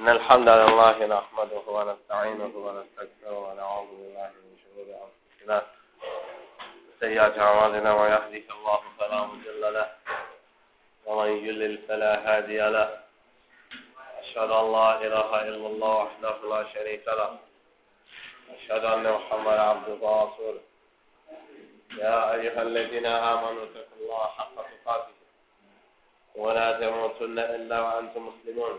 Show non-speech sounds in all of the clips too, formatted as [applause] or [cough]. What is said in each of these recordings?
إن الحمد لله نحمده ونستعينه ونستغفره ونعوذ بالله من شرور أنفسنا سيئات أعمالنا ويهديه الله فلا مضل له ومن يضلل فلا هادي له أشهد أن لا إله إلا الله وحده لا شريك له أشهد أن محمدا عبده ورسوله يا أيها الذين آمنوا اتقوا الله حق تقاته ولا تموتن إلا وأنتم مسلمون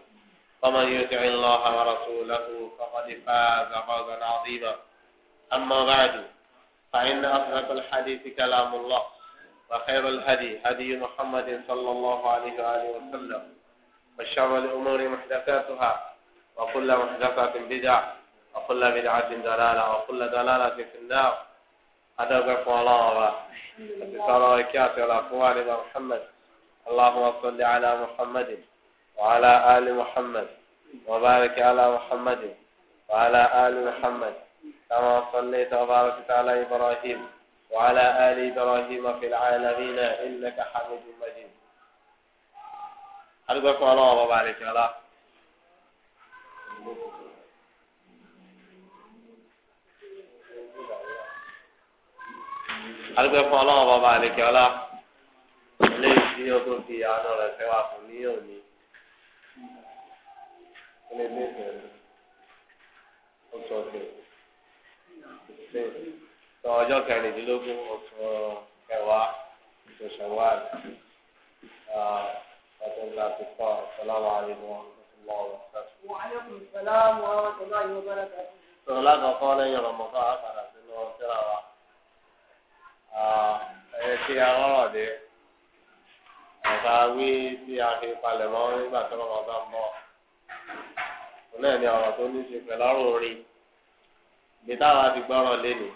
ومن يطع الله ورسوله فقد فاز فوزا عظيما أما بعد فإن أصدق الحديث كلام الله وخير الهدي هدي محمد صلى الله عليه وآله وسلم وشر الأمور محدثاتها وكل محدثة بدعة وكل بدعة دلالة وكل دلالة في النار هذا بقى الله وتسارى وكاتب على محمد اللهم صل على محمد وعلى آل محمد وبارك على محمد وعلى آل محمد كما صليت وباركت على إبراهيم وعلى آل إبراهيم في العالمين إنك حميد مجيد أرجوكم الله وبارك الله أرجوكم الله وبارك الله ليس يوم في عنور سواء من ilé ilé ìfẹ́ oṣù ọ̀sẹ̀ ṣe sọ ọjọ́ kẹrìndínlógún oṣù kẹwàá oṣù ṣẹwàá ọdún láti kọ́ ọ̀sọ́láwà àlejò ọ̀sọ́láwà ọ̀sọ́láwà. sọ̀rọ̀ lákọ̀ọ́kọ́ lẹ́yìn ọ̀rọ̀mọ̀fà àpàdà sínú ọ̀sẹ̀ra wa ẹ̀ ṣe àwọn ọ̀rọ̀ dé ọ̀gá wí tí a fi palẹ̀mọ́ nígbà tó lọ́wọ́ bá ń bọ̀ náà ni ọ̀rọ̀ tó ní í ṣe pẹ̀lú ọ̀rùn orí ibi táwọn ti gbọ́rọ̀ lẹ́nu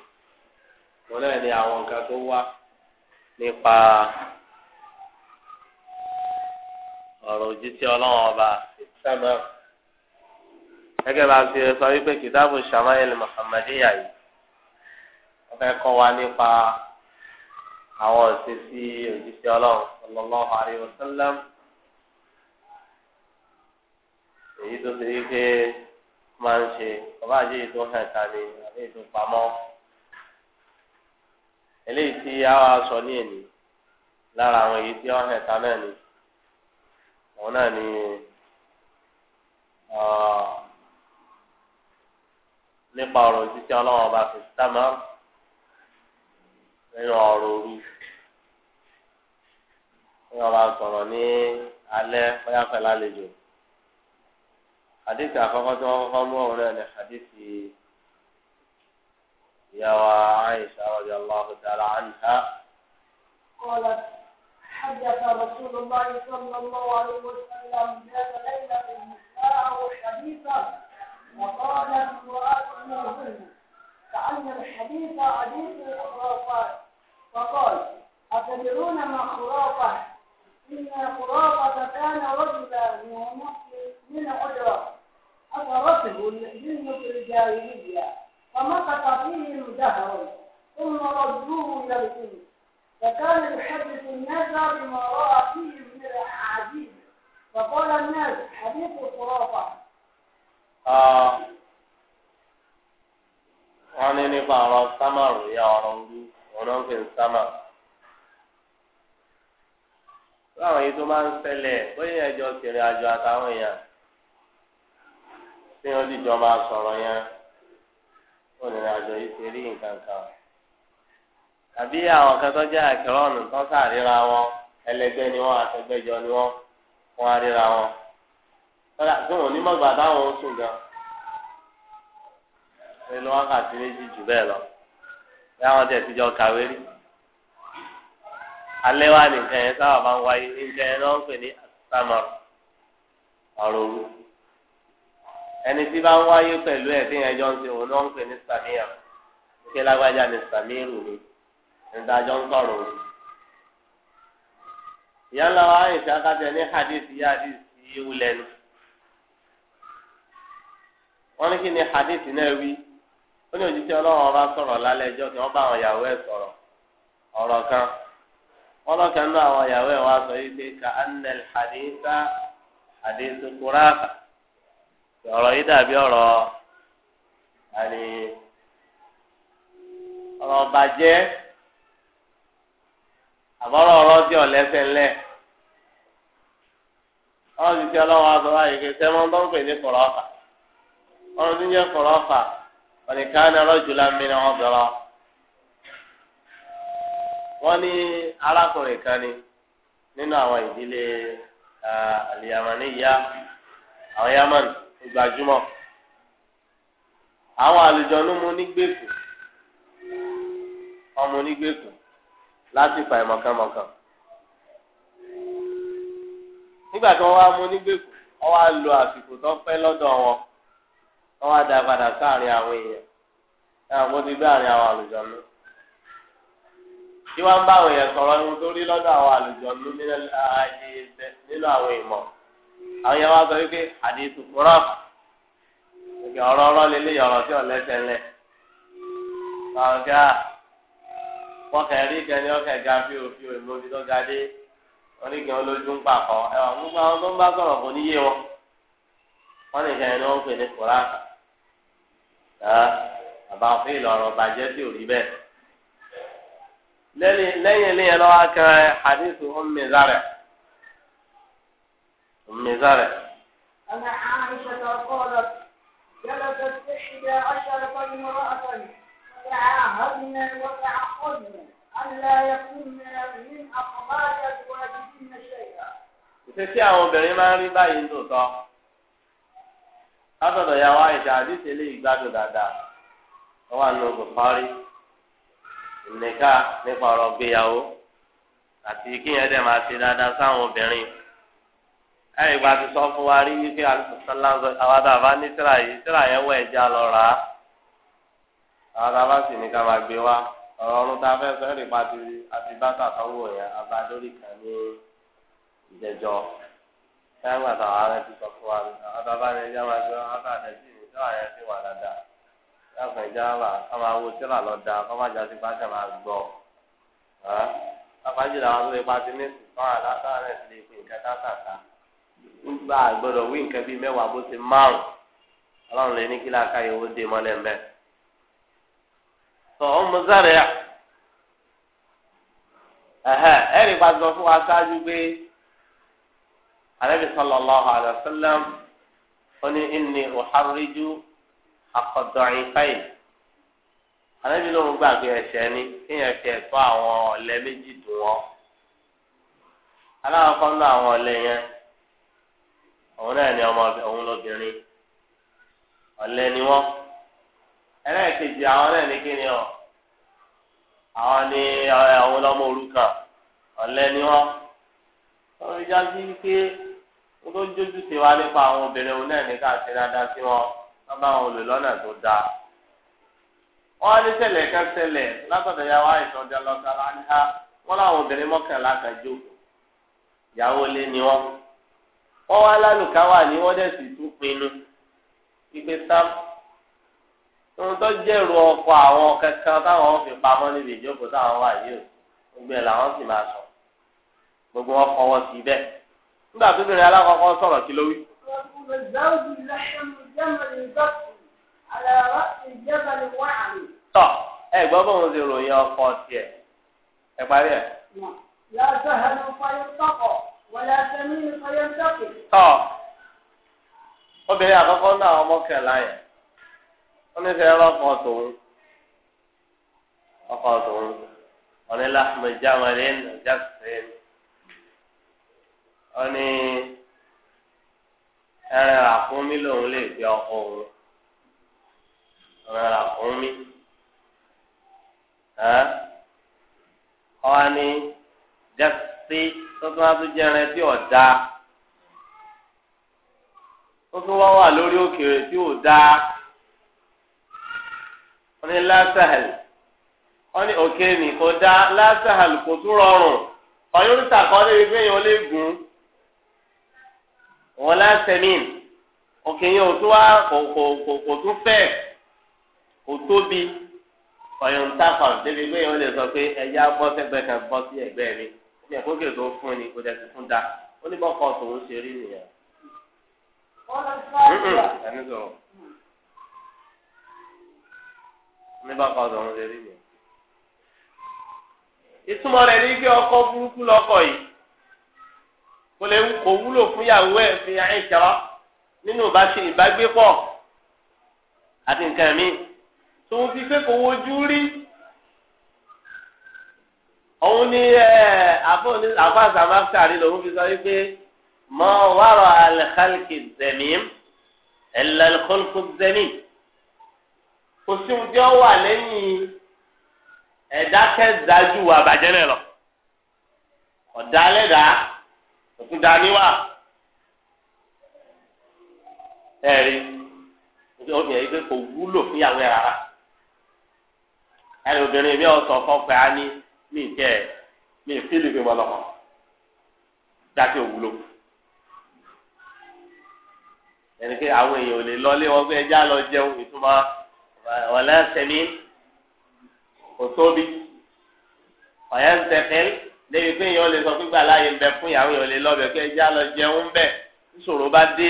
wọn náà ni àwọn nǹkan tó wá nípa ọ̀rọ̀ òjíṣẹ́ ọlọ́run ọba ìtẹ́mọ́ gẹ́gẹ́ bá a ti sọ wípé kìtàbù sàmáyẹl muhammadiya yìí wọ́n fẹ́ kọ́ wa nípa àwọn òṣèṣì òjíṣẹ́ ọlọ́run sallallahu alaihi wasallam. tó ṣe wípé máa ń ṣe ọba àjẹ́ èyí tó hàn ká ní àbí èyí tó eléyìí tí a wá sọ ní èní lára àwọn èyí tí ó hàn ká náà ni òun náà ni nípa ọ̀rọ̀ títí ọlọ́wọ́n bá fi sámá nínú ọ̀rọ̀ òru ní ọba sọ̀rọ̀ ní alẹ́ bóyá pẹ̀lú àlejò. حديث أخوة وقام وهنا حديث يا عائشة رضي الله تعالى عنها قالت حدث رسول الله صلى الله عليه وسلم ذات ليلة نساءه حديثا وقالت امرأة منهن كأن الحديث حديث الخرافات فقال أتدرون ما خرافة إن خرافة كان رجلا من من عجرة أفرسه الجن في الجاهلية فمكث فيهم دهرا ثم ردوه إلى الإنس فكان يحدث الناس بما رأى فيه من العجيب فقال الناس حديث الخرافة آه. wọ́n ní nípa ọ̀rọ̀ sámàrù ya ọ̀rọ̀ orí ọ̀rọ̀ ń fi sámàrù. láwọn èyí tó máa ń ṣẹlẹ̀ bóyá ẹjọ́ kiri àjọ àtàwọn èèyàn tí wọ́n dìjọ máa sọrọ yẹn onírìnàjò yìí ti rí nǹkan kan àwọn kan tó jẹ́ àkìrọ́ọ̀nù tó sàríra wọn ẹlẹgbẹ́ ni wọ́n àtẹgbẹ́jọ ni wọ́n àríra wọn kọ́lá tó wọn onímọ̀gbà táwọn gan nínú wákàtí méjì jù bẹ́ẹ̀ lọ láwọn tẹ̀ kàwé rí alẹ́ wa nìkan yẹn sábà máa ń wáyé yẹn ní àtúntàmọ̀ ọ̀rọ̀ òru. ẹni tí bá ń wáyé pẹ̀lú ẹ̀ tí yẹn jọ ń ṣe òun náà ń pè ní sàmíyà kí lágbájá ní sàmíyàrù ni ìdájọ́ ń sọ̀rọ̀ òun. ìyá ńlá wa àyè sákàtẹ ní hadith yá hadith yíwu lẹ́nu. wọ́n ní kí ni hadith náà wí ó ní òjíṣẹ́ ọlọ́run ọba sọ̀rọ̀ lálẹ́ ẹjọ́ kí wọ́n bá àwọn ìyàwó ẹ̀ sọ̀rọ̀ ọ̀rọ̀ kan wọ́n lọ́kàn náà àwọn ìyàwó ẹ̀ wá sọ yìí pé ka annal haditha ọ̀rọ̀ yìí dàbí ọ̀rọ̀ àlè ọ̀rọ̀ bàjẹ́ àbọ̀rọ̀ ọ̀rọ̀ tí ọ̀lẹ́sẹ̀ ńlẹ̀ ti ti ọlọ́wọ́ aṣọ báyìí kì tó ń pè ní kọ̀rọ̀fà ọ̀rọ̀ tí ń jẹ́ kọ̀rọ̀fà ọ̀nìkan ẹ̀rọ jùlọ mi ni wọ́n bẹ̀rọ̀ wọ́n ní arákùnrin kan ni nínú àwọn ìdílé àlìyàmọ̀ níyà àwọn yamani. ìgbàjúmọ̀ àwọn àlejò ló mú nígbèkùn ọmọ láti fà ìmọ̀kànmọ̀kàn nígbà tí wọ́n wá mú nígbèkùn wọ́n wá lo àsìkò tó pẹ́ lọ́dọ̀ wọn wọ́n wá da padà sáàrin àwọn èèyàn ti àárín àwọn àlejò tí wọ́n bá àwọn èèyàn sọ̀rọ̀ ní lọ́dọ̀ àwọn àlejò nínú àwọn yẹn wá sọ wípé àdìsù kúrọ ìgbà ọ̀rọ̀ ọ̀rọ̀ lélẹ̀ ọ̀rọ̀ tí ọlẹ tẹ́lẹ̀ ọgá wọkẹ rí kẹni ọkẹ ga fi òfin òmòbi tó ga dé oníkẹ olójú ń pàkọ ẹwà gbogbo àwọn tó ń bá sọ̀rọ̀ kò níyé wọn wọn nìkan ẹni wọn ń pè ní kúrọ bàbá òfin ìlọrọ bàjẹ́ tí ò rí bẹ́ẹ̀ lẹ́yìn lẹ́yìn lẹ́yìn lọ́wọ́ akẹ́rẹ́ àdìsù ọmọ mi rárẹ̀. أم زرع أن عائشة قالت جلست إحدى عشرة امرأة فتعاهدنا وتعهدنا ألا يكون من أقبال أزواجهن شيئا. ìṣesí àwọn obìnrin máa ń rí báyìí ń tòótọ́ látọ̀dọ̀ ìyàwó àìsà àdìsí eléyìí gbádùn dáadáa wọ́n wà nínú nípa ọ̀rọ̀ gbéyàwó àti dẹ̀ máa ṣe dáadáa sáwọn obìnrin. ẹ̀yìn gba ti sọ fún wa rí wípé alùpùpù àwọn àbá ní tíra yìí tíra yẹn wọ lọ rà á àwọn àbá sì ní ká máa gbé wa ọ̀rọ̀ ọ̀run tá a fẹ́ sọ ẹ̀rì ti àti bàtà yẹn àbá lórí kan ní ìjẹjọ tàwọn ará ti sọ fún wa rí àwọn ní máa gbé wa ní tíra yẹn ti wà dáadáa láàpọ̀ wà ká máa wo tíra lọ kọ́ má jásí gbogbo àgbọ́dọ̀ wí nǹkan bíi mẹ́wàá bó ti márùn Ọlọ́run lè ní kí láàka ìwọ dé mọ́lẹ̀ mbẹ. sọ ọmọ Zaria ẹnì pa sọ fún wa ṣáájú pé Ànábì sallallahu alaihi ó ní inni uharriju akọdọ̀ìfáì Ànábì lóun gbàgbé ẹ̀ṣẹ̀ ni kéèyàn fi ẹ̀tọ́ àwọn ọ̀lẹ méjì dùn wọn aláwọ̀ kan òun náà ni ọmọ òun lóbìnrin ọ̀lẹ́ ni wọ́n ẹlẹ́ẹ̀kejì àwọn náà ní kíni ọ àwọn ni òun lọ́mọ òrukàn ọ̀lẹ́ ni wọ́n wọ́n rí jáde pé wọ́n tó ń jójú sí wa nípa àwọn obìnrin òun náà ní káàkiri dáadáa sí wọn wọ́n bá wọn lò lọ́nà tó dáa wọ́n á ní ṣẹlẹ̀ kan ṣẹlẹ̀ látọ̀dọ̀ yàwó àìsàn ọjà lọ́sàlá ní ká obìnrin mọ́kànlá kan jókòó ìyàwó lé ni wọ́n wọ́n wá lálùká wà ní wọ́n dẹ̀ sì tún pinnu ìgbé sam ohun tó jẹ́rù ọkọ̀ àwọn kankan táwọn fi pamọ́ níbi ìjókòó táwọn wà yìí o gbogbo làwọn sì máa sọ gbogbo wọn fọwọ́ sí bẹ́ẹ̀ nígbà tó bìnrin alákọ̀ọ́kọ́ sọ̀rọ̀ kí ló wí. tọ́ ẹ gbọ́ bóun ṣe ròyìn ọkọ̀ tiẹ̀ ẹ parí ẹ̀. yàtọ̀ ẹnu fayọ́ sọ́kọ̀ tọ́ obìnrin àkọ́kọ́ náà ọmọkànlá yẹn wọ́n ní fẹ́ rọ́pọ̀ tòun ọkọ̀ tòun ọ̀ní láhùmẹ̀ jáwẹ̀rín jásìrín ọ̀ní ẹ̀rẹ̀ àkúnmí lòun lè fi ọkọ̀ òun ẹ̀rẹ̀ àkúnmí ẹ̀ ọ́ ní jásìrín tọ́tún wá tó jẹ́ ẹran tí ọ̀dà ó tún wá wà lórí òkèèrè tí ò dáa wọ́n ní lásàhẹ̀l wọ́n ní òkè ní kò dáa lásàhẹ̀l kò tún rọrùn ọ̀yọ́ ń tàkọ́ lébi pé èèyàn lè gùn wọ́n lásẹ̀mìn òkè yẹn ò tún wá kò kò tún fẹ́ kò tóbi ọ̀yọ́ ń tàkọ́ èèyàn lè sọ pé ẹ̀yà bọ́ sẹ́gbẹ̀ẹ́ kan bọ́ sí ẹ̀gbẹ́ mi ní ẹ̀kọ́kẹ́ tó fún ni kò dẹ̀sí fún da ó ní bọ́kọ tòun ṣe rí nìyẹn. ẹni sọ̀rọ̀ ní bọ́kọ tòun ṣe rí nìyẹn. ìtumọ̀ rẹ̀ ní kí ọkọ burúkú lọ́kọ̀ yìí kò lè kò wúlò fún ìyàwó ẹ̀ fi àìjà nínú ìbágbépọ̀ àti nǹkan mi tòun ti fẹ́ kò wojú rí òun ni àfọ̀nsá mákàrí lòun fi sọ wípé mọ wàrọ̀ alẹ́kálkì zẹ̀mím ẹ̀lẹ́kọ́lùkù zẹ̀mím kò sí ohun tí ó wà lẹ́yìn ẹ̀dá kẹ́ẹ̀dájú àbàjẹ́ náà lọ ọ̀dà lẹ́dàá òkú daniwa ẹ̀rí obìnrin yìí pé kò wúlò fún ìyàwó ẹ̀ rárá ẹ̀rí obìnrin mi ò sọ fọ́ pé ní mi jẹ́ ẹ̀ mi fílì fi wọ́n lọ́mọ dákẹ́ òwúlò ẹni pé àwọn èèyàn ò lè lọlé wọn pé ẹjá lọ jẹun ìtumọ̀ ọ̀lẹ́sẹ̀mí kò tóbi ọ̀yẹ́nsẹ̀fẹ́lì lébi pé èèyàn lè sọ pé gbà láàyè ń bẹ fún ìyàwó èèyàn lè lọ́bẹ̀ pé ẹjá lọ jẹun ń bẹ̀ níṣòro bá dé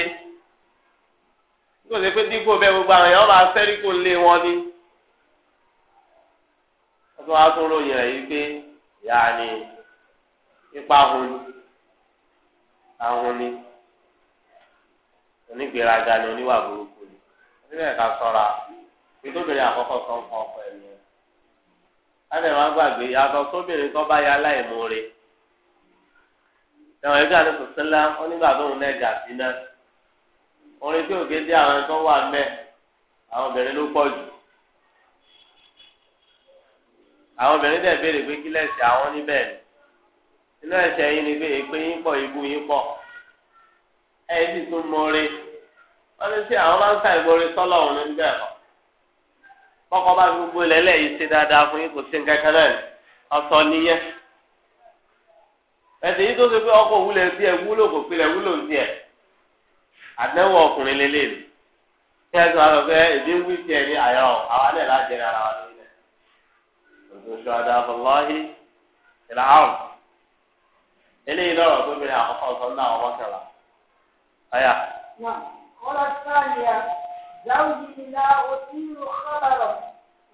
nígbà tó ṣe pé dípò bẹ́ẹ̀ gbogbo àwọn èèyàn máa fẹ́rí kò lé wọn ni tó wá tó ròyìn rẹ̀ yìí pé yàní ipa ahun ni ahun ni onígbèraga ni oníwà burúkú ni oníbẹ̀rẹ̀ ká sọ́ra ìdóbìnrin àkọ́kọ́ kan fọ ọkọ ẹ̀ ni káfíń máa gbàgbé yàtọ̀ sóbìnrin tó bá ya aláìmoore ẹ̀wọ̀n ẹgbẹ́ àti sọ̀sẹ́lá onígbà tó ń nẹ́gà sí náà orin tí òkè dé àwọn tó wà mẹ́ àwọn obìnrin ló pọ̀ jù àwọn obìnrin dẹ̀ béèrè pé kí lẹ́sẹ̀ àwọn níbẹ̀ ni inú ẹ̀sẹ̀ yín ni pé èpè yín pọ̀ ìbú yín pọ̀ ẹ̀yìn sì tún mọ́re wọ́n ní sí àwọn bá ń sàn ìmọ̀re sọ́lọ̀ ọ̀hún ní bẹ́ẹ̀ kọ́ bá gbogbo lẹ́lẹ̀ yìí ṣe dáadáa fún yín kò sí nǹkan náà ni ọ̀sọ̀ nìyẹn ẹ̀sẹ̀ yìí tó ṣe pé ọkọ̀ òwúlẹ̀ sí ẹ̀ wúlò kò pilẹ̀ wúlò sí ẹ̀ àdẹ́wọ̀ ọkùnrin lélẹ̀ ni ṣùhàdà àfọláhì ìlàhàn eléyìí lọ́rọ̀ tó bẹ̀rẹ̀ àkọ́kọ́ sọ ní àwọn ọmọkẹ́lá. ọ̀yà. wọ́n lọ sáàyà dáwùjì ìlà òtí ìlú kọ́lọ̀rọ̀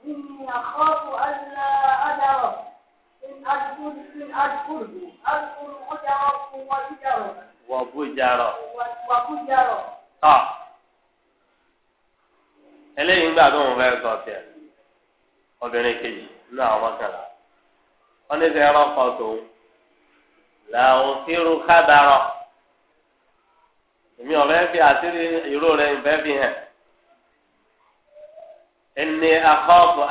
nínú àkọ́kọ́ àlá àdàrọ̀ in àdúgbò àdúgbò ó dáwọ́ fún wọn ìdàrọ̀. wàbújàrọ̀. wàbújàrọ̀. tọ́ eléyìí ń gbà fẹ́ sọ obìnrin kejì. naa àwọn mọ́kànlá wọ́n ní sẹ́yìn ọlọ́pàá tòun làwọn sírun kádàrọ̀ èmi ọ̀rẹ́ fi àṣírí ìró rẹ̀ ìfẹ́ fi hàn ẹni akọ́kọ̀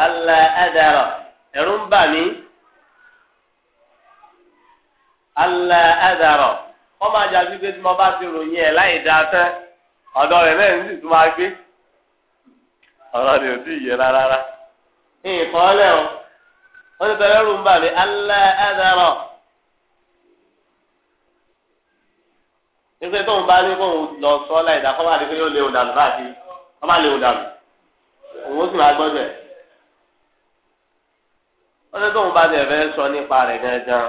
wọ́n ti bẹ̀rẹ̀ rú mbà mi alẹ́ ẹ̀dẹ̀rọ̀ nígbà tó ń bá ní kó ń lọ sọ ọ́ láì dá kọ́ bá di pé yóò léwu dànù báàkì kọ́ bá léwu dànù òun ó sì máa gbọ́dọ̀ ẹ̀ wọ́n ti tó ń bá ti ẹ̀fẹ́ sọ nípa rẹ̀ gangan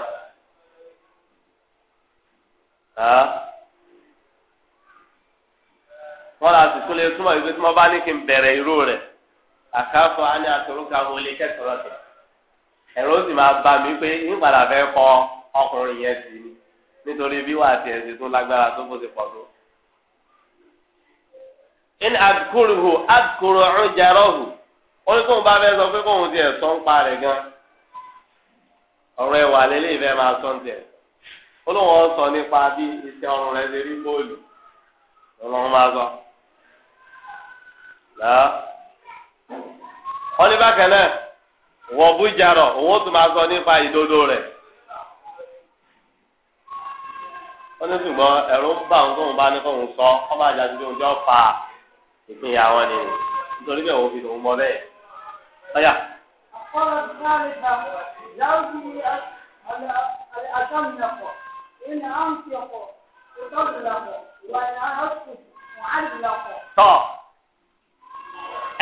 wọ́n lọ àtúntò lè túmọ̀ ìgbésí bá ní kí n bẹ̀rẹ̀ irú rẹ̀ àkáfọ́ á ní àtúrúkà wọlé kẹ́kọ̀ọ́ rẹ̀ ẹ̀rọ sì máa bá mi pé nípadà fẹ́ kọ ọkùnrin yẹn sí ni nítorí bí wàá tiẹ̀ ṣe tó lágbára tó bó ti pọ̀ tó. in adkuruhu adkuru ujarahu ó ní kóun bá fẹ́ sọ pé kóun tiẹ̀ sọ ń pa rẹ̀ gan ọ̀rọ̀ ẹ̀wà lélẹ́yìí fẹ́ máa sọ ń tiẹ̀ ó lóun ọ̀ sọ nípa bí iṣẹ́ ọrùn rẹ̀ ṣe rí bóòlù ọlọ́run máa sọ. wọ́n ní bákan náà wọ́n bú jarọ̀ òun tún máa sọ nípa ìdodo rẹ̀. wọ́n ní ṣùgbọ́n ẹ̀rù ń bá òun tóun bá ní kóun sọ ọ́ máa jà síbi oúnjẹ ọ̀fà ìpínyà wọn ni nítorí bẹ́ẹ̀ òun fi lòun mọ bẹ́ẹ̀. ọ̀yà. ọ̀pọ̀lọpọ̀ sáà lè ta yàrá ìdílé àtàmìnàpọ̀ ìnà àǹtíọ̀pọ̀ ìtọ́jùlàpọ̀ ìwà ìnà àṣù wàhálìlàpọ̀.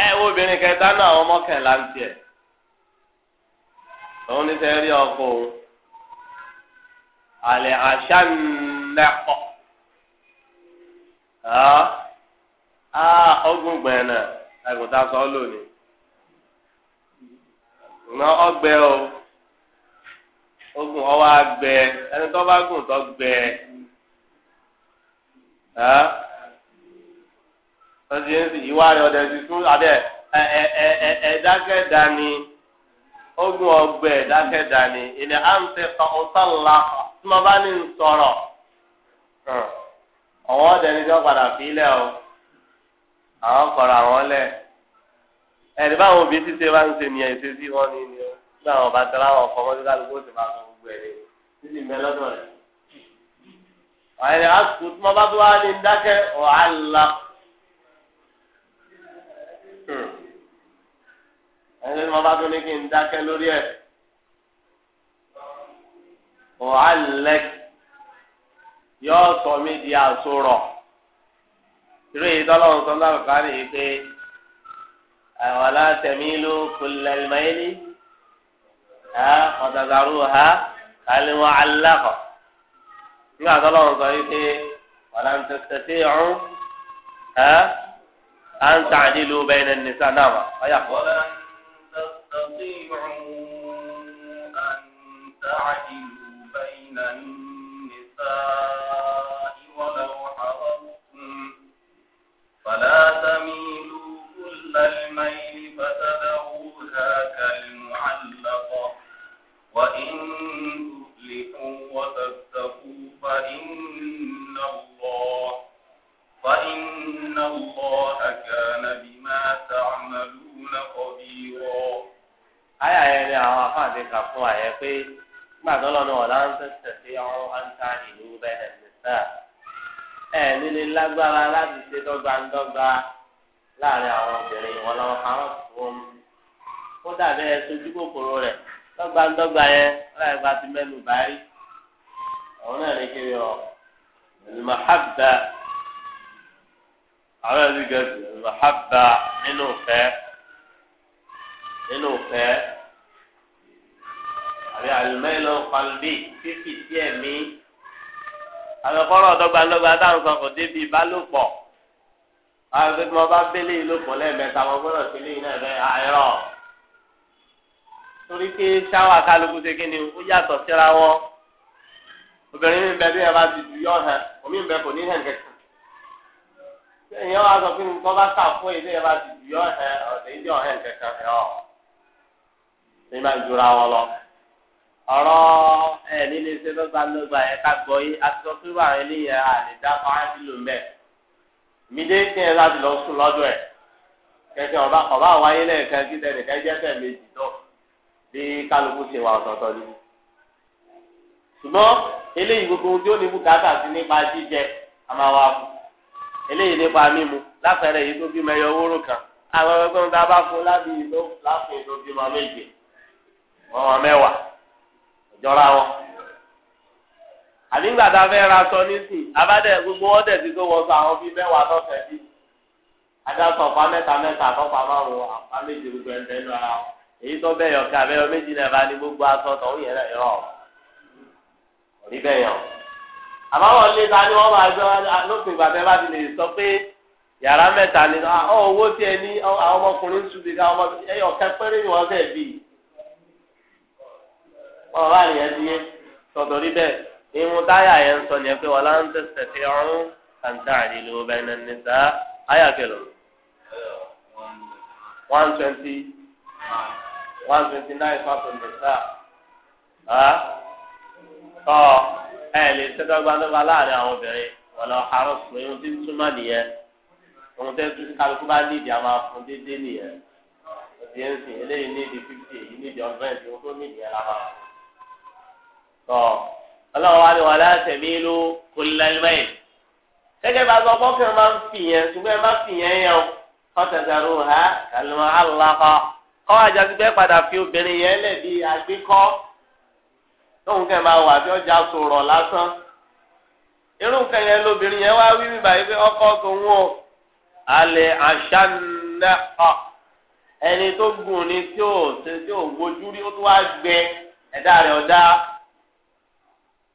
ẹ wo obìnrin kẹta náà àwọn mọ́kànlá ń tiẹ̀. òun ní fẹ́ rí ọkọ àlẹ́ àṣà ńlẹ́kọ̀ ọgbọ̀n gbẹ̀nà àgùntàn sọ lónìí ná ọgbẹ́ o ogun ọwọ́ agbẹ́ ẹni tó bá gùn tó gbẹ tọ́sí ìwà rẹ̀ ọ̀dẹ̀ ti tún abẹ́ ni. ogun ọgbẹ dákẹdani ìní àǹtẹ ọ̀tàlá tí mo bá ní sọ̀rọ̀ ọ̀wọ́n dẹni tí wọ́n padà fi lẹ̀ o àwọn kọ̀rọ̀ àwọn lẹ̀ ẹ̀rí báwọn òbí ti ṣe bá ń ṣe nìyẹn ṣe sí wọn ní ni ó nígbà wọn bá tẹ̀lé àwọn ọkọ̀ ọmọdé kálukú ó máa sọ gbogbo ẹ̀ títí mẹ́ lọ́dọ̀ rẹ̀. àyẹ̀rẹ̀ àsùkù tí mo bá tó wá ní dákẹ́ ọ̀hálà. ẹni tí mo bá tún ní kí n dákẹ́ lórí ẹ̀ ọ̀hálẹ̀ yóò sọ mí di àsọ̀rọ̀ irú yìí tọ́lọ́run sọ náà kọ́ àrí pé àwọn alátẹ̀mí ló kulẹ̀ mẹ́lí ọ̀dàdàrú ha kàlíwọ̀n alákọ̀ nígbà tọ́lọ́run sọ yìí pé ọ̀làǹtẹ̀tẹ̀ ọ̀hún ẹ̀ à ń tàn ní ìlú bẹ́ẹ̀ ní nìsa náà wà ọ̀yà kọ́. تستطيعوا أن تعدلوا بين النساء dọ́gba láàrin àwọn obìnrin wọn lọ́wọ́ àwọn fún kó dàbí ẹ sojú kòkòrò rẹ̀ dọ́gba dọ́gba yẹn láì bá ti mẹ́nu báyìí àwọn náà ní kiri ọ ìlmàhábà àwọn ẹni gẹ̀ẹ́sì ìlmàhábà nínú ìfẹ́ nínú ìfẹ́ àbí àlùmẹ́lò kọ́lbí fífi sí ẹ̀mí àlùkọ́rọ̀ dọ́gba dọ́gba táwọn kan kò débi ìbálòpọ̀. àwọn ẹgbẹ́ ọba bẹ́lẹ̀ yìí ló pọ̀ lẹ́ẹ̀mẹ́ta wọn gbọ́dọ̀ sí lẹ́yìn náà bẹ́ẹ̀ àìrọ̀ ah, torí kálukú ṣe kíni ó yàtọ̀ síra wọn obìnrin mi bẹ bí ẹ bá yọ hàn omi bẹ kò ní sọ bá fún ẹ bá ti yọ hàn ọ̀sẹ̀ jura wọn lọ ọ̀rọ̀ ẹ̀ nílé tó mídé tí ẹ láti lọ sùn lọ́dọ̀ ẹ̀ kẹsì ọba ọba àwáyé lẹ́ẹ̀kan kí tẹ̀lé kẹjẹ́ fẹ̀ méjì tó bí kálukú ṣe wà ọ̀tọ̀ọ̀tọ̀ ni. ṣùgbọ́n eléyìí gbogbo tí ó ní bùkátà sí nípa jíjẹ a máa wá fún eléyìí nípa mímu láfẹ̀rẹ̀ yìí tó bímọ ẹyọ owóró kan àwọn ẹgbẹ́ tá a bá fún láti ìlú láfún ìlú bímọ méje wọn wọn mẹ́wàá ìjọra wọn ànígbà tá a fẹ́ ra sọ nísìn abádẹ gbogbo wọn dẹ̀ ti tó wọ sọ àwọn bíi mẹ́wàá tọ́fẹ̀ bí adásọ̀ ọ̀pá mẹ́ta mẹ́ta àtọ́pá márùn-ún àpá méje gbogbo ẹ̀ ń ara èyí tó bẹ́ẹ̀ yọ ká bẹ́ẹ̀ yọ méjì náà bá ní gbogbo aṣọ tó ń yẹn náà yọ orí bẹ́ẹ̀ yàn. àmọ́ wọn lé ta ni wọ́n máa gbé lópin ìgbà bá ti lè sọ pé yàrá mẹ́ta ni ọ ah, owó tí ẹ ní àwọn ọmọkùnrin ṣubí ká ọmọ ẹyọ kẹpẹ́rẹ́ ni wọ́n fẹ́ bì í ìmú táyà yẹn ń sọ ni ẹ pé wọn là ń tẹsẹ̀ fi ọrùn kàńtà àdìlú bẹ́ẹ̀nà nìta àyà kẹlò. one twenty one twenty nine fàtó nìta ah. tọ́ ẹ lè ṣẹ́dọ́gba nípa láàrin àwọn obìnrin wọn lọ àárọ̀ sùn ohun tí ń túmọ̀ nìyẹn ohun tẹ́ tún kálukú bá nídìí a máa fún déédéé nìyẹn òtí ẹ̀ eléyìí nídìí fifty èyí nídìí ọ̀gbẹ́ni ohun tó nídìí ẹ̀ la ọlọ́run wa ni wà látẹ̀mí ló kó lẹ́lẹ́mẹ́yìn. gẹ́gẹ́ bá sọ bọ́kẹ́ máa ń fi yẹn ṣùgbọ́n ẹ má fi yẹn yẹn o ọ̀tẹ̀tẹ̀rù ha kàlùmọ́ àlùlákọ́ kọ́ àjà ti bẹ́ẹ̀ padà fi obìnrin yẹn lẹ̀ bí agbẹ́kọ́ tóun kẹ́ máa wà bí ọjà sọ̀rọ̀ lásán. irú nǹkan yẹn yẹn wá wí mi báyìí pé ọkọ tòun o alẹ́ àṣà nẹ́ọ̀ ẹni tó gùn ni tí ò gbójú rí ó tó wá gbẹ ẹ̀dá rẹ̀ ọ̀dá.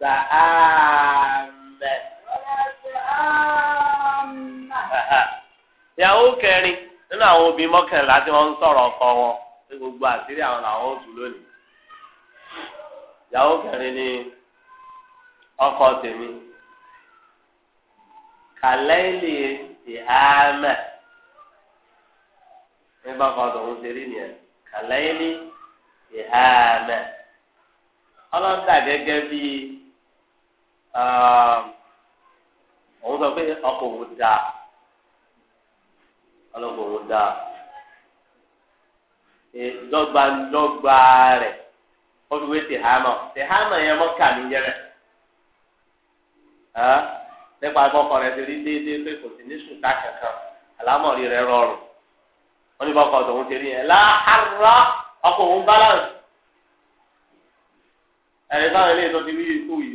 sàámẹ. Ya kẹrin nínú àwọn obìnrin mọ́kànlá tí wọ́n ń sọ̀rọ̀ ọkọ wọn ní gbogbo àṣírí àwọn làwọn oṣù lónìí. Ya kẹrin ni ọkọ tèmi kàlẹ́ẹ̀lì ìhámẹ́ nígbà kan tòun ṣe rí nìyẹn ọlọ́dà gẹ́gẹ́ bíi. òun sọ pé ọkọ̀ òwò dáa ọlọ́kọ̀ rẹ dáa ìdọ́gbandọ́gba kà mí nípa ti rí déédéé pé kò sí ní kankan rọrùn ní tòun ti rí yẹn láhàrá ọkọ̀ òun balance ẹ̀rí sáwọn eléyìí tó ti ikú yìí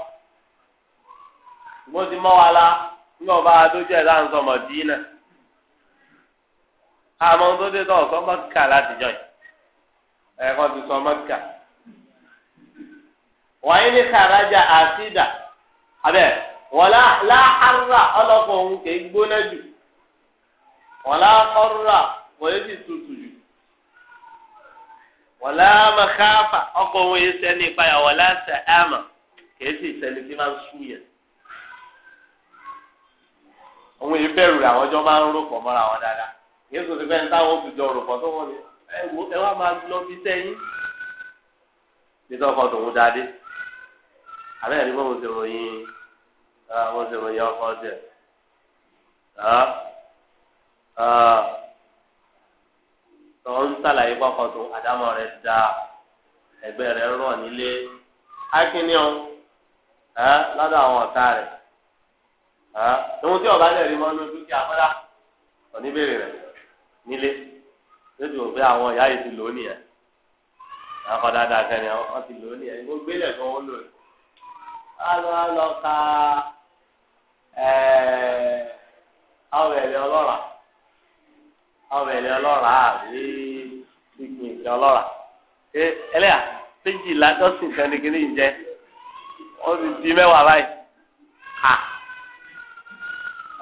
ngozi mọwala ngọ ba adoje da nzọ madina ha mọ ndo de do so ba ka la ti joy e ko ti so ma ka wa ini kharaja asida abe wala la harra ala ko un ke igbona ju wala qarra wa yiji tutuju wala makhafa ako un yese ni pa wala sa ama ke si se li ti ma òun yìí bẹ̀rù rẹ̀ máa ń rò mọ́ra wọn dáadáa yéé ti fẹ́ táwọn òbíjọ rò tó wọ́n ẹ wá máa lọ bí sẹ́yìn nítorí ọkọ̀ tòun dáadé àbẹ́rẹ́ ni mo ti ròyìn mo ti ròyìn ọkọ̀ tiẹ̀ tọ́ ń sàlàyé kọ́kọ́ tó àdámọ̀ rẹ̀ da ẹgbẹ́ rẹ̀ rọ̀ nílé ákíní lọ́dọ̀ àwọn ọ̀tá rẹ̀. tòun tí ọba lè rí mọ́ ló dúkìá mọ́lá oníbèrè rẹ̀ nílé lójú òfin àwọn ìyá yìí ti lò ó nìyẹn àwọn dáadáa kan ni wọ́n ti lò ó nìyẹn ìwọ gbélé kan ó lò ó. a ka àwọn ọlọ́ra àwọn ọlọ́ra àbí ìgbìn ìgbìn ọlọ́ra ẹlẹ́yà kan ní kíní ìjẹ́ ó ti di mẹ́wàá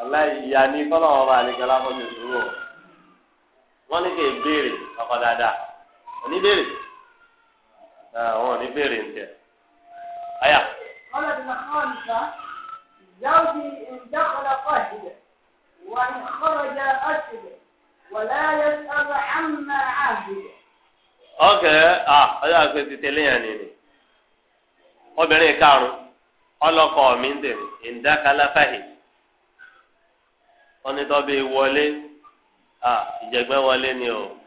aláìyá ní fọlọ́wọ́n ọba àlejò aláfọ́jú sùúrù wọ́n ní kí béèrè ọkọ̀ dáadáa òní béèrè àwọn òní béèrè ń ayà. ọlọ́dún àwọn nǹkan yàwùjì ìjọkọlọ pọ̀ síbẹ̀ wà ní wà láyé àmà à ọjọ́ àgbẹ̀ ti tẹ̀lé yẹn nìyẹn obìnrin karùn-ún ọlọ́kọ̀ mi ń tẹ̀lé ọ̀nìtọ́bí wọlé ìjẹ̀gbẹ́ wọlé ni o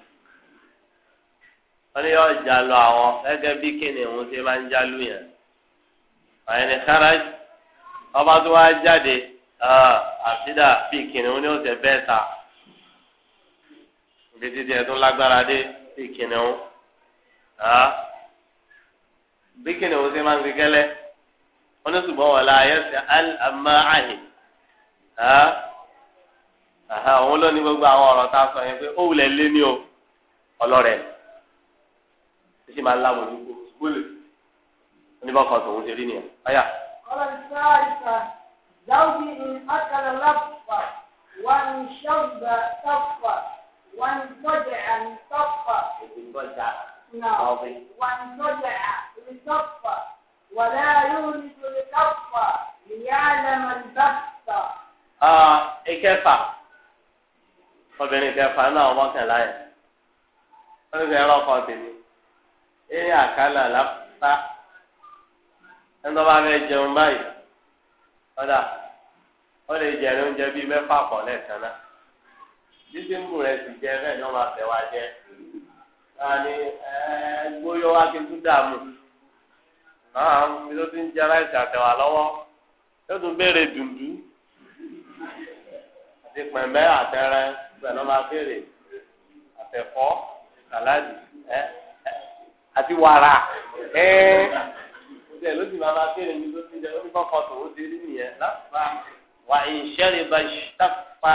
wọ́n ní yọ ọjà lọ àwọn gẹ́gẹ́ bí kìnìún ṣe máa ń jálù yẹn àyìn ní káraj ọba tó wá jáde àfidà bí kìnìún ní ọ̀sẹ̀ bẹ́ẹ̀ ta ibi títí ẹ̀tún lágbára dé bí kìnìún bí kìnìún ṣe máa ń gbẹgẹ́lẹ́ wọ́n ní ṣùgbọ́n wọ́n la ayẹ́sẹ̀ àmà àhìn òun ló ní gbogbo àwọn ọ̀rọ̀ tá a sọ yẹn pé ó wulẹ̀ lé ní o ọlọ́rẹ̀ ó sì máa láwọn ojú gbólè oníbọ̀kan tòun ti rí nìyẹn ọ̀yà. sáà ìta záwùjì ní akara lápá wà ní ṣọ́ọ̀bà tọ́pà wà ní gbọ́dẹ̀ àmì tọ́pà. èdè gbọ́dà. wà ní gbọ́dẹ̀ àmì tọ́pà wà láàyò nítorí tọ́pà ìyá àlẹ́ mọ̀ ní bàtà obìnrin kẹfà náà ọmọ kẹlá yẹn ẹrọ kan tèmi ẹyẹ àkàlà lápá ẹni tó jẹun báyìí ọdà ó lè jẹ oúnjẹ bíi mẹ́fà pọ̀ lẹ́ẹ̀kan títí ń bù rẹ sì jẹ bẹ́ẹ̀ ni wọn máa fẹ́ wá jẹ àní ẹgbóyọ wá dààmú náà mi ló ti ń jẹ aláìsàn àtẹwà lọ́wọ́ yóò tún béèrè dùndú àti pẹ̀mẹ́ àtẹrẹ gbẹ lọ máa béèrè àtẹkọ sàládì ẹ àti wàrà ẹ ọdẹ ló sì máa máa béèrè ní ló ti jẹ ó ní kọkọ tòun ti rí nìyẹn láfa wà ìṣẹ́rì bá ṣàfà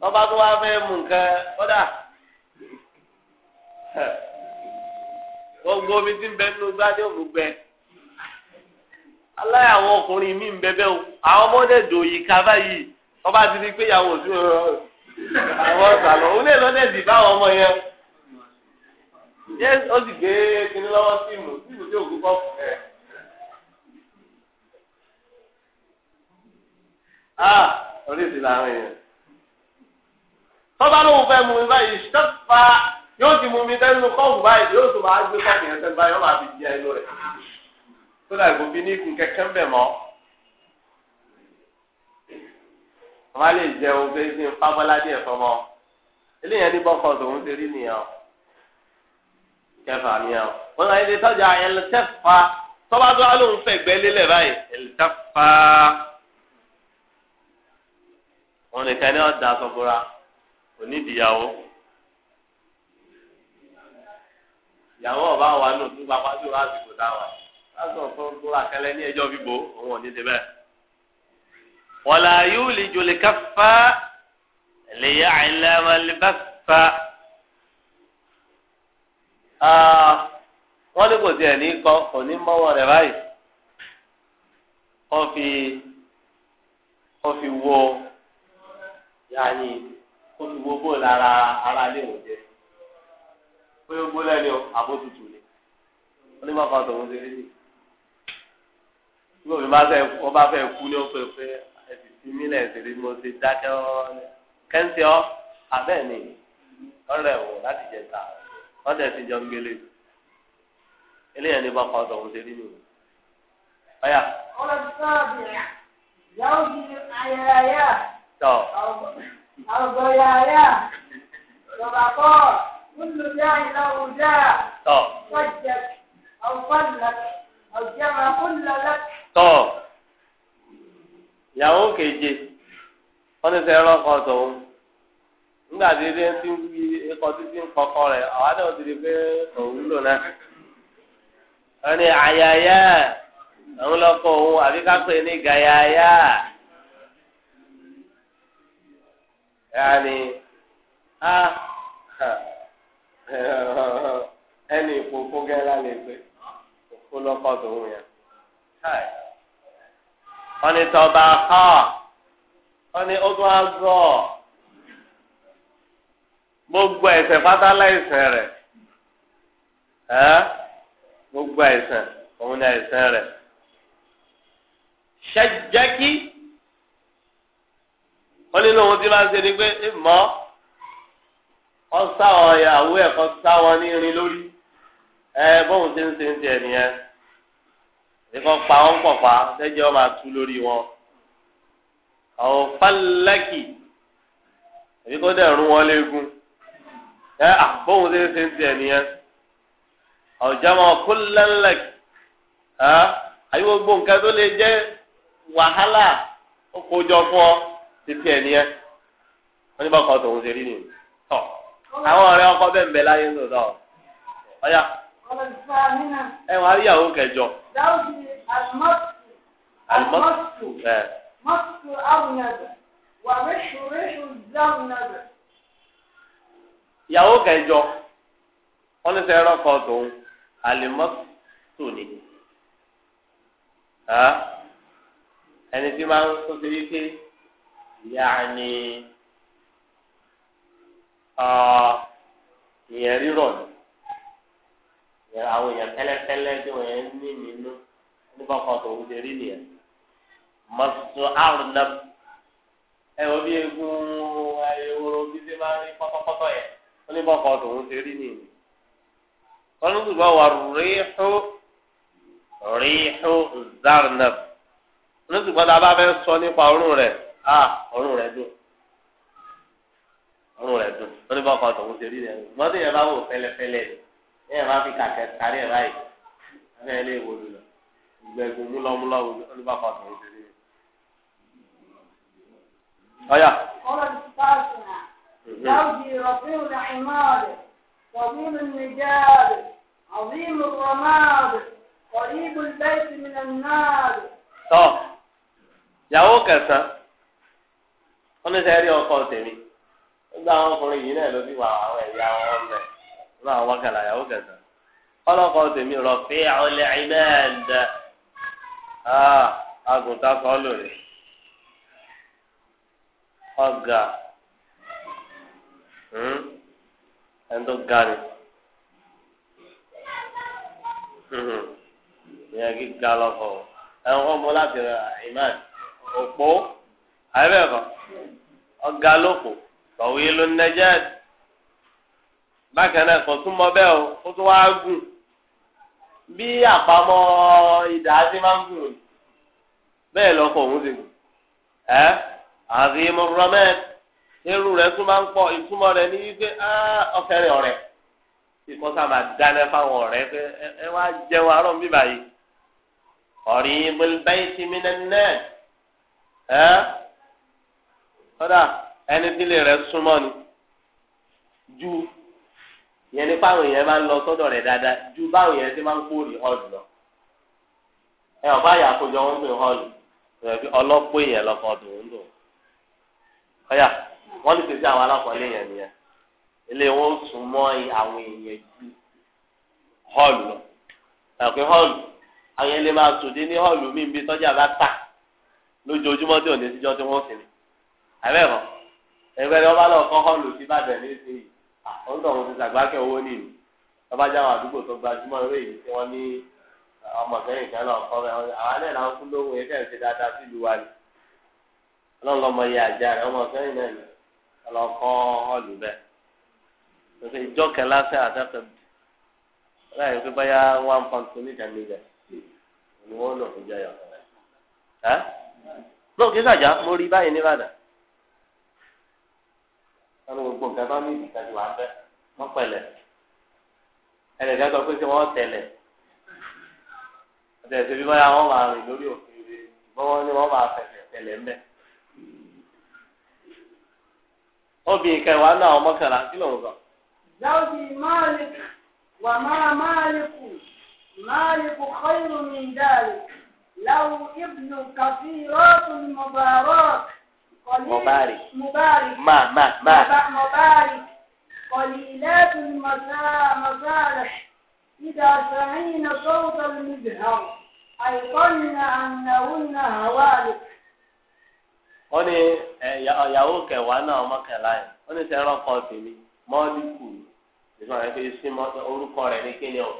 wọ́n bá tó wá fẹ́ mú nǹkan kọ́dà gbogbo omi tí ń bẹ nínú gbádé òmùgbẹ aláyàwó ọkùnrin mi ń bẹ bẹ́ẹ̀ o àwọn ọmọdé dòyìí ká báyìí wọ́n ti di pé ìyàwó òsùn rẹ̀ àwọn sàlọ òun lè lọ́dẹ̀ dì báwọn ọmọ yẹn yẹ ó sì gbé kinní lọ́wọ́ síìmù síìmù tí òkú kọ́ fún ẹ. oríṣi làwọn èèyàn tọ́ba lóun fẹ́ mú mi báyìí ṣẹ́fà yóò ti mú mi tẹ́nu kọ́ọ̀bù báyìí yóò tó máa gbé kọ́ọ̀bù yẹn tẹ́nu báyìí yóò máa fi di ẹnu rẹ̀ tó dà gbòbí ní ikùn kẹ̀kẹ́ ń bẹ̀ mọ́. wọn lè jẹ ohun pé kí n fábọ́lá díẹ̀ fọmọ eléyàn ní bọ́kọ̀ tòun ti rí nìyẹn o kẹfà nìyẹn o wọn náà ilé tọ́jà ẹlẹ́tẹ̀fà tọ́ba tó wà lóun fẹ̀gbẹ́ lélẹ̀ báyìí ẹlẹ́tẹ̀fà wọn nìkan ní ọ̀dà sọ́kúra onídìyàwó ìyàwó ọba wà nù tó bá wá sí wàásù kò dáwà lásán fún kúrò àkẹlẹ ní ẹjọ́ bíbo òun ò ní débẹ̀ wala yuliju al-kaffa liya'lama al-bassa. wọ́n ní kò tiẹ̀ ní kọ́ kò ní mọ́wọ́ rẹ̀ báyìí wọ́n fi wọ́n fi wo yanni wọ́n fi wo bóòlù ara ara lé òun jẹ pé ó gbólẹ̀ ni o àbó tutù ni wọ́n ní bàbá tòun ṣe é ní bí òun bá fẹ́ kú ní ó pè ìmí lẹ̀ sí rí mo ti dákẹ́ ọ́ kẹ́ńtì ọ́ abẹ́ mi ọ̀rẹ́ wò láti jẹ ta wọ́n tẹ̀ sí jọ ń gbélé eléyàn ní bá kọ́ ọ̀dọ̀ òun ṣe rí nìyí. ọ̀yà. ọlọ́dúnrún ọ̀bìnrin yóò di ayẹyẹ. tọ́. ọ̀gbọ̀yàyà lọ́ba kọ́ kúlù dá iná òjá. tọ́. wọ́n jẹ ọ̀gbọ́n lọ́kì ọ̀jẹ̀ máa kúlù lọ́kì. tọ́. ìyàwó keje wọ́n ti sẹ́ ẹ̀rọ́kọ tòun nígbà tí ilé ti ń títí ń kọ́kọ́ rẹ̀ àwọn àdáwọ̀ ti di pé òun lò náà àyàyà àwọn òun àbí ní gàyàyà yàní a ẹni gẹ́gẹ́ lálẹ́ pé tòun yẹn. wọ́n ní tọ́ba ha wọ́n ní ọdún àgọ́ gbogbo ẹ̀ṣẹ̀ fátálà ẹ̀ṣẹ̀ rẹ̀ ẹ́ gbogbo ẹ̀ṣẹ̀ òun ni ẹ̀ṣẹ̀ rẹ̀ ṣẹ́jẹ́kí wọ́n nínú ohun tí máa ń ṣe ni pé mọ́ ọ̀sá ọ̀yàwó ẹ̀kọ́ sáwọn ní irin lórí ẹ bóun ti ń ṣe ń ṣe ẹ̀ nìkan pa wọn pọ̀ pa lẹ́jọ́ máa tú lórí wọn. àwọn fálákì èyí kò dẹ̀ rún wọn léegun ẹ àbóhùn ṣe ń ṣe ń tiẹ̀ nìyẹn. ọ̀jọ̀mọ̀ kúlẹ̀lẹ̀kì ẹ àyè gbogbo nǹkan tó lè jẹ́ wàhálà ó kójọ fún ọ ti tiẹ̀ nìyẹn. wọ́n ní bá ọkọ̀ tòun ṣe rí nìyẹn. àwọn ọ̀rẹ́ ọkọ̀ bẹ́ẹ̀ ń bẹ láyé ń lò ọ̀ya ẹ wọn arí ìyàwó kẹjọ. dáwùdì alimọ́tò mọ́tò awùnàdà wà réṣuréṣu záwùnàdà. ìyàwó kẹjọ wọn ní sẹ rọkọ tòun alimọ́tò ni ẹni tí máa ń tó ṣe wípé yàní ìyẹn rírọ̀ ni àwọn èèyàn pẹ̀lẹ́pẹ̀lẹ́ tí wọn yẹn ní nínú nípa kan tó ń ṣerí nìyẹn mọtò àrùn náà ẹ wọ bí egun ehoro bí ṣe máa rí pọtọpọtọ yẹn wọn nípa kan tó ń ṣerí nìyẹn wọn ní ṣùgbọ́n wà ríhó ríhó zarnab wọn ní ṣùgbọ́n tá a bá fẹ́ sọ nípa ọrùn rẹ̀ ah ọrùn rẹ̀ dùn ọrùn rẹ̀ dùn wọn nípa kan tó ń ṣerí nìyẹn mọtò yẹn bá wò pẹ̀lẹ́pẹ̀lẹ́ ẹ bá fi kàkẹ́ kárí ẹ̀ báyìí ẹ lè wò lulọ ìgbẹ́gun múlọ́múlọ́ olùbáfà tó ń ṣe. ọ̀yà. ọ̀rọ̀ ìfàṣùnà láwùjì rọ̀fíù ràìmáàdì طويل النجاد عظيم الرماد قريب البيت من النار. tọ́ yàwó kẹsàn-án wọ́n ní sẹ́yìn rí ọkọ tèmi nígbà àwọn ọkùnrin yìí náà ló fi wà àwọn ẹ̀yà wọn bẹ́ẹ̀ náà àwọn wákàlà àyàwó kẹsàn ọlọ́kọ̀ tèmi rọ̀fẹ́ ọlẹ́ ìmẹ́ẹ̀dẹ àgùntàn kan lórí ọ̀gá hmm? ẹni tó ga ni hmm. ìyẹn kí ga lọ́kọ̀ ẹ̀wọ̀n kan mọ́ láti ìmẹ́ẹ̀dẹ òpó àyẹ̀bẹ̀ kan ọ̀gá lóko tọ̀wé ló ń nẹ́jẹ́ bákan náà kò tún mọ bẹ́ẹ̀ o ó tún wá gùn bí àpamọ́ ìdá ti máa ń gùn bẹ́ẹ̀ lọ́kọ̀ òun ti gùn ẹ́ àti mohammed irú rẹ̀ tún máa ń pọ̀ ìtumọ̀ rẹ̀ ní wípé ọ̀kẹ́rẹ́ ọ̀rẹ́ ìkọ́ sábà dáná fáwọn ọ̀rẹ́ pé ẹ wá jẹun àárọ̀ mi báyìí ọ̀rí bẹ́ẹ̀ ti mi nẹ́ẹ̀ ẹ́ kọ́dà ẹni tí lè rẹ̀ súnmọ́ ni ju. ìyẹn nípa ma èèyàn ń lọ sọdọ rẹ dáadáa ju báwọn èèyàn ti máa ń kórè hall lọ ẹ ọba àyàkójọ wọn pè hall rẹbi ọlọpọ èèyàn lọkọ ọdún ń dùn ọyà wọn lè àwọn alákọọlẹ èèyàn nìyẹn ilé wọn sùn àwọn èèyàn ju hall lọ ẹ̀pẹ́ hall àwọn lè máa sùn dé ní hall mi bí bá tà lójoojúmọ́ tí ò ní síjọ́ tí wọ́n sì ní lọ kọ́ ó ah, ń tọ̀ wọn ti sàgbákẹ́ owó nìyí ọba jẹ́ àwọn àdúgbò tó gbajúmọ̀ lórí èyí tí wọ́n ní ah, ọmọ kan lọ kọ́ rẹ̀ àwọn alẹ́ làwọn kú ṣe dáadáa sí ìlú wa ni yẹ ọmọ náà ni ọlọ́kọ́ ọ̀lù bẹ́ẹ̀ ìjọ àtẹ́fẹ́ láyé pé báyà one ni wọ́n lọ kábọ̀ gbogbo nǹkan tó ní ìdíkàdì wà ń bẹ́ wọ́n pẹ̀lẹ́ ẹnìkan sọ pé kí wọ́n tẹ̀lé ọ̀tẹ̀ ẹ̀sẹ̀ bí báyà wọ́n máa rìn lórí òfin rẹ̀ bọ́wọ́ ni wọ́n máa fẹ̀lẹ̀ tẹ̀lé ń bẹ́. obìnrin kẹwàá náà mọ́kànlá kí ló ń sọ. zawji malik wa ma maliku maliku khayru min dalik law ibnu kafiratun mubarak. مبارك مبارك ما ما ما مبارك قليلات المصالح إذا سمعين صوت المزهر أيقن أنهن هوالك wọ́n ní kẹwàá náà ọmọ kẹlá yẹn wọ́n ní sẹ́rọ̀ kọ́ tèmi mọ́ọ́líkù nígbà wọn fi sí orúkọ rẹ̀ ní kíni o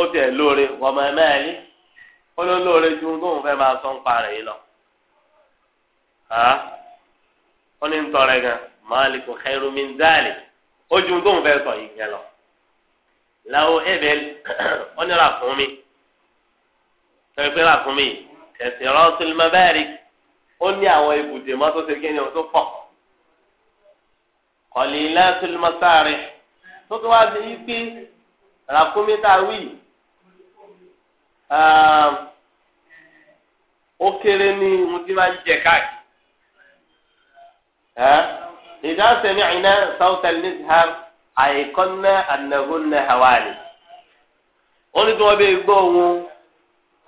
ó lóore olólóore ju ohun tóun fẹ́ máa sọ ń parẹ́ yìí lọ. ó ní ntọ́rẹ gan maliku khairu min zalik ó ju ohun tóun fẹ́ sọ yìí gan lọ. láwo ebel ó ní ràkúnmi sọ pé ràkúnmi kẹsì rọ́ọ̀sì mabẹ́rì ó ní àwọn ibùdó mọ́tò ṣe kí ni pọ̀. kọ̀lì ilé ṣùlùmọ́sáàrì tó tún wá sí yí pé ràkúnmi tá a wí yìí. Um, ó kéré ní ohun tí máa ń jẹ káàkiri. ìdá sẹ́mi ìná sáwùtàlì ní sàm àìkọ́nà ànàgúnnà hawali. ó ní tí wọ́n bẹ gbọ́ ohun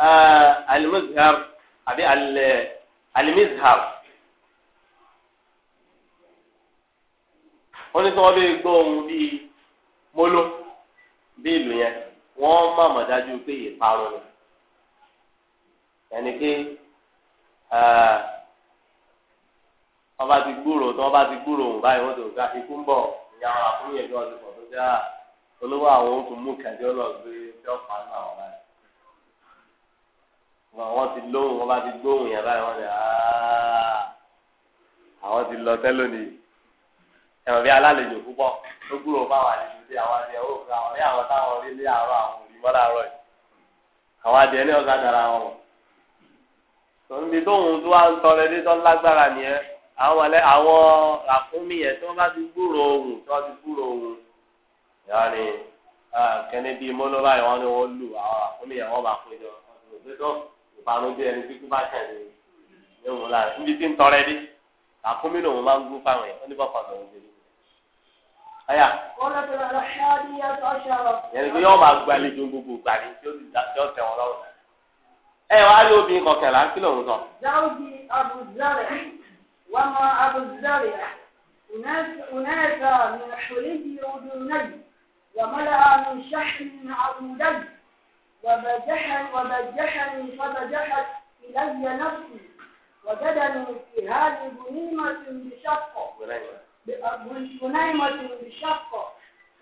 uh, alimuzhar àbí alimizhar. ó ní tí wọ́n bẹ gbọ́ ohun bíi molo bíi ìlú yẹn wọ́n má mọ̀ dájú pé ìparun ni ẹni pé ọba ti gbúrò tó ọba ti gbúrò òun báyìí wọn tó gba ikú ń bọ̀ ìyá àwọn àkúnyè bí wọn ti pọ̀ tó já olówó àwọn ohun mú kẹjọ lọ gbé tí wọn náà wọn báyìí wọn ti lóhùn wọn bá ti gbóhùn yẹn báyìí wọn ni àwọn ti lọ tẹ́lẹ̀ nìyí ẹ̀rọ bí alálejò púpọ̀ ó gbúrò báwọn àlejò sí àwọn adìẹ ó fi àwọn ní àwọn táwọn orí lé àwọn òbí mọ́lá àárọ̀ yìí àwọn adìẹ ní ọ̀gá dára wọn tòǹdì tóun tó wá ń tọrẹ ní tọ́ lágbára nìyẹn àwọn alẹ́ àwọn àfúnmi yẹn tí wọ́n bá ti gbúrò ohun tí wọ́n ti gbúrò ohun yàrá kẹ́ni bíi mọ́nọ́bà yẹn wọ́n ní wọ́n lù àwọn àfúnmi yẹn wọ́n bá pè jọ ọ̀dọ́ ìbànújẹ́ ẹni tí kú bá tẹ̀lé ẹ̀wọ̀n lára níbi tí ń tọrẹ dé àfúnmi lòun máa ń gbú fáwọn yẹn wọ́n ní bọ́pọ̀ lòun dé aya yẹn ni pé yọ́n máa gbàlejò gbogbo gbàlejò tí ó ti tẹ̀ wọ́n ẹ wá rí obìnrin kọkànlá kí ló ń sọ. zawji abu zari wa ma abu zari unasa min xulidi udunay wa mala'a min shaxin aduday wa bajaxan wa bajaxani fabajaxat ilaya nafsi wa ni fi ni bunaymatin bishaqo bunaymatin bishaqo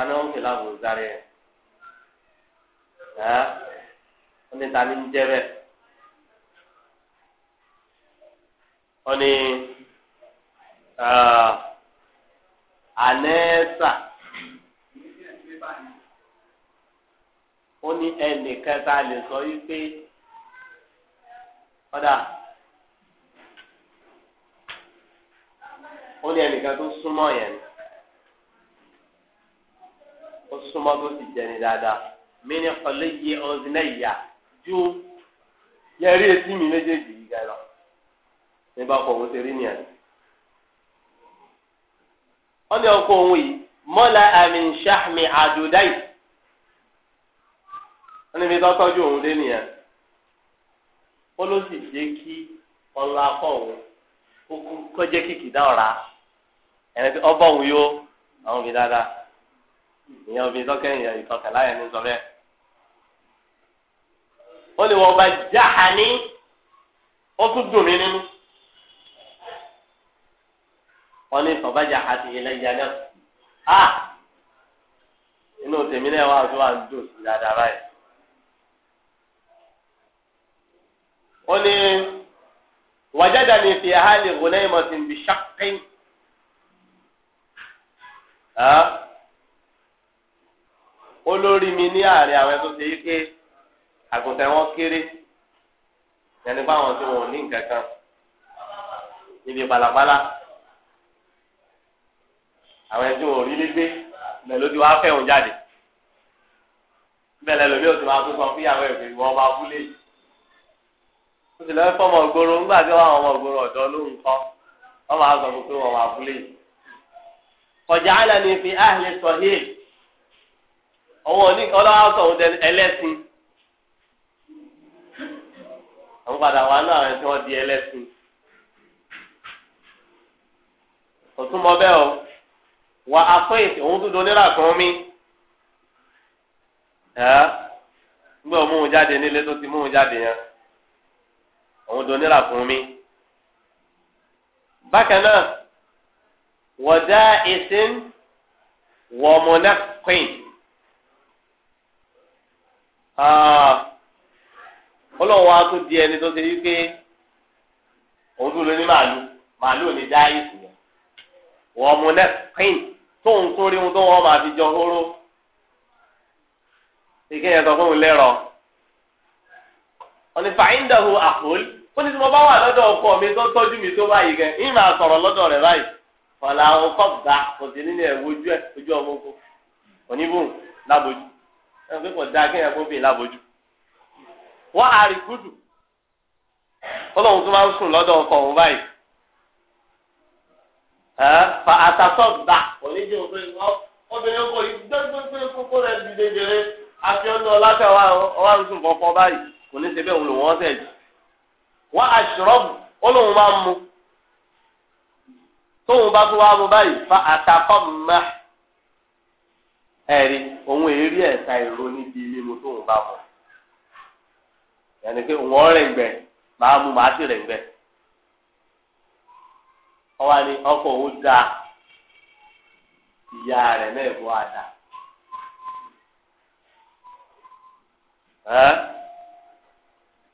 anáwó kìlá bò sáré yẹn ẹ wọn ní ta ni ń jẹ bẹ́ẹ̀ wọn ní anẹẹsà ó ní ẹnìkan tá a lè sọ yìí pé ọ̀dà ó ní ẹnìkan ó súnmọ́ jẹni dáadáa mí ní ọ̀lẹ́ yìí ya ju yari etí mi méjèèjì yìí gan lọ nígbà kọ̀ wọ́n ti rí nìyẹn. wọ́n ní ọkọ̀ òun yìí mọ́lá àmì ṣáàmì àdòdáì wọ́n ní fi tọ́tọ́jú kí ọlọ́ akọ̀ òun kó ìyẹn òfin tọ́kẹ́yìn ìtọ́kẹ́lá yẹn ní sọ bẹ́ẹ̀. ó lè wọ́n bá jáà ní ó tún dùn mí nínú. wọ́n ní sọ̀bájà àti ìlẹ́yà náà. a inú tèmi náà wà tó wà ń dùn sí dáadáa báyìí. ó ní wàjáde ní fi àhálì gùnẹ́yìn mọ̀tì bí ṣákẹ́yìn olórí mi ní àárín àwọn ẹ̀tọ́ ṣe yí pé àgùntàn wọn kéré ẹni bá wọn tí wọn ò ní nǹkan kan níbi balabala àwọn ẹjọ́ wọn ò rí légbé mẹlódì wa fẹ́ wọn jáde bẹ́ẹ̀ lẹ́lòmí ò máa tó fún ìyàwó ẹ̀ pé wọ́n máa yìí ó sì fọmọ ògbóró ńgbà tí wọ́n ọmọ ògbóró ọ̀dọ́ ló kọ́ wọ́n máa sọ fún pé wọ́n máa yìí kọjá àlẹ́ fi áhìlẹ̀ sọ ọwọ́ ní ọlọ́wọ́ sọ òun dẹni ẹlẹ́sìn àwọn padà wà náà ẹni tí wọ́n di ẹlẹ́sìn kò bẹ́ẹ̀ o wà á fún èsì òun tó donira kan mi nígbà mú un jáde nílé tó ti mú jáde yẹn òun donira kan mi bákan náà wọ́n dá ẹsẹ̀ wọ́n mọ̀ náà pín. Ah. ọlọ́wọ́ á tún di ẹni tó ṣe wípé òun tún ní màálù màálù ní dá yẹn wọ́n mu náà pín tóun tún rí tó wọ́n máa fi jọ hóró ìkẹ́ yẹn sọ fún un lẹ́rọ ọ̀nì fàáyíndàhù àpòl ó wà lọ́dọ̀ ọkọ mi tó tọ́jú mi tó báyìí gẹ́ sọ̀rọ̀ lọ́dọ̀ rẹ̀ báyìí ọ̀là kò sí ẹ pé kò dáa kéèyàn kó bèè lábojú wọ́n á rí gúdù ọlọ́run tó máa ń sùn lọ́dọ̀ ọkọ òun báyìí ẹ fa àtàtọ̀ gbà oníjì òfin obìnrin kò yí gbẹgbẹgbẹ kókó rẹ di dédéré àti ọ̀nà ọlátẹ̀ wa ń sùn fọ́fọ́ báyìí kò ní sebẹ̀ òun lò wọ́n sẹ̀ jù wọ́n á ṣùrọ́bù ọlọ́run máa ń mu tóun bá tún wá mu báyìí fa àtàkọ́ mẹ́rin. ẹ̀rí òun èrí ẹ̀ka ìró níbi mímu tó ń bá mọ̀ yàní pé òun ọ̀rẹ́ ìgbẹ́ máa mú màá sì rẹ̀ ọwọ́ ni ọkọ̀ òun da ìyá rẹ̀ náà bọ́ àdá.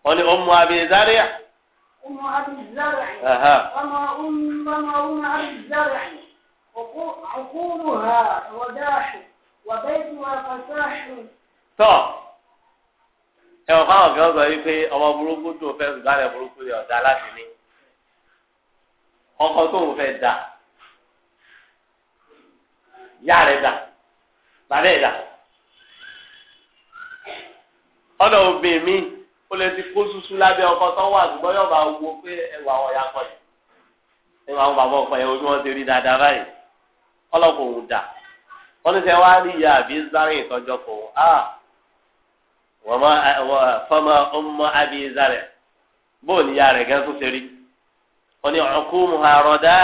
wọ́n ní ọmọ abiy zaria. ọmọ abiy zaria. ọmọ ọmọ ha tọ́ ẹ wọ́n fáwọn kan sọ wípé ọmọ burúkú tó fẹ́ sùgbọ́n burúkú yẹ ọ̀dà láti ní ọkọ tó fẹ́ dà yá rẹ̀ dà bàbá ẹ̀ dà ọ̀dọ̀ obìnrin mi ó lè ti kó susu lábẹ́ ọkọ tó wà ṣùgbọ́n yóò bá wo pé ẹwà wọn yà kọ́ yìí ẹwà wọn bàbá ọkọ yẹn ojú wọn ti rí dáadáa báyìí ọlọ́kùnrin dà. wọ́n ní wá ní ìyá àbí zárì ìtọ́jọ́ fún un a ah, wọ́n mọ fọ́mọ ọmọ àbí zárì rẹ̀ gan tó ṣe rí wọ́n ní ọ̀kú muharọ́dá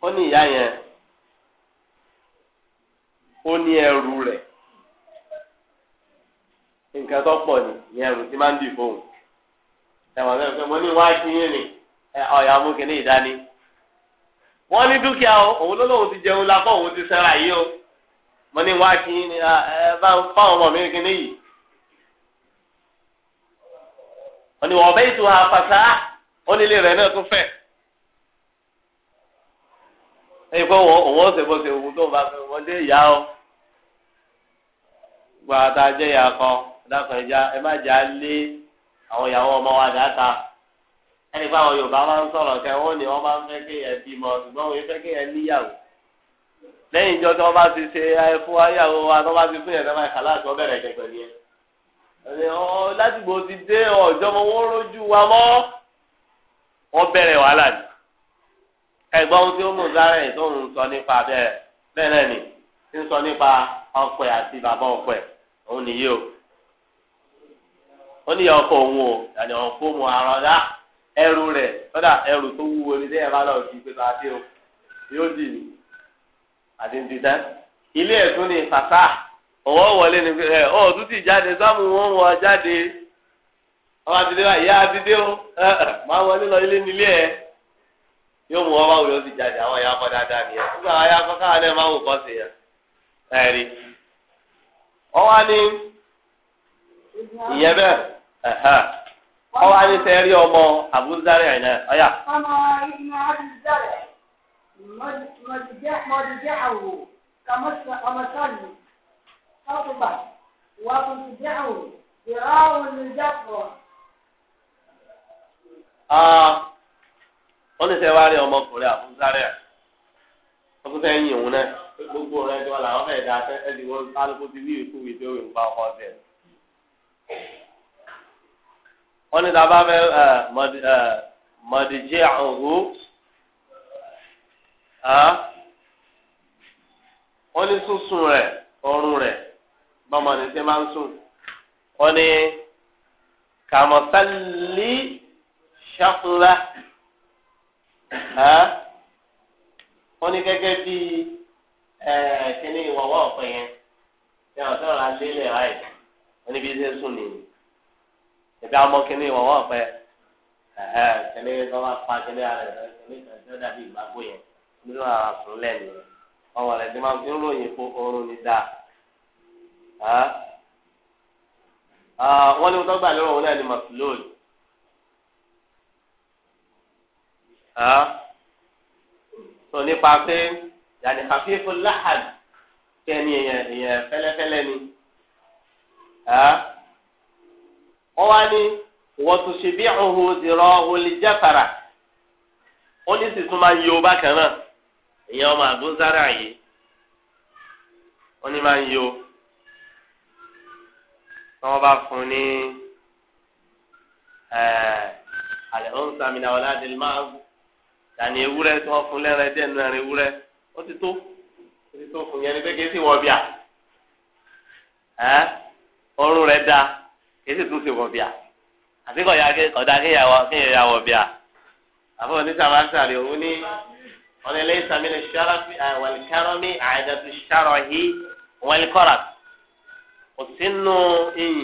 wọ́n ní ìyá yẹn ó ní ẹrù rẹ̀ nǹkan tó pọ̀ ní ní ẹrù tí máa ń dì fóun ẹ̀wọ̀n wọ́n ní dúkìá o òun ló lóun ti jẹun lakọ́ òun ti sẹ́ra yìí o mo ní wá kí ni ẹ bá ń fáwọn ọmọ mi kí ni yìí wọ́n ní wọ́n bẹ́ ètò àfàṣà onílé rẹ̀ náà tún fẹ́ ẹ pé wọ́n òun ọ̀sẹ̀ bó ṣe òun tó bá fẹ́ wọ́n dé ìyá o gba ata kan dákun ẹja ẹ má jà lé àwọn ìyàwó ọmọ wa dáta. ẹnì pé àwọn Yorùbá máa ń sọ̀rọ̀ kẹ́ wọ́n ní wọ́n máa ń fẹ́ kí ẹ bímọ ṣùgbọ́n wọ́n fẹ́ kí ẹ níyàwó lẹ́yìn ìjọ tí wọ́n bá ti ṣe fún ayáwó wa tí wọ́n bá ti fún yẹn tẹ́lẹ̀ kàlá àti wọ́n bẹ̀rẹ̀ kẹ̀kẹ́ ni ẹ. ti dé mọ wọ́n wa mọ́ wọ́n bẹ̀rẹ̀ wàhálà ni. ẹ̀gbọ́n tí ó mú tó ń sọ nípa bẹ́ẹ̀ bẹ́ẹ̀ náà o. ẹrù rẹ̀ foda ẹrù tó wúwo ní sẹ́yìn bá lọ́ọ̀ fi pé a o yóò dì mí ilé ẹ̀tún fàtà wọlé ní ẹ̀ ọ̀ ti jáde sáàmù wọn wọ jáde ìyá o [laughs] máa wọlé lọ ilé nílé ẹ yóò mú ọmọ àwùjọ ti jáde àwọn ìyá akọ dáadáa nìyẹn nígbà àwọn ìyá akọ káwọn máa wò ọwọ́ á ní rí ọmọ àbúzárì àìná ọ̀yà. ọmọ iná ọmọ sọ́ọ̀nù ọ̀tùbà wà mọ̀dìjẹ́ àwò ìrọ̀rùn ní jẹ́pọ̀. wọ́n wá rí ọmọkùnrin àbúzárì àìná ọtún fẹ́ yin òun wọ́n ní dábàá fẹ́ mọ̀dìjẹ́ ọ̀hún wọ́n ní sísun rẹ̀ ọrùn rẹ̀ bọ́mọ ní sẹ́ máa ń sùn wọ́n ní kàmọ́sálí ṣàkúrà wọ́n ní gẹ́gẹ́ bí kíní ìwọ̀wọ́ ọ̀pẹ yẹn sọ̀rọ̀ alẹ́ lẹ̀ ráì wọ́n ní bí sẹ́ sùn nìyí ìbí ọmọ kìíní wọn wọ́n pẹ́ kìíní wọn bá pa kìíní ara rẹ̀ kìíní kan tó dàbí yẹn nínú ara sùn lẹ́nu ọmọ rẹ̀ ti máa ń ròyìn fún oorun ní dáa wọ́n ní wọ́n gbà lérò wọn náà ní maslul sọ nípa pé yàní àfihàn láhàd kẹ́ni èèyàn fẹ́lẹ́fẹ́lẹ́ ni wọ́n wá ní wọ́túnṣebí ọ̀hún ìrọ̀ olùjẹ́fara ó ní sì tún máa ń yí o bákan náà ìyẹn ọmọ àbúzárà yìí ó ní máa ń yí o wọ́n bá fún ní àlẹ́ ó ń sàmìnà ọ̀la máa ń dàní ewúrẹ́ tí wọ́n fún lẹ́rẹ̀ẹ́ díẹ̀ nínú ewúrẹ́ ó ti tó ó ti tó fún yẹn ní pé kí n sì wọ bíà ọrùn rẹ̀ dáa. kìí tún ṣe wọ bíà àti kọ̀dà kéèyàn kéèyàn wọ bíà àfọ oníṣàmà sàrè òun ní ọ̀nẹ́lẹ́ àìdàtú kò sínú iyì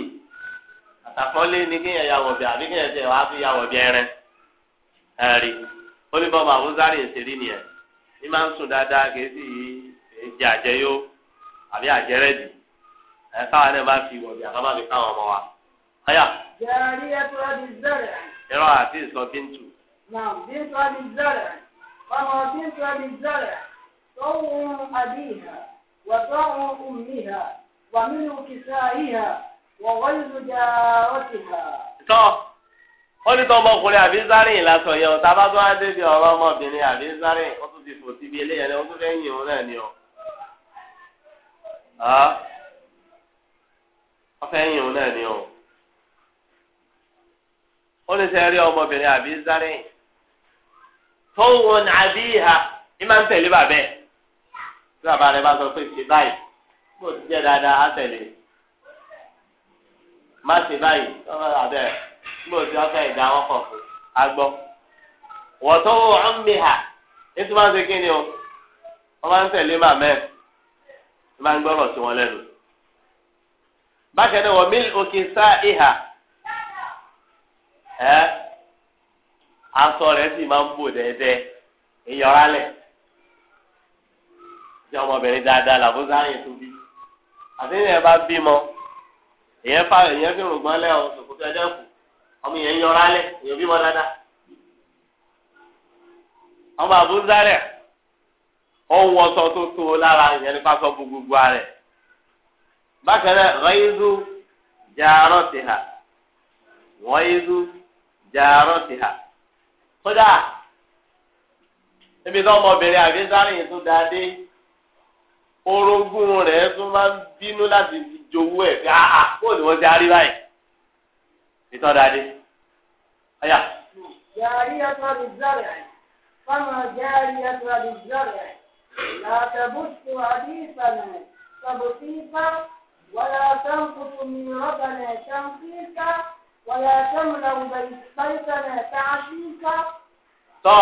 àtàkọ́lé ní kéèyàn yà wọ bíà àbí kéèyàn tẹ̀ wá fi yà wọ bíà rẹ̀ ẹ̀rí olùbọ̀mọ̀ àwùzárì ìṣèlú nìyẹn ní máa ń sùn dáadáa sì àjẹyó àbí àjẹrẹ́dì ẹ̀ káwọn náà bá fi bíà fi káwọn ọmọ wa. ọ̀yà. jẹ́rìí ẹ̀tọ́ ẹbí zẹ̀rẹ̀. irọ́ àti ìsọ Bintu. náà bíntù ẹbí zẹ̀rẹ̀ ọ bíntù ẹbí zẹ̀rẹ̀ tó ń hun àbíyà wà tó wà nínú kìsà ìhà wà wọ́n yóò àbí zárìn lásán yẹn o tó débi ọ̀rọ̀ ọmọbìnrin àbí zárìn ti náà ni o ó lè sẹ ọmọbìnrin àbí zarin tóun àbí ha ní máa ń tẹ̀lé bàbẹ́ tí bàbá rẹ bá sọ pé ṣe báyìí jẹ́ dáadáa á tẹ̀lé má ṣe báyìí ìdá wọn kọ̀ fún agbọ́ wọ́n ha ètò máa ń ṣe kí ni o wọ́n máa ń tẹ̀lé màmẹ́ wọ́n máa ń gbọ́rọ̀ sí wọn lẹ́nu bákẹ́ náà mí òkè ẹ aṣọ rẹ sì máa ń bò dẹdẹ ìyọra tí ọmọbìnrin dáadáa tó bí àti bá bímọ fi rògbọn lẹ ọ kù ọmọ yẹn yọra lẹ bímọ dáadáa ọmọ àbúzá rẹ ó tó tó lára ìyẹn nípa sọ gbogbo rẹ bákan náà rẹ ìlú jẹ jàrọ́ ti hà kódà níbi tí ọmọbìnrin àbísárìn yìí tún da dé orogún rẹ̀ tún máa ń bínú láti fi jowó ẹ̀ fi àhà kó ni wọ́n ti arí báyìí ìtọ́ da dé ọ̀yà. jàrí ẹ̀ka lè zọ̀rẹ̀ fáwọn jàrí ẹ̀ka lè zọ̀rẹ̀ làtẹ̀bùtù àdìsànà sàbùtìfà wàlà sàǹkùtù mìíràn bàlẹ̀ sàǹkìkà. ولا تملأ بيتنا تعشيك tọ́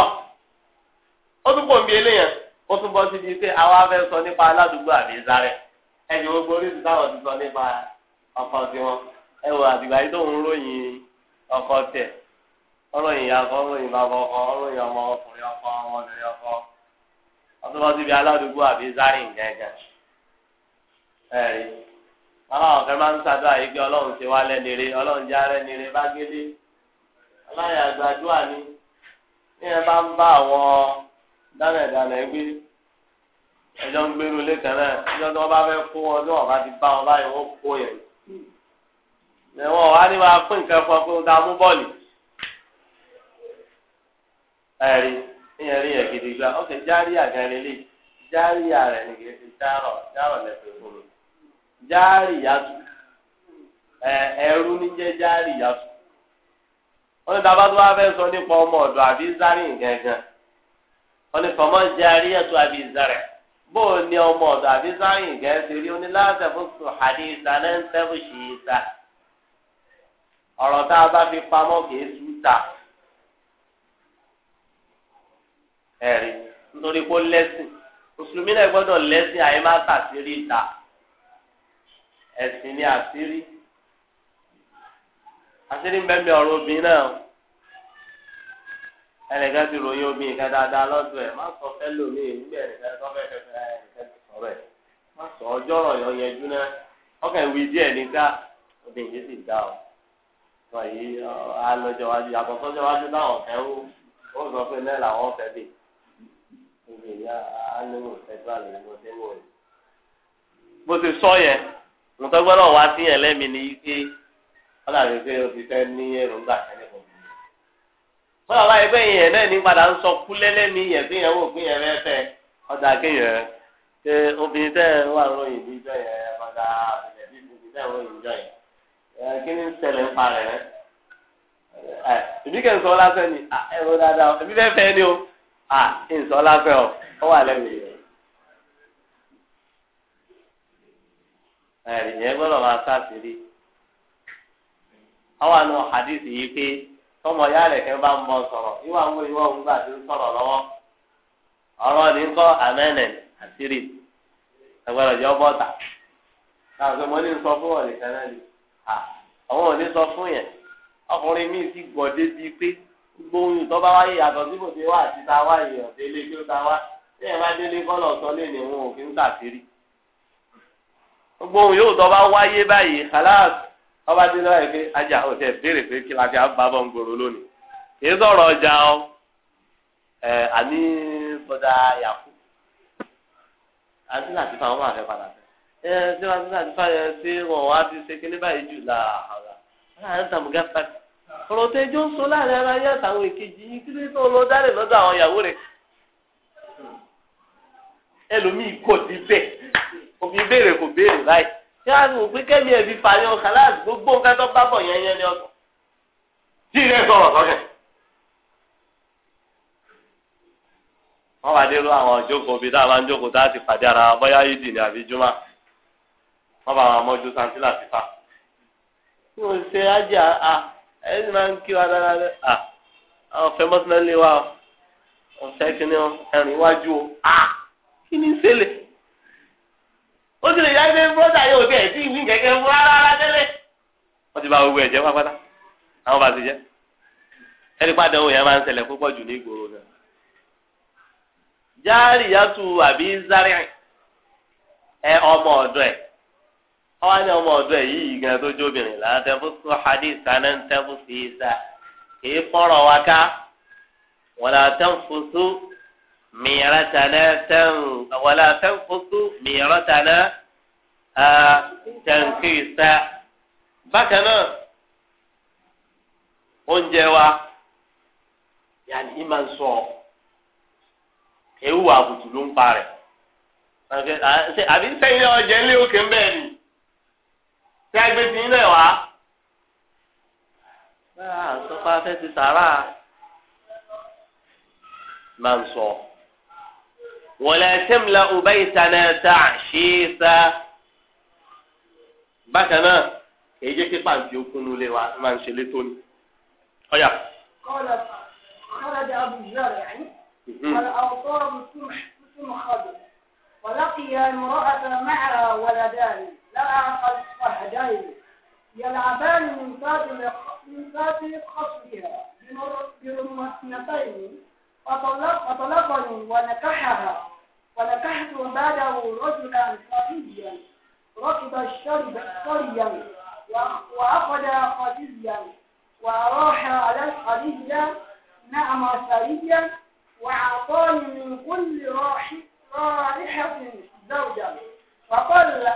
ó tún pọ̀ bí eléyàn ó tún bọ́ síbi pé àwa fẹ́ sọ nípa aládùúgbò àbí ìsáré ẹni gbogbo oríṣi táwọn ti sọ nípa ọkọ tiwọn ẹ wò àdìgbà yìí tóun ròyìn ọkọ tẹ ọròyìn akọ ọròyìn bàbá ọkọ ọròyìn ọmọ ọkùnrin ọkọ ọmọbìnrin ọkọ ó tún bọ́ síbi aládùúgbò àbí ìsáré nǹkan ẹ̀jẹ̀ ẹ̀rí aláwọ̀ fẹ́ máa ń ṣàdúrà yìí pé ọlọ́run ti wá lẹ́nire ọlọ́run já rẹ́nire bá gélé aláyàgbàdúà ni ní ẹ bá ń bá àwọn dánẹ̀dánẹ̀ gbé ẹjọ́ ń gbérú ilé kan náà ẹjọ́ tí wọ́n bá fẹ́ kó wọn tí wọ́n bá ti bá wọn báyìí wọ́n kó yẹn. ẹ̀wọ̀n wá ní máa pín nǹkan fún ọ pé ó ta mú bọ́ọ̀lì. ẹ̀rí ìyẹn rí yẹn gidi gba ọkẹ́ járíà gan lélẹ̀ járíà rẹ̀ nìkan ti jaari yatu ẹ ẹrú ní jẹ jaari yatu wọn ní dábàá tó wá fẹ́ sọ nípa ọmọ ọ̀dọ̀ àbí zari gangan wọn ní fọmọ jaari yatu àbí zari bóò ní ọmọ àbí zari rí oní láti fún sùhàdí ìsàlẹ ń sí i ta ọ̀rọ̀ a bá fi pamọ́ kìí ta nítorí kó lẹ́sìn mùsùlùmí náà gbọ́dọ̀ lẹ́sìn àyè má tà ta. ẹ̀sìn ni àṣírí àṣírí ń bẹ́ẹ̀ bí ọ̀rọ̀ obìnrin náà ẹnìkan ti ròyìn obìnrin kan dáadáa lọ́dọ̀ ẹ̀ má sọ fẹ́ lómi nígbà ẹnìkan tó fẹ́ fẹ́ ẹnìkan sọ̀rọ̀ ẹ̀ sọ ọjọ́ ọ̀rọ̀ yọ yẹjú náà ìwé díẹ̀ ah, obìnrin yìí ọ ah, wájú wájú táwọn wó ó sọ pé làwọn fẹ́ bì obìnrin ah, sọ yẹn. mo tọ́ gbọ́dọ̀ wá sí ni ike wọ́n dàbí pé o ti fẹ́ ní èròǹgbà tẹ́lẹ̀ kò bí. bọ́dọ̀ láyé pé yẹn náà ní padà ń sọ kúlẹ́lẹ́ ní yẹn pé yẹn wò pé yẹn fẹ́ fẹ́ ọjà kéèyàn ṣe obìnrin tẹ́ ẹ wà lóyìn bí jọ yẹn ọjà àbẹ̀lẹ̀ bí obìnrin tẹ́ ẹ lóyìn jọ yẹn kí ni ṣẹlẹ̀ ń parẹ́ rẹ́ ẹ èmi kẹ́ ń sọ lásán ni ẹ ro dáadáa èmi fẹ́ fẹ́ ni o à ń sọ lásán o ó wà lẹ́nu yẹn. ẹ̀rì yẹn gbọ́dọ̀ máa sáfìrí. àwọn àna hadith yìí pé tọmọ ya rẹ̀ kẹ́ bá ń bọ̀ sọ̀rọ̀ ìwà ń wo ìwà òun gbà tí ń sọ̀rọ̀ lọ́wọ́ ọ̀rọ̀ ní kọ́ amẹ́nẹ̀ àṣírí àwọn ò ní sọ fún yẹn ọkùnrin débi pé bá wáyé yàtọ̀ tí kò wá àti ta wá délé kí ó ta wá bá délé kọ́ lé ní òun òfin gbogbo ohun yóò tọ́ bá wáyé báyìí aláàs ọba ti lọ́wọ́ ẹ̀ pé ajá ò tẹ̀ béèrè pé kí la fi bá bọ́ ń gbòòrò lónìí kì í sọ̀rọ̀ ọjà ọ ẹ̀ àní bọ́dà yàkú àti láti fa àwọn àfẹ́ padà fẹ́ ẹ ṣé wàá sílẹ̀ àti fáyẹ tí wọn wá ti ṣe kíní báyìí jù là àrà láàrin tàmùgá pàtì ọ̀rọ̀ tẹ jó ń sọ láàrin ara yẹ àtàwọn èkejì yìí kí ló tó lọ dálẹ̀ lọ́dọ̀ àwọn ìyàwó rẹ̀ ẹlòmíì kò fi béèrè kò béèrè báyìí tí a ní òpin kẹ́mi ẹ̀bí parí ọkàn láti gbogbo nǹkan tó bá bọ̀ yẹn yẹn ní ọ̀sán tí ilé sọ̀rọ̀ sọ́kẹ̀. wọ́n wá dé lọ àwọn ìjókòó bíi táwọn máa ń jókòó tá a ti pàdé ara wọn bóyá yìí dì ní àbí jùmọ̀ wọ́n bá wọn mọ́jú santílà ti fa. kí wọ́n ṣe ajé à ẹni máa ń kí wa dára rẹ̀ à àwọn ọ̀fẹ́ mọ́tínà lé wa ọ̀fẹ́ kìíní ẹ̀rìn iwájú o à kí ni ń ṣẹlẹ̀. ó sì lè yá pé bọ́dà yóò tẹ̀ sí ìwé kẹ̀kẹ́ fún rárá rárá tẹ́lẹ̀ wọ́n ti bá gbogbo ẹ̀jẹ̀ pátápátá àwọn bá ti jẹ́ ẹni pàdé òun yẹn máa ń ṣẹlẹ̀ púpọ̀ jù ní ìgboro náà jáàrì yàtú àbí zárìn ẹ ọmọ ẹ̀ ní ọmọ ẹ̀ yìí tó fún sọ ń ميرتنا تن ولا تنقص ميرتنا تنقيسا بكنا oúnjẹ wa yàní ìmọ̀ ń sọ ewu àbùtù ló ń pa rẹ̀ àbí sẹ́yìn ọjà ilé òkè ń bẹ̀ ni tí a gbé ti ń wá bẹ́ẹ̀ à sọ pé a fẹ́ ti sàárà máa ń sọ. ولا تملأ بيتنا تعشيسا بكنا كيجي كي بان تيو لي وا مان سي لي توني اويا أيوة. قال خرج ابو جار يعني قال اوطار مسلم مسلم ولقي امراه معها ولدان لا اعقل فحدين يلعبان من ساد من ساد قصرها بمرض برمتين فطلق فطلقني ونكحها ونكحت بعده رجلا صبيا ركب الشرب صريا وأخذ خديا وراح على الخديجة نعم سريا وأعطاني من كل راح رائحة زوجا فقال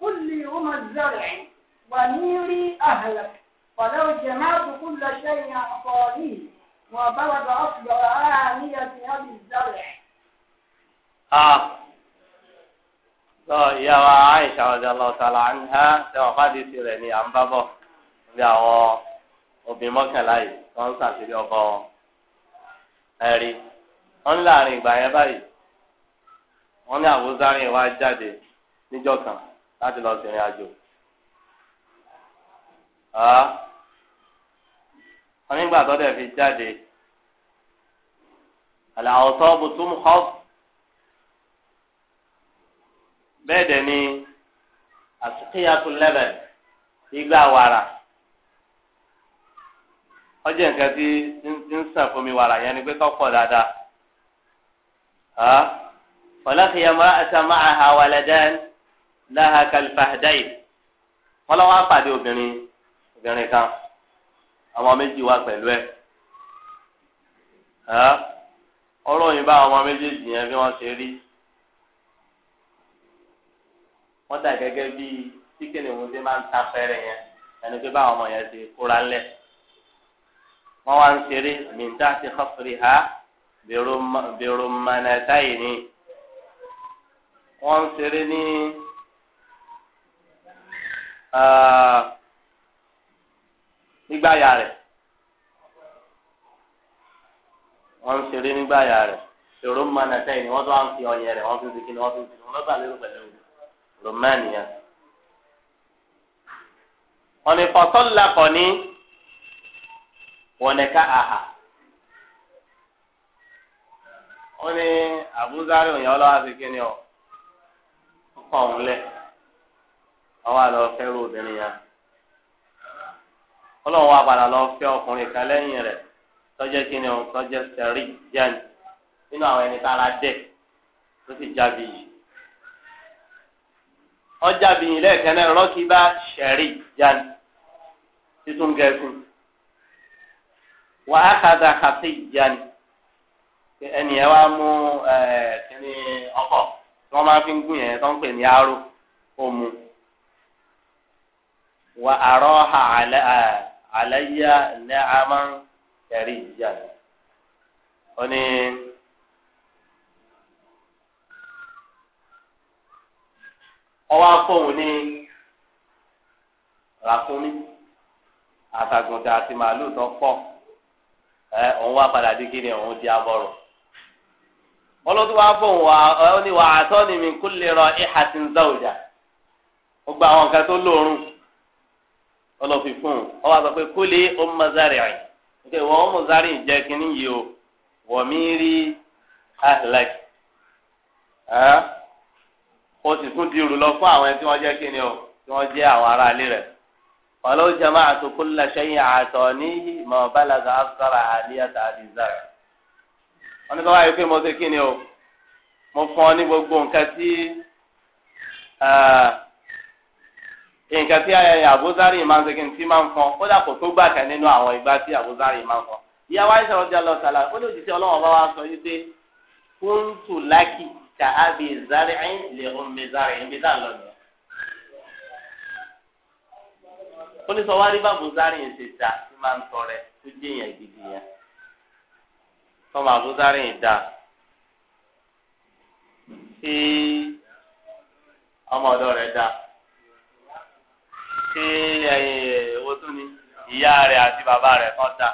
قل لي هما الزرع ونيري أهلك ولو جمعت كل شيء أعطاني وبلغ أصبع آنية أبي الزرع lọ ìyá wa Aisha radiyallahu ta'ala anha ṣe wà fàdísì rẹ̀ ní àǹbábọ̀ bí àwọn obìnrin mọ́kànlá yìí wọ́n ń ṣàṣírí ọkọ wọn. ẹ̀rí wọ́n ní láàrin ìgbà yẹn báyìí wọ́n ní àwòzárin wa jáde níjọ́ kan láti lọ sìnrìn àjò. wọ́n nígbà tó dẹ̀ fi jáde àlàó sọ́ọ̀bù túmù họ́ọ̀sì. bẹ́ẹ̀ dẹ̀ ni àsìkíyàtú lẹ́bẹ̀n ìgbà wàrà ọjọ́ nǹkan tí ń sàn fún mi wàrà yẹn ni pé kọ́kọ́ dáadáa ọ̀làkìyà mọ́ àtàmà àhàwàlẹ́dẹ́n láha kàlífàdáì wọ́n lọ́wọ́ àpàdé obìnrin obìnrin kan àwọn méjì wá pẹ̀lú ẹ̀ ọ̀rọ̀ yìí bá àwọn méjèèjì yẹn bí wọ́n ṣe wọ́n dà gẹ́gẹ́ bí tíkẹ́nì òun ti máa ń ta fẹ́rẹ̀ yẹn ẹni pé báwọn ọmọ yẹn ti kóra ńlẹ̀ wọ́n wá ń ṣeré mìíntà ti xọ́fìrì ha bèrò mọ̀nàtà yìí ni wọ́n ń ṣeré ní ah, nígbàyà rẹ̀ wọ́n ń ṣeré nígbàyà rẹ̀ bèrò mọ̀nàtà yìí ni wọ́n tún wá ń fi ọyẹ rẹ̀ wọ́n tún ti kí ni wọ́n tún ti kí ni wọ́n bá lérò pẹ̀lú. Romania wọ́n ní fọ́sọ́lá kọ́ ní wọ́n ní ká àhà wọ́n ní àbúzárì òyìn ọlọ́wà sí kí ni ọ kọ́ òun lẹ̀ ọwọ́ àlọ́ fẹ́ràn obìnrin yẹn ọlọ́run wa padà lọ fẹ́ ọkùnrin kan lẹ́yìn rẹ̀ tọ́jẹ́ kí ni ọ tọ́jẹ́ sẹ́rí jẹ́ni nínú àwọn ẹni tá a la dẹ̀ tó sì jábì yìí. ọjà bìyìn lẹ́ẹ̀kan náà rọ́ọ̀kì bá ṣẹ̀rí yanni títún gẹ̀ẹ́gùn wà á kàdà kàfé yanni ẹnì yẹn wàá mú kíní ọkọ̀ tí wọ́n máa fi ń gùn yẹn tó ń pè ní aró òmu wà á rọ́ọ̀hà àlàyé ṣẹ̀rí yanni. ọwọ́ afọ́hùn ní ràkúnmí àtàgùntà àti màálù tó pọ̀ ẹ òun wá padà dé kíni òun di abọ́rọ̀ ọlọ́dún wa fọ́hùn wa ọ ní wàá tọ́ ni mi kú lè rọ ìhà tí ń zá òjà gbogbo àwọn nǹkan tó lóorùn ọlọ́fi fún un ọwọ́ àgbà pé kú lè ó mọ zárì rìn nígbà ìwọ mọ zárì yìí o wọ̀ mí rí ó sì tún dirù lọ fún àwọn tí wọ́n jẹ́ kí ni o tí wọ́n jẹ́ àwọn ará ilé rẹ̀. ọlọ́wọ́ jama àtòkò ńlá sẹ́yìn àtọ̀ ní mọ̀ balaga afsara aliyata alizara. wọ́n ní báwa yìí pé mo ṣe kí ni o mo fún ọ ní gbogbo nǹkan tí nǹkan tí àbúzárì máa ń ṣe kí n ti máa ń fọn kódà kò tó gbà kan nínú àwọn ìgbà tí àbúzárì máa ń fọn. ìyá wa ìṣòro jẹ́ lọ ó lè jù sí ọlọ́wọ́n bá wa sọ yìí pé kóńtù lákì ka abi zari'in li ummi zari'in bí tá a lọ nìyẹn. ó ní sọ wá rí bàbá zari'in ṣe ta tí máa ń tọrẹ tó jẹ́ èèyàn gidi yẹn. tọ́ bàbá zari'in dà tí ọmọ ọ̀dọ́ rẹ̀ dà tí ẹ̀yìn owó tó ní ìyá rẹ̀ àti bàbá rẹ̀ kọ́ dà.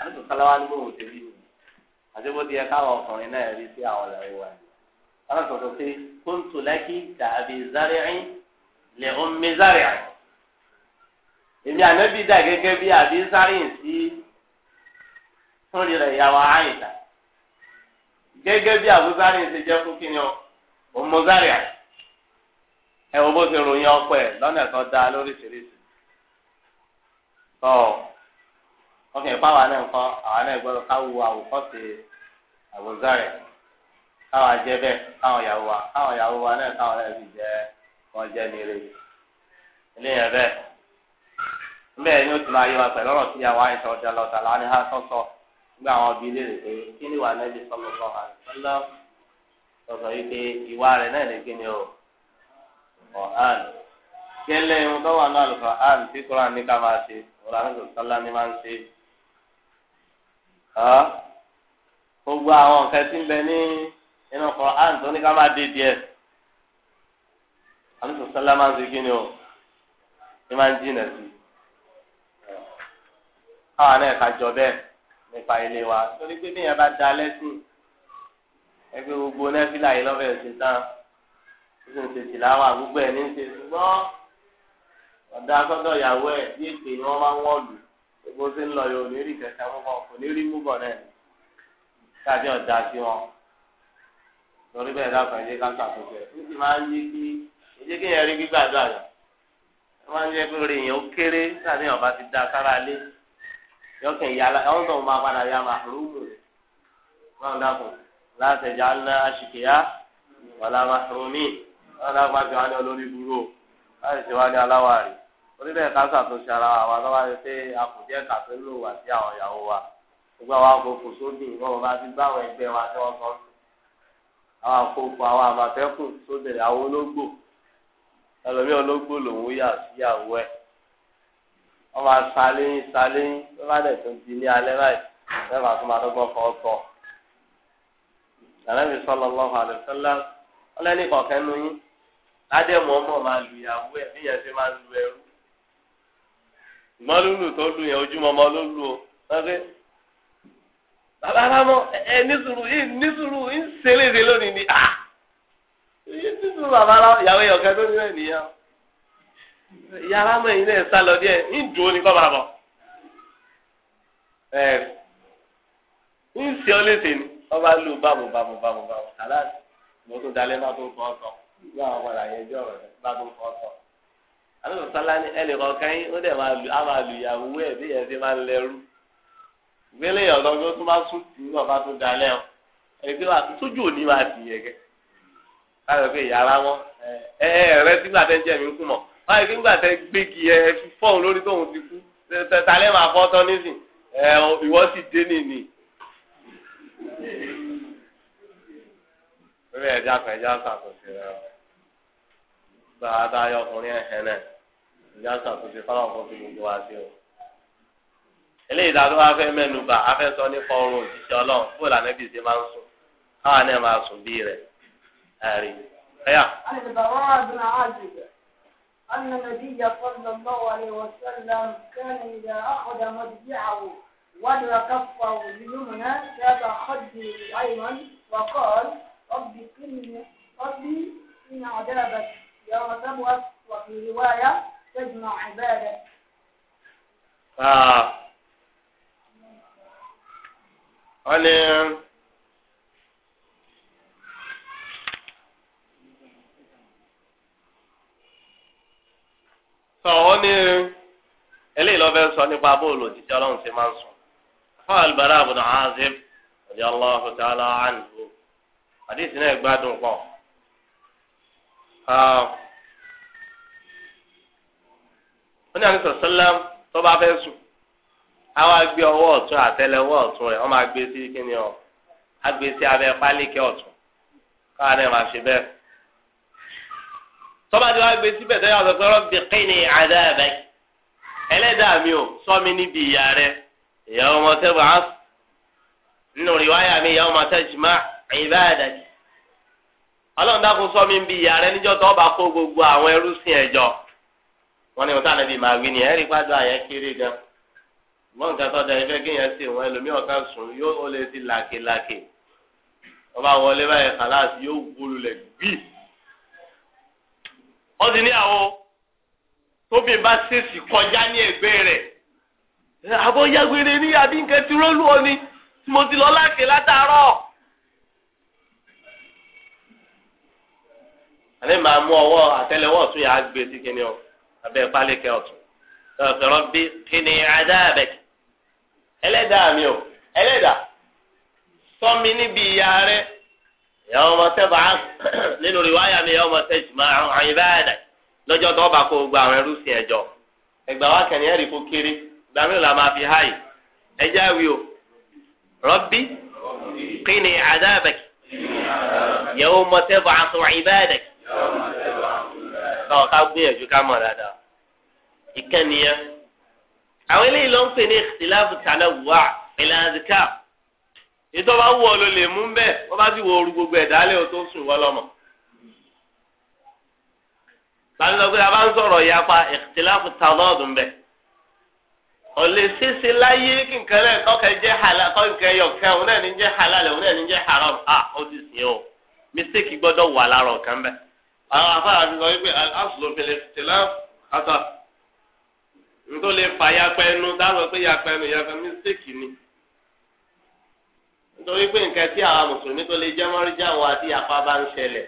àdúgbò káláwá ní gbòòwò tèmi àti bó ti yẹ káwọn ọkùnrin náà rí sí àwọn ọ̀làwé wa ni àwọn sọ̀rọ̀ pé kóńtù lákì dàbí zari'in lè omi zari'in èmi ànábì dà gẹ́gẹ́ bí àbí zari'in sí fúnri rẹ̀ ìyàwó àyìnlá gẹ́gẹ́ bí àbú zari'in ṣe jẹ́ fún kíni ọ ọmọ zari'in ẹ wo bó ṣe ròyìn ọpọ ẹ lọ́nà kan dá lóríṣiríṣi tọ́ ọkàn ìpáwá náà kọ́ àwọn náà gbọ́dọ̀ káwọ́ àwòkọ́ṣe àbú zari'in káwọn ajẹ́ bẹ́ẹ̀ káwọn ìyàwó wa káwọn ìyàwó wa náà káwọn náà sì jẹ́ wọn jẹ́ ní eré ilé yẹn bẹ́ẹ̀ ni ó ti máa yẹ wa pẹ̀lú ọ̀rọ̀ tí àwọn àìsàn ọ̀dà lọ́tà láàrin ha sọ́sọ́ nígbà àwọn ọbí ilé rẹ̀ pé kí ni ìwà nẹ́bí sọ́lọ́ sọ́ àlùfọ́lá sọ̀tọ̀ yìí pé ìwà rẹ̀ náà lè kí ni o ọ̀hán gẹ́lẹ́ irun tó wà náà lùfọ̀ hàn tí kúrò ní ká máa ṣe ọ̀rọ̀ àlùfọ̀ sọ́lá ni máa ń ṣe gbogbo àwọn nǹkan ń bẹ ní nínú Kùránì tó ní ká máa dé díẹ̀ àmísọ sálá máa ń ṣe kíni o ní máa ń jìnà sí káwa náà ká jọ bẹ́ẹ̀ nípa ilé wa torí pé bíyẹn bá da lẹ́sìn ẹgbẹ́ gbogbo nẹ́fìlà yìí lọ́fẹ̀ẹ́ ṣe tán ó sì ń ṣe tìláwà gbogbo ẹ̀ ní ṣe ṣùgbọ́n ọ̀dà sọ́dọ̀ ìyàwó ẹ̀ bí èpè ni wọ́n máa ń wọ̀ lù gbogbo ṣe ń lọ yóò ní rí kẹ̀kẹ́ mú bọ̀ kò ní rí mú bọ̀ náà tàbí ọ̀dà sí wọn. lórí bẹ́ẹ̀ dáfà ẹ̀jẹ̀ káńtà tó bẹ̀ ó sì máa ń yí kí ẹ̀jẹ̀ kí ẹ̀rí gbígbàdúrà yẹn wọ́n orí ọba ti da sára lé ya máa rú mú rẹ̀ wọ́n dàpọ̀ láti ẹ̀jẹ̀ alẹ́ aṣèkéyà wọ́n máa rú mí wọ́n dàpọ̀ àti wọn ní olórí burú láti ṣe wá ní aláwárí orí bẹ́ẹ̀ káńtà tó ṣe ara wa pé lò wá sí àwọn ìyàwó wa àwọn àkókò àwọn àmọ̀tẹ́kùn tó bẹ̀rẹ̀ àwọn ológbò ẹlòmíì ológbò lòún yà síyàwó ẹ̀ wọ́n máa saléyìn saléyìn wọ́n bá dẹ̀ tún di ní alẹ́ báyìí lẹ́yìn máa tún máa dọ́gbọ́n fọ́ tọ́ ànábì sallallahu alaihi wasallam wọ́n lẹ́ni kọ̀ọ̀kẹ́ nu yín ládẹ́mọ̀ ọmọ máa lu ìyàwó ẹ̀ bíyẹn ṣe máa lu ẹrú ìmọ̀lúlù tó lu yẹn ojúmọmọ ló lu o bàbá bàmọ ẹ nísùúrù yìí nísùúrù yìí ṣẹlẹ̀dẹ̀ lónìí ni ah nísùúrù bàbá la ìyàwó ìyọ̀kẹ́ tó ní bẹ́ẹ̀ nìyẹn yàrá mọ ẹ̀yin náà sálọ díẹ̀ ń dùn ó ní kọ́ máa bọ̀ ẹ̀ ń ṣe ọ léṣe ni wọ́n bá lù bàmù bàmù bàmù bàmù aláàtì mo tún dalẹ̀ bá tó ń fọ́ sọ yóò àwọn padà yẹn jọ rẹ̀ bá tó ń fọ́ sọ alóòtú sálá ẹnì kọ̀ọ̀kan yín ó dẹ̀ máa lù ìyàwó ẹ̀ bí ẹ̀ ṣe máa ń gbélé ọ̀dọ́ tó tún bá sùn tì í ọ̀bá tó dalẹ̀ ọ ẹgbẹ́ wa sójú òní máa tì yẹ kẹ́ káyọ̀ pé ìyára wọn ẹ ẹ rẹ tí gbàtẹ́ jẹ́ mi kú mọ̀ báyìí pé gbàtẹ́ gbégi ẹ fi fọ́ọ̀n lórí tóun ti kú tẹ̀tàlẹ́ máa fọ́ tán nísìn ẹ ìwọ sì dé nìní. lórí ẹja kan ẹja ṣàtúnṣe rẹ ọ gbàdá ayọkùnrin ẹ̀hẹ́n náà ẹja ṣàtúnṣe fọlọ́ọ̀kan fi gbogbo wa sí o eléyìí tá a tó máa fẹ́ mẹ́nu bà á fẹ́ sọ nípa ọrùn òṣìṣẹ́ ọlọ́run fún ìlànà ibi ìṣe máa ń sùn káwa náà máa sùn bí rẹ̀ ẹ̀rí. ẹ̀yà. أن النبي صلى الله عليه وسلم كان إذا أخذ مضجعه وضع كفه اليمنى شاب خده الأيمن وقال رب كن رب إن عذابك يوم تبعث وفي رواية تجمع عبادك. آه wọ́n ní. sọ wọ́n ní eléyìí lọ́ fẹ́ sọ nípa bóòlù òjijì ọlọ́run ṣe máa ń sùn fún alùbárà àbùdá azib ọ̀dí ọlọ́hu tààlà ànìkú àdìsí náà gbádùn pọ̀. wọ́n ah, ní àdìsí sọ́sẹ́lẹ̀ tó bá fẹ́ sùn. awa wá gbé ọwọ́ ọ̀tún àtẹ́lẹwọ́ ọ̀tún rẹ̀ wọ́n máa gbé sí kíni ọ á sí abẹ́ pálíkẹ́ ọ̀tún káwọn náà máa ṣe bẹ́ẹ̀. tọ́ba tí wàá gbé síbẹ̀ tó yàtọ̀ pé rọ́bì kíni àdá ẹ̀bẹ̀ ẹlẹ́dàá mi ò sọ mi níbi ìyá ìyá ọmọ mi ìyá ọmọ tẹ́jú má ìbá ẹ̀dá yìí ọlọ́run dákun sọ mi bí ìyá rẹ níjọ́ tó kó gbogbo àwọn ẹrú sí wọn ni mọ nǹkan tó da ẹfẹ kéèyàn ṣe wọn ẹlòmíràn kan sùn yóò ó lè ti làkè làkè ọba wọlé báyìí kàláàsì yóò gbólú lẹ gbì. wọ́n ti ní àwọn tóbi bá ṣèṣì kọjá ní ẹgbẹ́ rẹ̀ àbọ̀ yagbere ní àbí nǹkan tí rólù ọ ni tí mo ti lọ lákè látàárọ̀. àní màá mú ọwọ́ àtẹ́lẹwọ́ ọ̀tún yà á gbé sí kíni ọ abẹ́ pálíkẹ́ ọ̀tún. Fẹ̀rọ̀ bí kíni adáàbẹ̀kì. ẹlẹ́dàá mi o ẹlẹ́dàá sọmi níbi ìyá rẹ ìyàwó ọmọ sẹ́fà [clears throat] nínú rìwáyà mi ìyàwó ọmọ sẹ́jì máa hàn yín báyàdà tó bá kó gba àwọn ẹrú sí la máa fi háyì ẹjẹ́ o rọ́bí kí ni àdáàbẹ̀ sọ ká gbìyànjú ká dáadáa àwọn eléyìí ló ń pè ní ìtìláàfù tàlẹ wà ìlànàdìkà ìtọ́ bá wù ọ ló lè mú bẹ́ẹ̀ wọ́n bá ti wọ ooru gbogbo ẹ̀ dálé o tó sùn wọ́n lọ́mọ. tàbí sọ pé a bá ń sọ̀rọ̀ ìyapa ìtìláàfù tàlọ́ ọ̀dùn bẹ́ẹ̀ ọ̀lẹ́ ṣíṣe láyé kí nǹkan rẹ̀ kọ́kẹ́ jẹ́ halal kọ́ nǹkan òun náà ní jẹ́ halal òun náà ní jẹ́ haram ah ó ti sìn nítorí lè fa yapẹ ẹnu dáhùn pé yapẹ ẹnu yapẹ mistake ni nítorí pé nǹkan tí àwọn mùsùlùmí tó lè jẹ́ mọ́ríjà wọn àti yapa bá ń ṣẹlẹ̀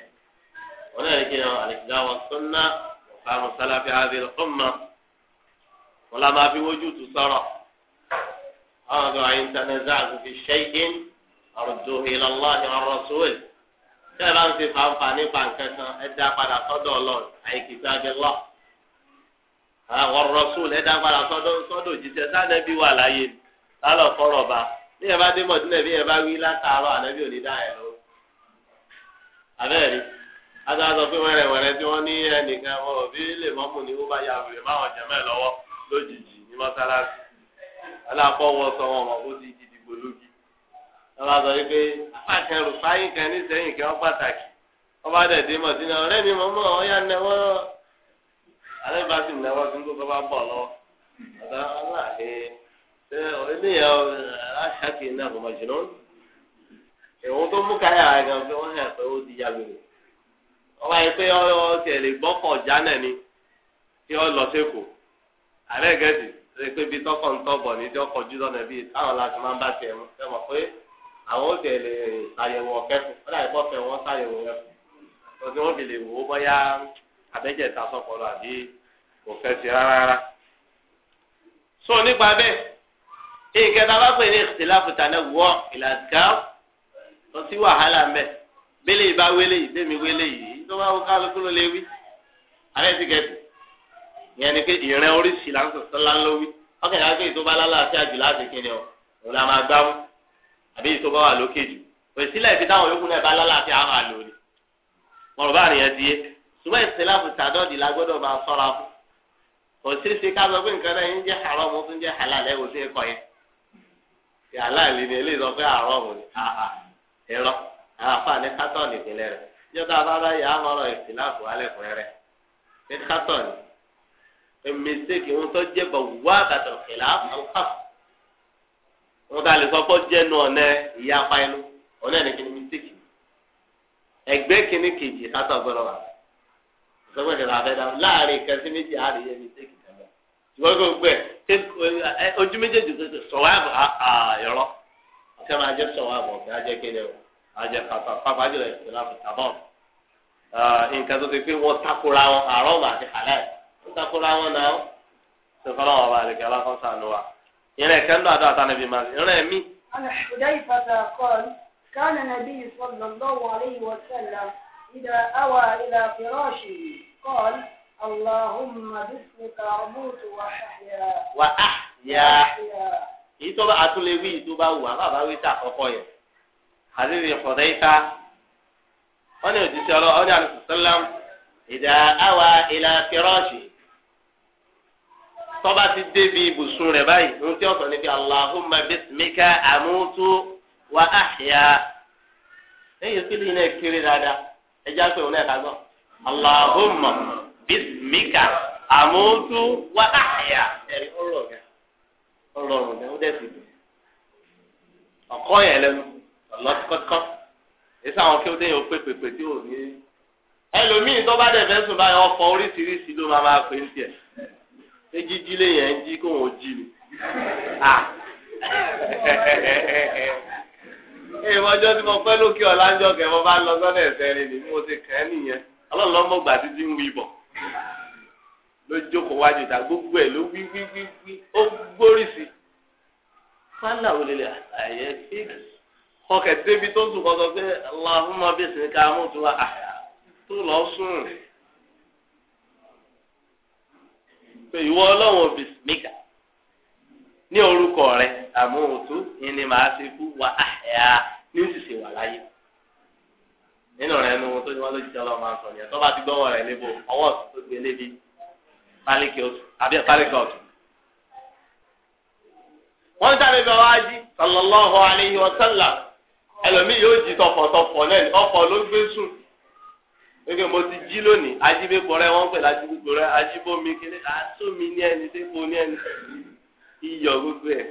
wọn náà lè kí wọn àlèkìdá wọn sọ́nà ọ̀sán sálàfẹ́ àbẹ̀rẹ̀ ọ̀mà wọn la máa fi wójú tu sọ̀rọ̀ àwọn ọ̀dọ́ àyè ntànẹ́sà àgùnfi ṣẹ́yìn àrùjọ ìlànà ìrọ̀rọ̀ sóòlì tẹ́lẹ̀ bá ń ṣe fàǹfà nípa nǹkan kan ẹ dá padà sọ́dọ̀ ọlọ́run àyè kìtàbí àwọn rọ̀sùn lẹ́dàgbára sọ́dọ̀ òjíṣẹ́ sànẹ́bí wà láyé lálọ́ fọ́rọ̀ bá bí ẹ bá dé mọ̀ sílẹ̀ bí ẹ bá wí látàárọ̀ ànábì òní dá ẹ̀ lọ. àbẹ́ẹ̀rí adájọ́ sọ pé wẹ́rẹ́wẹ́rẹ́ tí wọ́n ní ẹnìkan wọn ò bí lè mọ́mù ní wọ́n bá ya wèrè báwọn jẹ̀mẹ́ lọ́wọ́ lójijì ní mọ́sálásí aláfọwọ́ sọ wọn mọ̀ ó ti di dìgbò lógi. lọ́la sọ alẹ́ bá sì náwó sí kó tó bá bọ̀ lọ́wọ́ ọ̀dà aláàlẹ́ ṣe oníyà aṣáàkì náà kò máa jìnnà ìwọ̀n tó mú káyà gan pé wọ́n hàn pé ó di ya wèrè ọba yìí pé ọ tiẹ̀ lè gbọ́kọ̀ já náà ni tí ọ lọ sẹ́kọ̀ọ́ alẹ́ gẹ̀ẹ́sì ṣe pé bí tọkọ̀ ń tọ̀bọ̀ ní tí ọkọ̀ jù lọ́nà bíi táwọn láti máa ń bá tiẹ̀ mú ṣe mọ̀ pé àwọn ó tiẹ̀ lè ṣàyẹ̀wò ọ̀kẹ́fù ó dàbí abẹ́jẹ̀ ta sọ́kọlọ àbí kò fẹ́ sí rárá rárá. sọ nípa bẹ́ẹ̀ ìkẹta bá pè ní ìtìláfù tànà wọ ìlàkà lọ sí wàhálà ń bẹ̀ bẹ́lẹ̀ ìbá wẹ́lẹ̀ yìí bẹ́mi wẹ́lẹ̀ yìí tó bá wọ kálukú ló lè wí. àbẹ́ ti kẹ́tù ìyẹn ni pé ìrìn oríṣi là ń sọ̀tọ́ lánlọ́wí ọkàn yàrá pé ìtọ́ba lálàáfíà jù láti kíni o òun la máa gbámú àbí ìtọ́ba wà lókè jù òsílẹ̀ ibi táwọn náà bá lálàáfíà máa lò ní. mọ̀rọ̀ bá àníyàn ti yé ṣùgbọ́n ìsìláàmù tàdọ́ọ̀dì la gbọ́dọ̀ máa sọ́ra fún kò sí ṣe ká sọ pé nǹkan náà yín jẹ́ haram ó tún jẹ́ halal ẹ̀ wò sí ẹ̀kọ́ yẹn yàrá ìlú ni eléyìí sọ pé haram ni ẹ̀rọ àáfàá ní kátọ́ọ̀ nìpínlẹ̀ rẹ̀ ìjọba abára yà á mọ̀rọ̀ ìsìláàmù alẹ́ fún ẹ̀rẹ́ ní kátọ́ọ̀ ni mistake ń jẹ́ bọ̀ wá bàtọ̀ kìlá àlùkàf ẹgbẹ́ kìíní kejì gbọ́dọ̀ wà sọgbọn ìdìbò abẹ́dá láàrin kan sí méjì àárín yẹn ní tẹ́kì kan ṣùgbọ́n kò gbẹ ojú méjèèjì tó ti sọ̀wọ́ àbọ̀ àyọ̀rọ̀ ọ̀sẹ̀ máa jẹ́ sọ̀wọ́ àbọ̀ ọ̀gá jẹ́ kéde o àjẹ pàpà jùlọ ìṣẹ̀lẹ̀ àfọ̀tàbọ̀ nǹkan tó ti pé wọ́n takora wọn àárọ̀ mà àti àlẹ́ wọ́n takora wọn náà ṣe fọlọ́ wọn bá lè kẹ́ alákọ̀ọ́ sànù إذا أوى إلى فراشه قال اللهم باسمك أموت وأحيا وأحيا èyí tó bá àtúnlẹ̀ wí tó bá wù àbá bá wí tá àkọ́kọ́ yẹn àdébí ìfọ̀dẹ́ta wọ́n ní òjíṣẹ́ ọlọ́ ọ́ ní àlùsùsọ́lám ìdá àwa ìlà fírọ́ọ̀ṣì tó bá ti débi ibùsùn rẹ̀ báyìí ohun tí ọ̀sán ni fi Allahumma bismika amutu wa ahya ẹ̀yìn sílẹ̀ iná kéré dáadáa ẹ já pé òun náà ká gbọ́. Allahumma bismika amutu wa ahya. Ẹ̀rí ọ̀rọ̀ rẹ̀ ọ̀rọ̀ rẹ̀ ó dẹ̀ sì dùn. Ọ̀kọ́ yẹn lẹ́nu ọ̀lọ́tíkọ́tíkọ́. Èsì àwọn kí ó dé yẹn ó pé pèpè tí ò ní. Ẹlòmíì tó bá dẹ̀ fẹ́ sùn báyọ̀ ọkọ̀ oríṣiríṣi ló máa máa pè ń tiẹ̀. Ṣé jíjí lè yẹn jí kóun ò jí ni? [laughs] èèmọ̀ ọjọ́ tí mo pẹ́ lókè ọ̀la ń jọkẹ́ mo bá ń lọ sọ́dọ̀ ẹ̀sẹ̀ rẹ̀ ni mo ti kàn án nìyẹn ọlọ́run lọ́mọ gbà títí ń wí bọ̀ ló jókòó wájú ìta gbogbo ẹ̀ ló wí wí wí wí ó gbórí sí i fálà ò lè àyè fíkì ọkẹ̀ débi tó ń sùn kọ́ sọ pé aláhùnmọ́ bí sìnká mú tu wá tó lọ sùn pé ìwọ ọlọ́run bìsímíkà. ní orúkọ ni màá ti kú wà áyà ní ma wà láyé nínú rẹ nu tó ní wọn lójijì Ọlọ́run máa ń sọ nìyẹn tó bá ti gbọ́wọ́ rẹ lébo ọwọ́ ọ̀tún tó gbé lébi pálíkì ọ̀tún àbí pálíkì ọ̀tún. wọ́n dábẹ́ bẹ́ẹ̀ ẹlòmíì yóò jí tọ̀fọ̀tọ̀fọ̀ náà ló gbé sùn gbẹgbẹ mo ti jí lónìí ajíbẹ́pọ̀ rẹ wọ́n pè rẹ ajíbọ́mi ní ẹni ní iyọ̀ gbogbo ẹ̀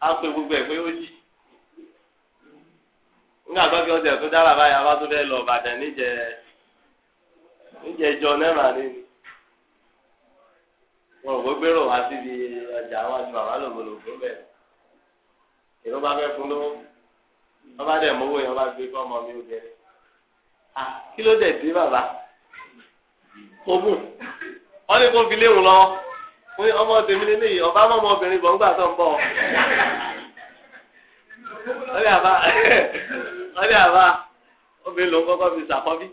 á gbogbo ẹ̀ pé ó yí nígbà tó kí ọ̀sẹ̀ tó dára báyìí abá tó fẹ́ lọ Ìbàdàn níjẹ níjẹ jọ ni wọn ò gbégbé rò wá síbi ọjà àwọn àti bàbá lògbòlògbò bẹ́ẹ̀ èrò bá fẹ́ fún lówó wọn bá dẹ̀ yẹn wọn bá gbé ọmọ kí ló dé bàbá kò ní fún ọmọ tèmi lé léyìí ọba mọ ọmọbìnrin bọ̀ ńgbà tó ń bọ̀ ọdẹ àbá ọdẹ [laughs] àbá obìnrin ló kọ́kọ́ fi sàkọ́bí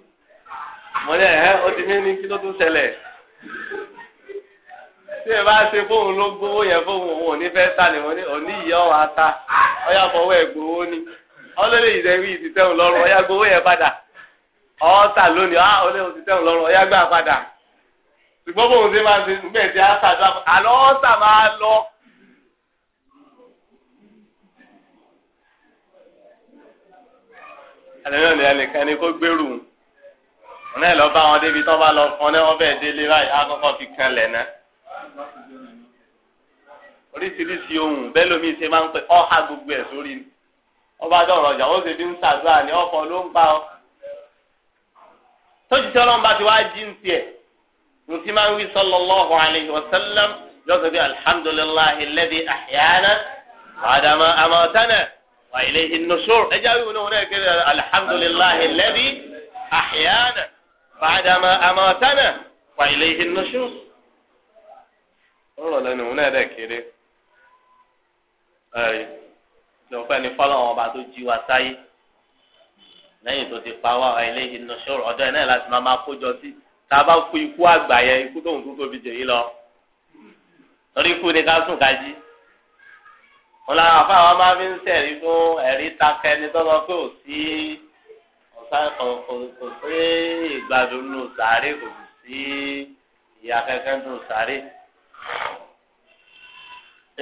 mọ̀lẹ́ ẹ̀ ó ti ní ní kí ló tún ṣẹlẹ̀ tí ẹ bá ṣe fóun ló gbowó yẹn fóun òun ò ní ni mo ní òní ìyá ọ̀ fọwọ́ ẹ̀ gbowó ni ọlọ́lẹ̀ ìdẹ́wì lọ́rùn gbowó yẹn padà ọ̀ọ́ta lónìí ṣùgbọ́n bóun ṣe máa ń ṣe nígbà tí a ṣàdúrà àlọ́ ọ̀sà máa lọ. àlejò ní ẹnìkan ni kó gbèrú òun náà lọ bá wọn débi tó bá lọ fún ọ náà wọn bẹ́ẹ̀ délé báyìí á kọ́kọ́ fi kan lẹ̀ náà oríṣiríṣi ohun bẹ́ẹ̀ lómi ṣe máa ń pẹ́ ọ̀há gbogbo ẹ̀ sórí ni ọba dọ̀rọ̀ ọjà ó ṣe fi ń ṣàdúrà ní ọ̀fọ̀ ló ń pa ọ. tó ti tẹ́ ọlọ́run bá ti wá jí ń tiẹ̀ nti máa ń wí sallallahu alayhi wa sallam lọ́sọ̀ bí alhamdulillahi alladhi ahyana adama amatana wa ilayhi nushur ẹja wíwọ́n náà wọ́n náà kéde alhamdulillahi alladhi ahyana adama amatana wa ilayhi nushur. ọ̀rọ̀ lẹ́nu wọ́n náà dẹ̀ kéde ẹ̀rí lọ́pẹ́ ni fọlọ́wọ́n ọba tó jí wa sáyé lẹ́yìn tó ti pa wá wa ilayhi nushur ọ̀dọ́ ẹ̀ náà láti máa máa kó jọ sí tá a bá kú ikú àgbà yẹn ikú tóun tó tóbi jẹ yín lọ torí ikú ni ká sùn ká jí wọn làwọn afa àwọn máa fi ń sẹ̀rí fún ẹ̀rí takẹ́ ni tọ́lọ pé ò sí kò sí ìgbádùn nù sàárè kò sí ìyá kẹ́kẹ́ nù sàárè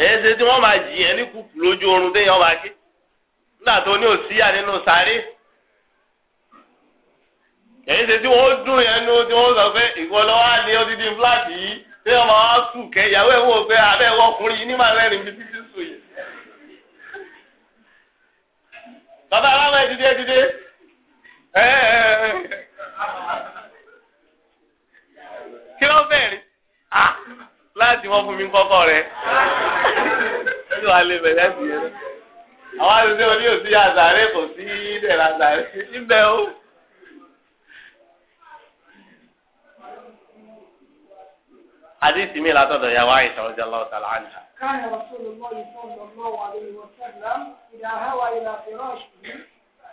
èyí tí wọ́n máa jì ẹ́ ní kùkù lójú oorun téèyàn máa ké nígbà tó ní òsíyà nínú sáré èyí ṣe tí wọ́n dùn yẹn nu tí wọ́n sọ pé ìwọ lọ́wọ́ á ní odidi fúláàtì yìí tí wọ́n máa sùn kẹ́ ìyàwó ẹ̀ wò pé abẹ́ ẹ̀wọ́ ọkùnrin yìí ní màá rẹ́rìn bí títí sùn yìí. bàbá aláwọ̀ ẹ̀ dídé dídé kí ló bẹ̀rẹ̀ láti wọ́n fún mi kọ́kọ́ rẹ̀ kí wàá bẹ̀rẹ̀ sí yẹn. àwọn àti ní òsì àzàrẹ́ kò sí ìdẹ̀rẹ̀ àzàrẹ́ níbẹ̀ o. حديث ميل هذا يا عائشة رضي الله تعالى عنها كان رسول الله صلى الله عليه وسلم إذا هوى إلى فراشه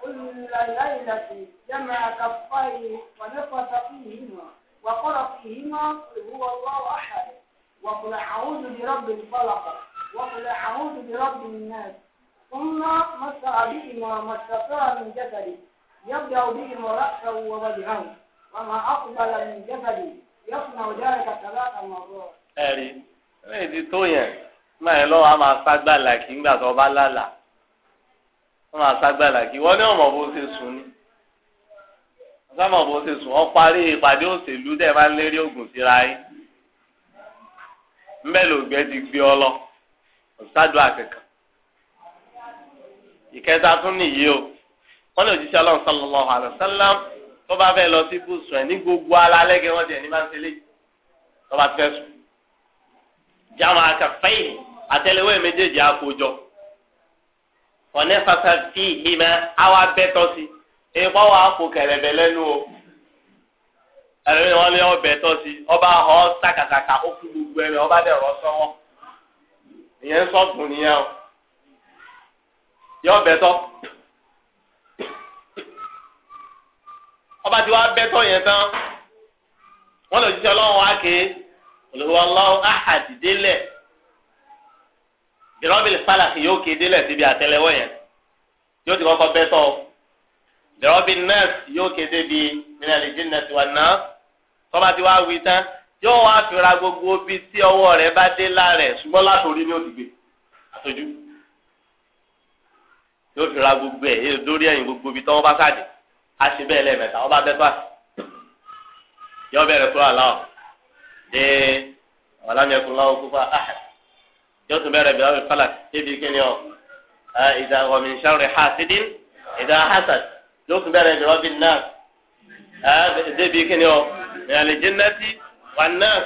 كل ليلة جمع كفيه ونفث فيهما وقرأ فيهما قل هو الله أحد وقل أعوذ برب الفلق وقل أعوذ برب الناس ثم مسح بهما ما استطاع من جسده يبدأ بهما رأسه ووجهه وما أقبل من جسده ẹ̀rí ẹ̀rí ti tó yẹn máa yẹn lọ́wọ́ a máa ságbàlà kí ńgbà tó bá lálà wọ́n máa ságbàlà kí wọ́n ní ọ̀mọ̀ bó ṣe sùn ni wọ́n mọ̀ bó ṣe sùn wọ́n parí ìpàdé òṣèlú dẹ̀ máa ń lérí ògùn síra yín ńbẹ́ lògbẹ́ ti gbé ọ lọ ọ̀sádùn àkẹ́kọ̀ọ́ ìkẹta tún nìyí o wọ́n lè jíṣẹ́ ọlọ́run sallallahu alaihi wasallam tó bá fẹ́ lọ sí ibùsùn ẹ̀ ní gbogbo alalẹ́ kí wọ́n tiẹ̀ ní máa ń ṣẹlẹ̀ tó bá fẹ́ sùn. jáma akàfẹ́yìn àtẹlẹwọ́ méjèèjì àkójọ ọ̀nẹ́ fasa fi ìhìmẹ́ àwa bẹ́tọ̀ sí ìpá wa kò kẹlẹ̀bẹ̀ lẹ́nu o ẹ̀rọ wọn lé ọbẹ̀ tọ́ sí ọba ọ̀ sàkàsàkà ó kú gbogbo ẹ̀rọ ọba dẹ̀rọ sọ́wọ́ ìyẹn sọ́ọ̀tún ọba tí wàá bẹ́tọ̀ yẹn tán wọ́n lọ jíjẹ́ ọlọ́run wá ké olùwà ọlọ́run áhàdì délẹ̀ bìrọ́bìlì fàlàkì yóò ké délẹ̀ síbi àtẹlẹwọ́ yẹn yóò ti kọ́kọ́ bẹ́tọ̀ bìrọ́bìlì nọ́ọ̀sì yóò ké débi mìíràn ìjìn nọ́ọ̀sì wà ná tọ́ba tí wàá wí tán yóò wá fira gbogbo bí tí ọwọ́ rẹ̀ bá dé lára ẹ̀ ṣùgbọ́n látòrí ni ó ti yóò fira gbogbo ẹ̀ yóò dórí ẹ̀yìn gbogbo bí tọ́wọ́ bá sáde a ṣe bẹ́ẹ̀ lẹ́ẹ̀mẹ́ta ọba bẹ́fà yọ bẹ̀rẹ̀ kúrò aláwọ̀ dé ọ̀làmẹ́kùn láwọ̀ kúfà áhẹ̀ ah, tún bẹ̀rẹ̀ bẹ̀rẹ̀ fàlà débi kíni ọ ìdá ọ̀mìn sáré hasidin ìdá hasad yóò tún bẹ̀rẹ̀ bẹ̀rẹ̀ bí náà débi kíni ọ ìrìnàlè jẹ́nẹ́tì wà náà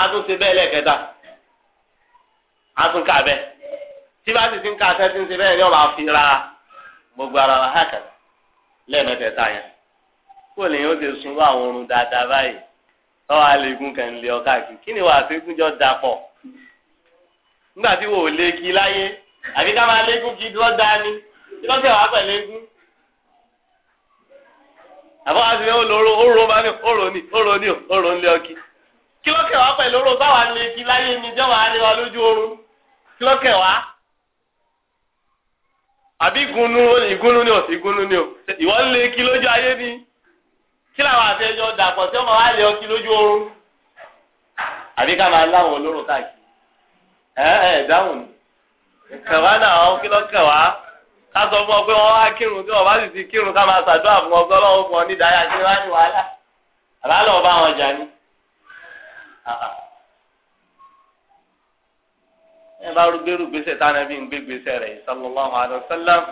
a tún ṣe bẹ́ẹ̀ lẹ́ẹ̀kẹta a tún kà bẹ́ẹ̀ tí bá ti ti ń kà sẹ́tí ń ṣe bẹ́ẹ̀ ni ọ lẹ́ẹ̀mẹ́tẹ̀ẹ̀ta yẹn kó lèyìn ó ti sunwó àwọn oorun dáadáa báyìí tọ́wọ́ àlékún kan lé ọ káàkiri kí ni wàá sékún jọ da pọ̀ nígbà tí wò ó lé kí láyé àbí ká máa lékún kí dúró dání kí lọ́sẹ̀ wàá pẹ̀ lékún. àbọ̀ wá sí pé ó lóró ó ro bá ní ó ní ó ní ó ń lé ọkì kí lọ́sẹ̀ wàá pẹ̀ lóró báwa lé kí láyé mi jẹ́ wàá ní wa lójú oorun kí lọ́sẹ̀ wàá. àbí ìgúnnú ìgúnnú ni sí ìgúnnú ni ò ìwọ ń lé kí lójú ayé ni kí làwọn àti ẹjọ́ dàpọ̀ tí ọmọ wa lé ọ kí lójú oorun àbí ká máa láwọn olóró káàkiri ẹ ẹ dáhùn kẹwàá náà sọ fún ọ pé wọn wá kírun tí wọn bá kírun ká máa fún fún ọ ní ìdáyà á ní wàhálà ọjà ni. ẹ bá rúgbérú gbèsè táwọn ẹbí ń gbé gbèsè rẹ̀ sallallahu alaihi wasallam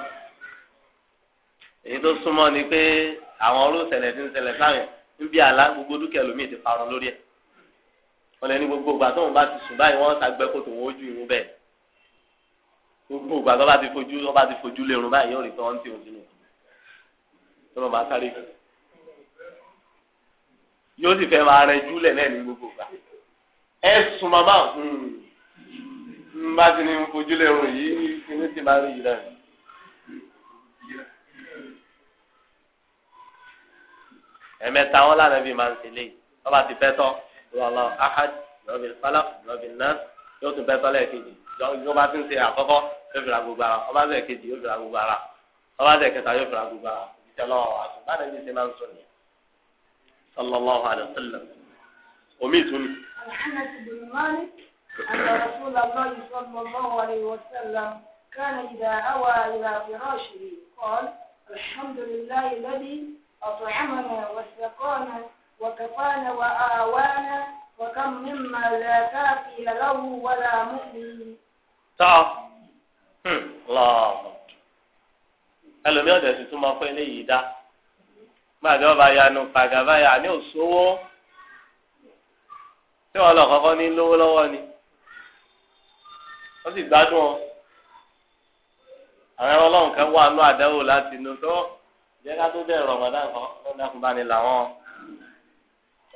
èyí tó súnmọ́ ni pé àwọn ọ̀rọ̀ ṣẹlẹ̀ ti ń ṣẹlẹ̀ sáyẹn ń bí àlá gbogbo dúkìá lómi ti parun lórí ẹ̀ wọ́n lè ní gbogbo ìgbà tó ń bá ti sùn báyìí wọ́n sàgbẹ́ kó tó wọ́n ojú irun bẹ́ẹ̀ gbogbo ìgbà tó bá ti fojú tó bá ti fojú lérun báyìí yóò rí pé wọ́n ń tì sínú tó lọ́ máa sáré yóò sì fẹ́ máa rẹ júlẹ̀ náà gbogbo ìgbà ẹ sùn màmá n bá ti ní ojúlé ohun yìí kíní ti máa rí yìí náà. ẹ̀mẹ́ta wọn lànà bíi máa ń ṣe léyìí wọ́n bá ti bẹ́tọ̀ lọ́lọ́ ahad lọ́bì fálá lọ́bì náà yóò tún bẹ́tọ̀ lẹ́ẹ̀kejì yóò bá ti ń ṣe àkọ́kọ́ yóò fìlà gbogbo ara ọba ṣe kejì yóò fìlà gbogbo ara ọba ṣe kẹta yóò fìlà gbogbo ara ìjọba wà wá sùn lànà bíi ṣe máa ń sọ nìyẹn sallallahu أن رسول الله صلى الله عليه وسلم كان إذا أوى إلى فراشه قال الحمد لله الذي أطعمنا وسقانا وكفانا وآوانا وكم مما لا كافي له ولا مؤمن تعال الله ẹlòmíràn tẹ̀sí tún máa fọ eléyìí dá gbàdé ọba yanu pàgàbáyà ní òṣòwò tí wọn lọ kọ́kọ́ ní lówó lọ́wọ́ ni ó sì gbádùn ọ àwọn ẹran ọlọ́run kan wà ní àdáwò láti inú tó jẹ́ ká tó bẹ̀rẹ̀ rọ̀mọ́dán kan ó dákun bá ní làwọn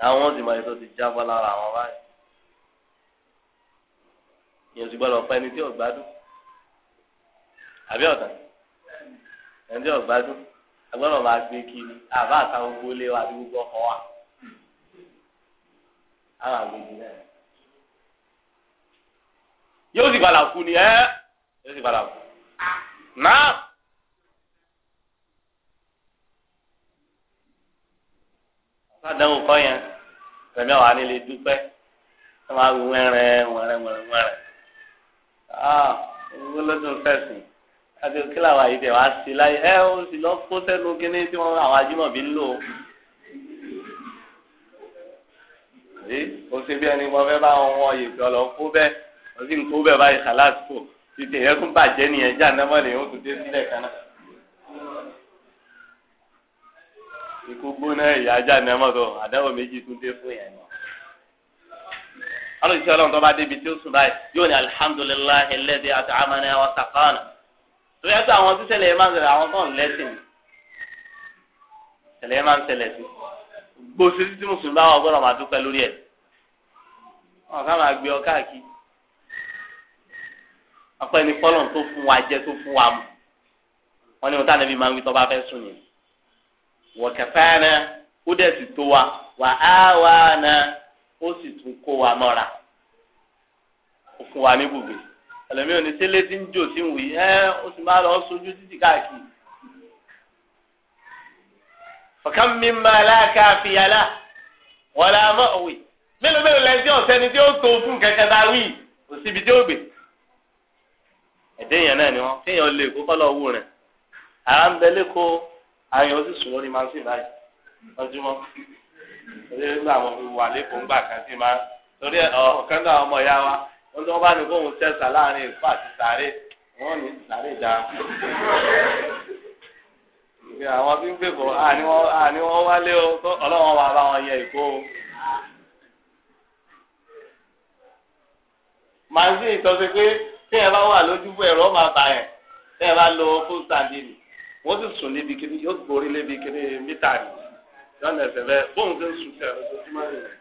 àwọn ó sì mọ èso ti jábọ́ lára àwọn báyìí èèyàn sì gbọ́dọ̀ pa ẹni tí ò gbádùn àbí ọ̀tàn ẹni tí ò gbádùn agbọ́dọ̀ máa gbé kiri àbá àtàwọn gbólé wa àti gbogbo ọkọ̀ wa àwọn àgbègbè náà yóò sì padà kú ni ẹ yóò sì padà kú náà. sádẹ́wò kọ́ yẹn tẹ̀mí àwọn ànílé dúpẹ́ ẹ máa wí wẹ́rẹ́ wẹ́rẹ́ wẹ́rẹ́ wẹ́rẹ́ ah owó lọ́dún fẹ̀sìn àti òkèlà wa yìí tẹ̀ wá sí láyé ẹ ó sì lọ kó sẹ́nu kínní tí wọ́n àwọn ajímọ̀bí ń lò ó. ó ṣe bí ẹni mo fẹ́ bá wọn wọ ìgbẹ́ ọ̀lọ́ kó bẹ́ẹ̀ wọ́n sì ń kó bẹ́ẹ̀ báyìí kàláàsì kò títí ẹ̀yẹ́ tún bàjẹ́ nìyẹn já nàmọ́ lè yóò tún dé sílẹ̀ kaná. ikú gbóná ìyá já nàmọ́ tó àdáwọ̀ méjì tún dé fún yẹn. alóòjì sọ́lá ń tọ́ba débi tí ó sùn báyìí yóò ní alihamudulilayi ẹlẹ́dẹ̀ àti amánẹ́ àwọn sàkánà. tó yẹ kó àwọn tí ṣẹlẹ̀ máa ń ṣẹlẹ̀ àwọn tó ń lẹ́sìn ṣẹlẹ̀ máa ń ṣẹlẹ̀ sí. gbòòsì tí mùsùlùmí bá wà ọpẹ́ ni fọlọ́n tó fún wa jẹ tó fún wa mu wọn ní wọn táwọn ẹbí máa ń wí tó bá fẹ́ sùn yìí wọ kẹfẹ náà ó dẹ̀ sì tó wa wà á wà náà ó sì tún kó wa mọ́ra ó fún wa ní bùgbé ẹlòmíràn ní tẹ́lẹ̀ ń jò sí ń wí ẹ ó sì máa lọ sojú títí káàkiri ọ̀kan mi máa láàká àfìyàlá wọ́n la mọ̀ òwe mélòó mélòó lẹ́sìn ọ̀sẹ́ni tí ó tó fún kẹ̀kẹ́ tá a wí kò tí ó gbé ẹ̀dẹ́ yẹn náà ni wọ́n kéèyàn lè kó kọ́lọ̀ wù rẹ̀ ara ń bẹ lẹ́kọ̀ọ́ àyàn ó sì sùn lórí màsí báyìí lọ́júmọ́ torí nígbà wọn fi wà lẹ́kọ̀ọ́ ńgbà kan sí máa torí ọ̀kan náà ọmọ ìyá wa wọ́n tí wọ́n bá ní kóhun tẹ̀sà láàrin ìfọ àti sàárè wọ́n ní sàárè dá àwọn tí ń pè àní wọ́n wálé o ọlọ́wọ́n wa bá wọn yẹ ìkó o. màá sí ìtọ́sí pé tẹ́ ẹ bá wà lójúbọ ẹ̀rọ máa bà yẹn tẹ́ ẹ bá lo fún sàdé ni wọ́n ti sùn níbi kíní yóò borí lébi kíní mítà ni lọ́nà ẹ̀fẹ̀ bẹ́ẹ̀ bóun ti ń sùn tẹ̀ lójoojúmọ́ nìyẹn.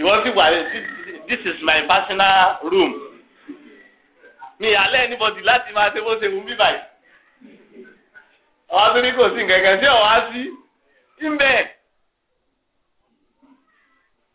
ìwọ ti wà this is my personal room mi alẹ́ anybody láti máa ṣe bó ṣe wù mí báyìí ọ̀hún tó ní kò sí nǹkan kan ṣé ọ̀hún á sí ń bẹ́ẹ̀.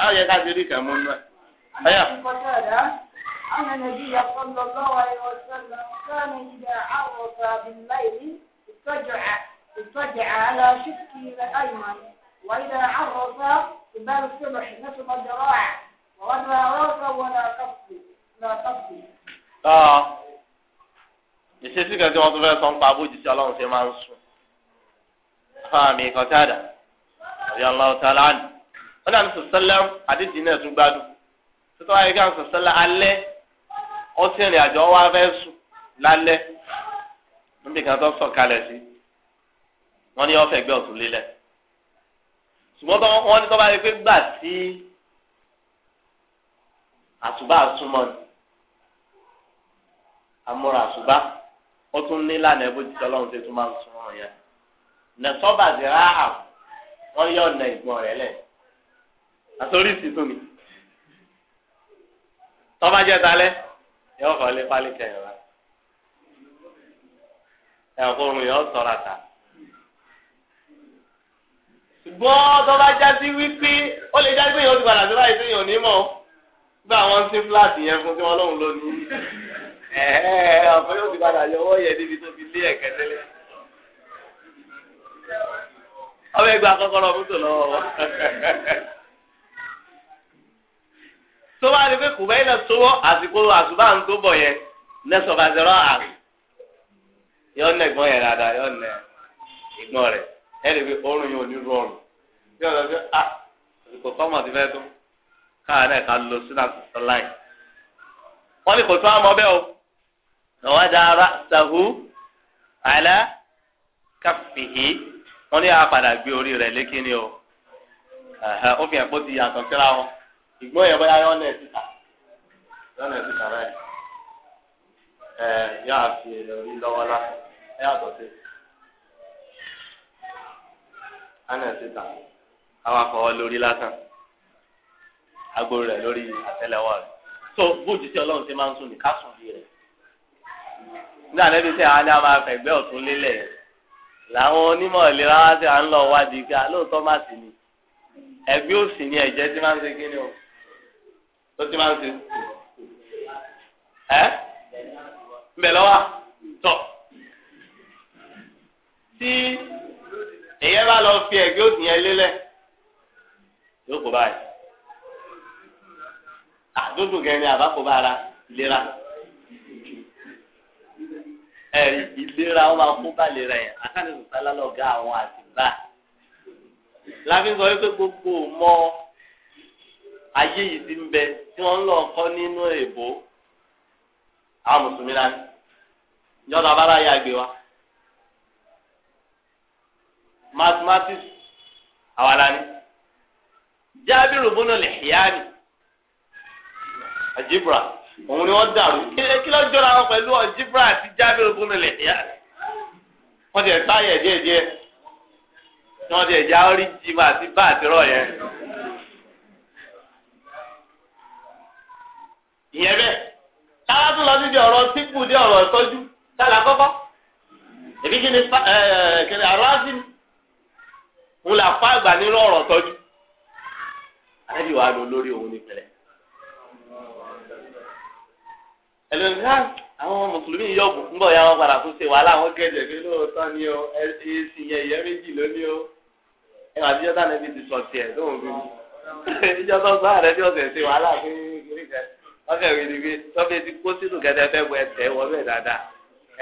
báwo yẹ ká ti rí kàn mú nù ẹ. ọyà. أن النبي صلى الله عليه وسلم كان إذا عرف بالليل اضطجع اضطجع على شقه الأيمن وإذا عرف قبال الصبح نصب الذراع ووضع راسه ولا كفه لا كفه. آه. ìṣesí kan tí wọn tún fẹ́ sọ ń pa abójútì Ọlọ́run ṣe máa ń sùn fáàmì kọtáàdà àbí Ọlọ́run tá a láàánú wọn náà ní sọsẹlẹm àdídì náà tún gbádùn títí wáyé ká sọsẹlẹ alẹ́ ọtí ìrìn àjò wa fẹ́ sùn lálẹ́ níbi kan tó sọ kalẹ̀ sí wọn ní ọfẹ gbé ọtún lélẹ̀ ṣùgbọ́n wọn ní tó bá yẹ pé gbà tí àsùbá súnmọ́ ni amúra àsùbá ó tún ní lánàá ẹbí òjijì ọlọ́run tó tún máa ń sún wọn yẹn nẹ̀sọ́bà zẹ̀rá àwọn yọ ọ̀nà ìgbọ̀n rẹ̀ lẹ́yìn àtòrí ìsìtò mi tọ́ba jẹ́ talẹ́ yóò fọ́ lé pálí kẹyìn wa ẹ̀wọ̀n kò rùn yóò sọ̀rọ̀ àtà ṣùgbọ́n tọ́ba jásí wípé ó lè jásí pé yóò ti padà sí báyìí tó yàn onímọ̀ gbọ́ àwọn tí fúláàtì yẹn fún tí wọ́n lóun lónìí ẹ̀ẹ́ ọ̀fọ̀ yóò ti padà yọwọ́ yẹ níbi tó fi lé ẹ̀kẹ́ tẹ́lẹ̀ ọbẹ̀ gba kọ́kọ́rọ́ mọ́tò lọ́wọ́ [laughs] tó bá rí pé kò bẹ́ẹ̀ lọ sówọ́ àsìkò àsùbá ń tó bọ̀ yẹn lẹ́sọ̀ bá zẹ̀rọ̀ àrù yọ nẹ gbọ́n yẹn dáadáa yọ nẹ ìgbọ́n rẹ̀ ẹ̀ rí pé ọrùn yẹn ò ní rú ọrùn bí ọ̀rọ̀ bí a ah, àsìkò fọ́ọ̀mù ti fẹ́ tó káà náà ká lọ sínú àtúntò láì wọ́n ní kò tó àmọ́ bẹ́ẹ̀ o lọ́wọ́ dára sahu àlá káfíhì wọ́n ní àpàdà gbé orí rẹ̀ lékè ni o ó fi hàn ti yàtọ̀ síra wọn ìgbọ́n yẹn bóyá yọ̀ọ́ náà síta yọ̀ọ́ náà síta báyìí ẹ yóò fi orí lọ́wọ́ lá ẹ yàtọ̀ sí ana síta àwọn akọ̀wé lórí lásán agbóró rẹ̀ lórí àtẹ́lẹwọ́ rẹ̀ tó bójú tí ọlọ́run ti máa ń sùn ní kásùn yìí rẹ̀ nígbà níbi tí àwọn adá máa fẹ̀gbẹ́ ọ̀tún lélẹ̀ yẹn làwọn onímọ̀ ìlera wá sí à ń lọ wádìí ká lóòótọ́ má sí ni ẹ̀gbẹ́ òsì ni ẹ̀jẹ̀ ti máa ń ṣe kí ni o tó máa ń ṣe ẹ mbẹ lọ wa tọ tí èyẹ bá lọ fi ẹgbẹ́ òsì yẹn lélẹ̀ yóò kó báyìí àdúdù gẹni àbákò bá ara ìlera ẹ ìlera wọn máa kó bá ìlera yẹn akáni sọsálà lọgá àwọn àtìgbà láfi sọ wípé gbogbo mọ. ayé yìí ti ń bẹ tí wọn ń lọ kọ nínú èbó àwọn mùsùlùmí la ní àgbè wa mathematics àwa la ní jábìrì bọ́nà lè hìyá ni òun ni dàrú kí ló jọra wọn pẹ̀lú àjíbra àti jábìrì bọ́nà lè hìyá wọ́n ti ẹ̀ sáyẹ̀ díẹ̀díẹ̀ ìyẹn bẹ́ẹ̀ sábà tún lọ síbi ọ̀rọ̀ síkù dé ọ̀rọ̀ ìtọ́jú sálà kọ́kọ́ èmi kí ni kiri arásí ń là nínú ọ̀rọ̀ ìtọ́jú wàá lórí òun ẹlòmíràn ah, àwọn mùsùlùmí ń ya wọn padà tún ṣe wàhálà kẹjẹ ni o e ẹ ìyẹn méjì lónìí o ẹ wà ti ìjọba sọ àrẹ bí [laughs] ṣe wàhálà fún wọ́n fẹ́ rí ni pé tọ́bí ti kó sínú gẹ́gẹ́ bẹ́ẹ̀ tẹ̀ wọ́n bẹ́ẹ̀ dáadáa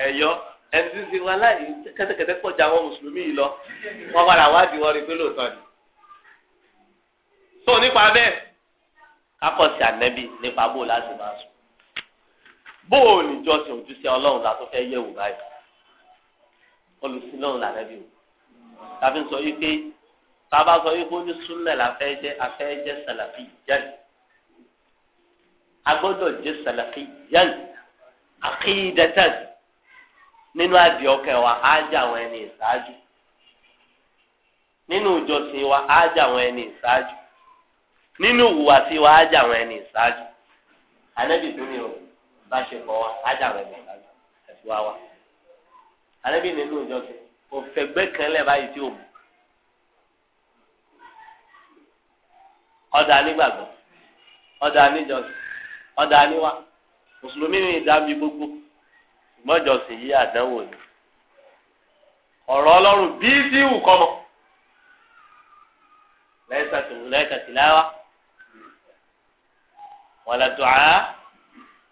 ẹ̀yọ́ ẹni tí ń sin wọn láàyè kẹ́tẹ́kẹ́tẹ́ kọjá àwọn mùsùlùmí yìí lọ wọ́n padà wádìí wọn rí pé lóòótọ́ ni. tó nípa bẹ́ẹ̀ kákọ̀sí ànẹ́bí nípa bó láti máa sùn. bó o níjọ sí ojúṣe ọlọ́run la tó fẹ́ yẹ̀ wò báyìí olùsìn lọ́run lànẹ́bí o tàbí sọ yìí pé tàbá sọ yìí pé ó ní súnlẹ̀ la fẹ́ jẹ́ afẹ́ jẹ́ sàlàfí jẹ́ agbọ́dọ̀ jẹ́ sàlàkì yẹn àkìdẹ́tẹ̀s nínú àdì ọkẹ́ wa ájà àwọn ẹni ìṣáájú nínú ìjọsìn wa ájà àwọn ẹni nínú wa ájà àwọn ẹni ìṣáájú ànábì tó ní o bá ṣe kọ́ wa ájà àwọn ẹni wa ànábì nínú ìjọsìn kò fẹ̀gbẹ́ kan o mú ọ̀dà nígbàgbọ́ ọ̀dà níjọsìn. ọ̀dà níwá mùsùlùmí ní ìdámi gbogbo ìmọ̀jọsìn yìí àdánwò ni ọ̀rọ̀ ọlọ́run bíi tí wù kọ́mọ lẹ́sà tó lẹ́sà tì láwa wàlà dùcá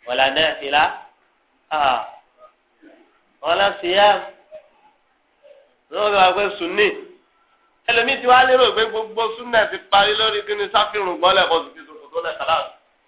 wàlà nàfìlà wàlà síyá lọ́wọ́ àgbẹ̀ sunni ẹlòmíì tí wàá lérò pé gbogbo sunna ti parí lórí kí ni sáfìrùn gbọ́lẹ̀ kọ́sùn ti sòkòtò lẹ́sà láàbù.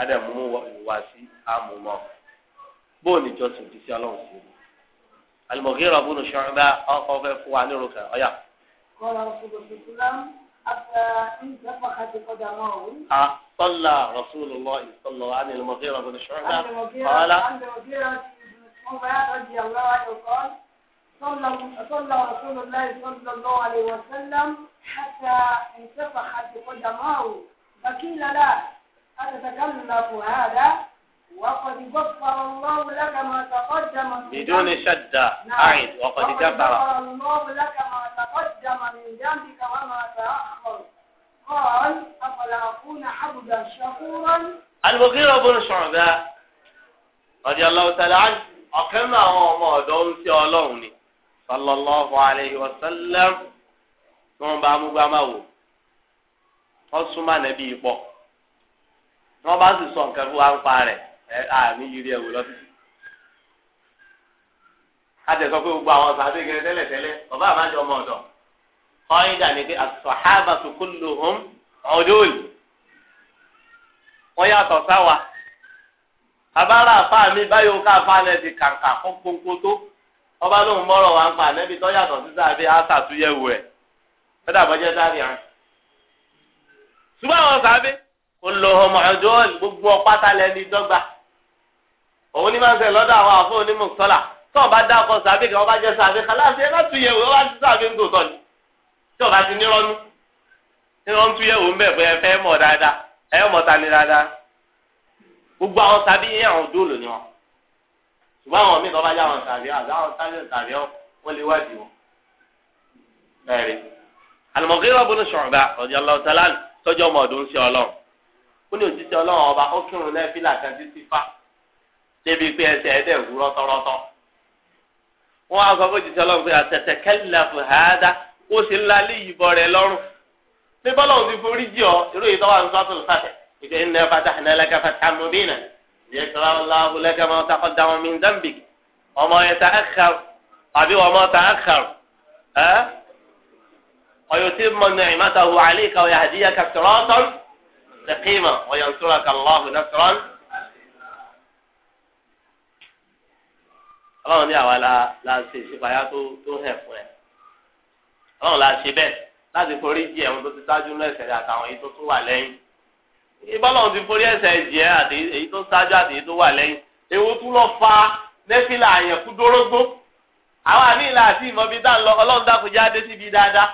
ádàmú wá sí àmúmọ́ bó ní jọ́sìn ti sí ọlọ́run sí i Al-Mughira ibn Shu'ba ọkọ̀ fẹ́ fún wa ní orúkọ ọ̀yà. صلى رسول الله صلى الله عليه وسلم المغيرة بن شعبة قال عن المغيرة بن شعبة رضي الله عنه قال صلى رسول الله صلى الله عليه وسلم حتى انتفخت قدماه فقيل له أتتكلف هذا وقد غفر الله لك ما تقدم بدون شدة أعد وقد غفر الله لك ما تقدم من ذنبك وما تأخر قال أفلا أكون عبدا شكورا المغيرة بن شعبة رضي الله تعالى عنه ọ̀kan àwọn ọmọ ọ̀dọ́ ń ṣe ọlọ́run ni sallallahu alayhi wa tí wọ́n bá mú gbámáwò wọ́n súnmọ́ wọ́n bá sì sọ nǹkan fún wa ń pa rẹ̀ ẹ àmì yiri ẹ̀wò lọ́sí. a tẹ̀ pé gbogbo àwọn sàbí gẹ̀rẹ́ tẹ́lẹ̀ tẹ́lẹ̀ bàbá àmàjọ ọmọ ọ̀dọ̀ ọ̀yin dà ní pé as-sahabatu kulluhum udul wọ́n yàtọ̀ sáwa abára àfa mi báyọ̀ ká fa lẹ̀ ti kàǹkà fún kónkó tó ọba lóun mọ́rọ̀ wa ń pa ànẹ́bí tó yàtọ̀ sí sàbí àṣàtúnyẹ̀wò ẹ̀ fẹ́dà bọ́jẹ́ sáré hàn. ṣùgbọ́n àwọn sàbí kulluhum udul gbogbo ọpátá lẹni dọ́gba òun ní máa ń sẹ lọ́dọ̀ àwọn àfọ onímọ̀ sọ́là tó o bá dákọ̀ sàbí kan o bá jẹ́ sàbí kan láti ẹ bá tu yẹ̀wò o bá ti sàbí ń tòótọ́ ni tí o bá ti nírọ́nú nírọ́nú tu yẹ̀wò ń bẹ̀ bóyá ẹ fẹ́ mọ̀ dáadáa ẹ mọ̀ ta ni dáadáa gbogbo àwọn sàbí yẹn àwọn òdó lò wọn ṣùgbọ́n àwọn míì tó bá yá àwọn sàbí àwọn sàbí sàbí wọn lè wádìí wọn ó ní òjíṣẹ́ ọlọ́run ọba ó kírun náà fílà kan títí fá débi pé ẹsẹ̀ ẹ̀dẹ̀ wú rọ́tọ́rọ́tọ́ wọ́n á sọ fún òjíṣẹ́ ọlọ́run pé àtẹ̀tẹ̀ kẹ́lẹ̀ fún hàádá ó sì ń lalé ìbọn rẹ̀ lọ́rùn bí bọ́lọ́run ti forí jì ọ́ irú yìí tọ́wọ́ àwọn sọ́tò sàtẹ̀ ìgbẹ́ iná fatahna laka fathan mubina yẹtọ́lá Allahu laka ma taqaddama min dhanbik wa ma yata'akhkhar àbí wa استقيما وينصرك الله نصرا ọlọ́run ní àwa la la ṣe ìṣípayá tó tó hẹ̀ fún ẹ ọlọ́run la ṣe bẹ́ẹ̀ láti forí jì ẹ̀wọ̀n tó ti ṣáájú ní ẹ̀ṣẹ̀ rẹ̀ àtàwọn èyí tó tún wà lẹ́yìn ìbọ́lọ́run ti forí ẹ̀ṣẹ̀ jì ẹ́ àti èyí tó ṣáájú àti èyí tó wà lẹ́yìn èwo tún lọ fa nẹ́fìlà àyẹ̀kú dórógbó àwọn àmì àti ìmọ̀bí dá ń lọ ọlọ́run dákun jáde síbi dáadáa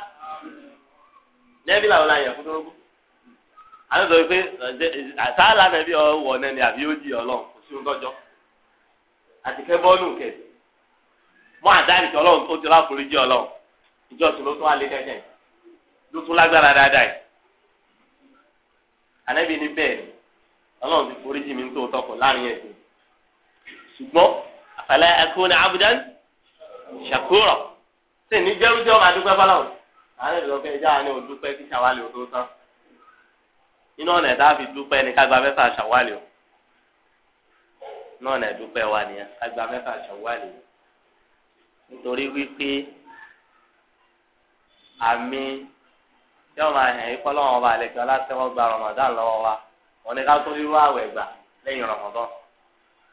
nẹ́fìlà wọn àyẹ̀kú dórógbó àwọn sọ pé àtàlà nàbí ọwọ nẹni àbí ó di kò sí ọgọjọ àti mọ àdáyé tí Ọlọ́run ti láforí jẹ Ọlọ́run ìjọsìn ló tún wà kẹkẹ ló tún lágbára dáadáa yìí ànábì ní ti forí jì mí láàrin ẹsẹ àfàlẹ ẹkọ ní abudan sí ní ọmọ adúgbẹ àwọn ìjà wa tán. nínú ọ̀nà ẹ̀dá fi dúpẹ́ ni kágbá mẹ́fà ṣàwálì o nínú ọ̀nà ẹ̀dúpẹ́ wa ni kágbá mẹ́fà ṣàwálì o nítorí wípé àmì tí wọn máa hẹ̀ ikọ́ lọ́wọ́ ọba àlejò alásẹ́wọ́ gba Ramadan lọ́wọ́ wa wọn ni ká tó rírú àwẹ̀ gbà lẹ́yìn Ramadan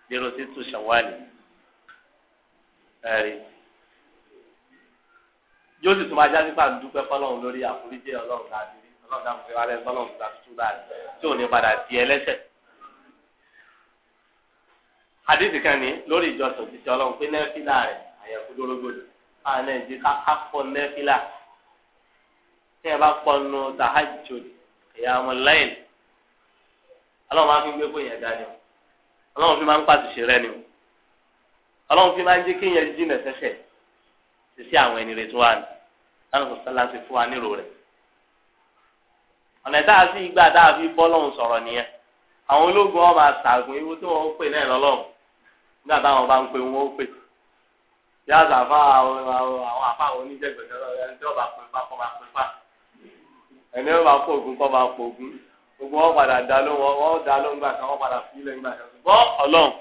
lérò títù ṣàwálì ẹ̀rí yóò sì tún máa jáde pàdé dúpẹ́ fọlọ́run lórí àforíjì ọlọ́run káàdì ọlọ́dà fi wá lẹ́nu tọ́lọ́ nígbà tuntun báyìí tí ò ní padà di ẹlẹ́sẹ̀. àdìsí kan ní lórí ìjọsìn òṣìṣẹ́ ọlọ́run pé nẹ́fílà rẹ̀ àyẹ̀kú dórógbòdò àwọn nàìjíríà ká ká pọ̀ nẹ́fílà tí ẹ bá pọ̀ nù tahajjud ìyá ọmọ lẹ́yìn ọlọ́run máa fi gbé kó yẹn dání o ọlọ́run fi máa ń pàṣẹ rẹ ni o ọlọ́run fi máa ń jẹ́ kéèyàn jìnà sẹ́sẹ̀ sí sí àwọn ẹni rẹ̀ tó wà ní láti sọ sálá fún wa nírò rẹ̀ ọ̀nà tá a sì gbà tá a fi bọ́ lọ́hùn sọ̀rọ̀ nìyẹn àwọn ológun ọba àtàgùn irú tí wọn pè náà lọ́lọ́run nígbà táwọn bá ń pe wọn ó pè yá sàfà àwọn àfà oníjẹgbẹ̀jọ lọ ẹni tí ọba pè fà kọ́ bá pè fà ẹni ọba kó ogun kọ́ bá kó ogun gbogbo wọn padà dá lóhùn wọn dá lóhùn gbà kan wọn padà fi ilẹ̀ gbà kan gbọ́ ọlọ́run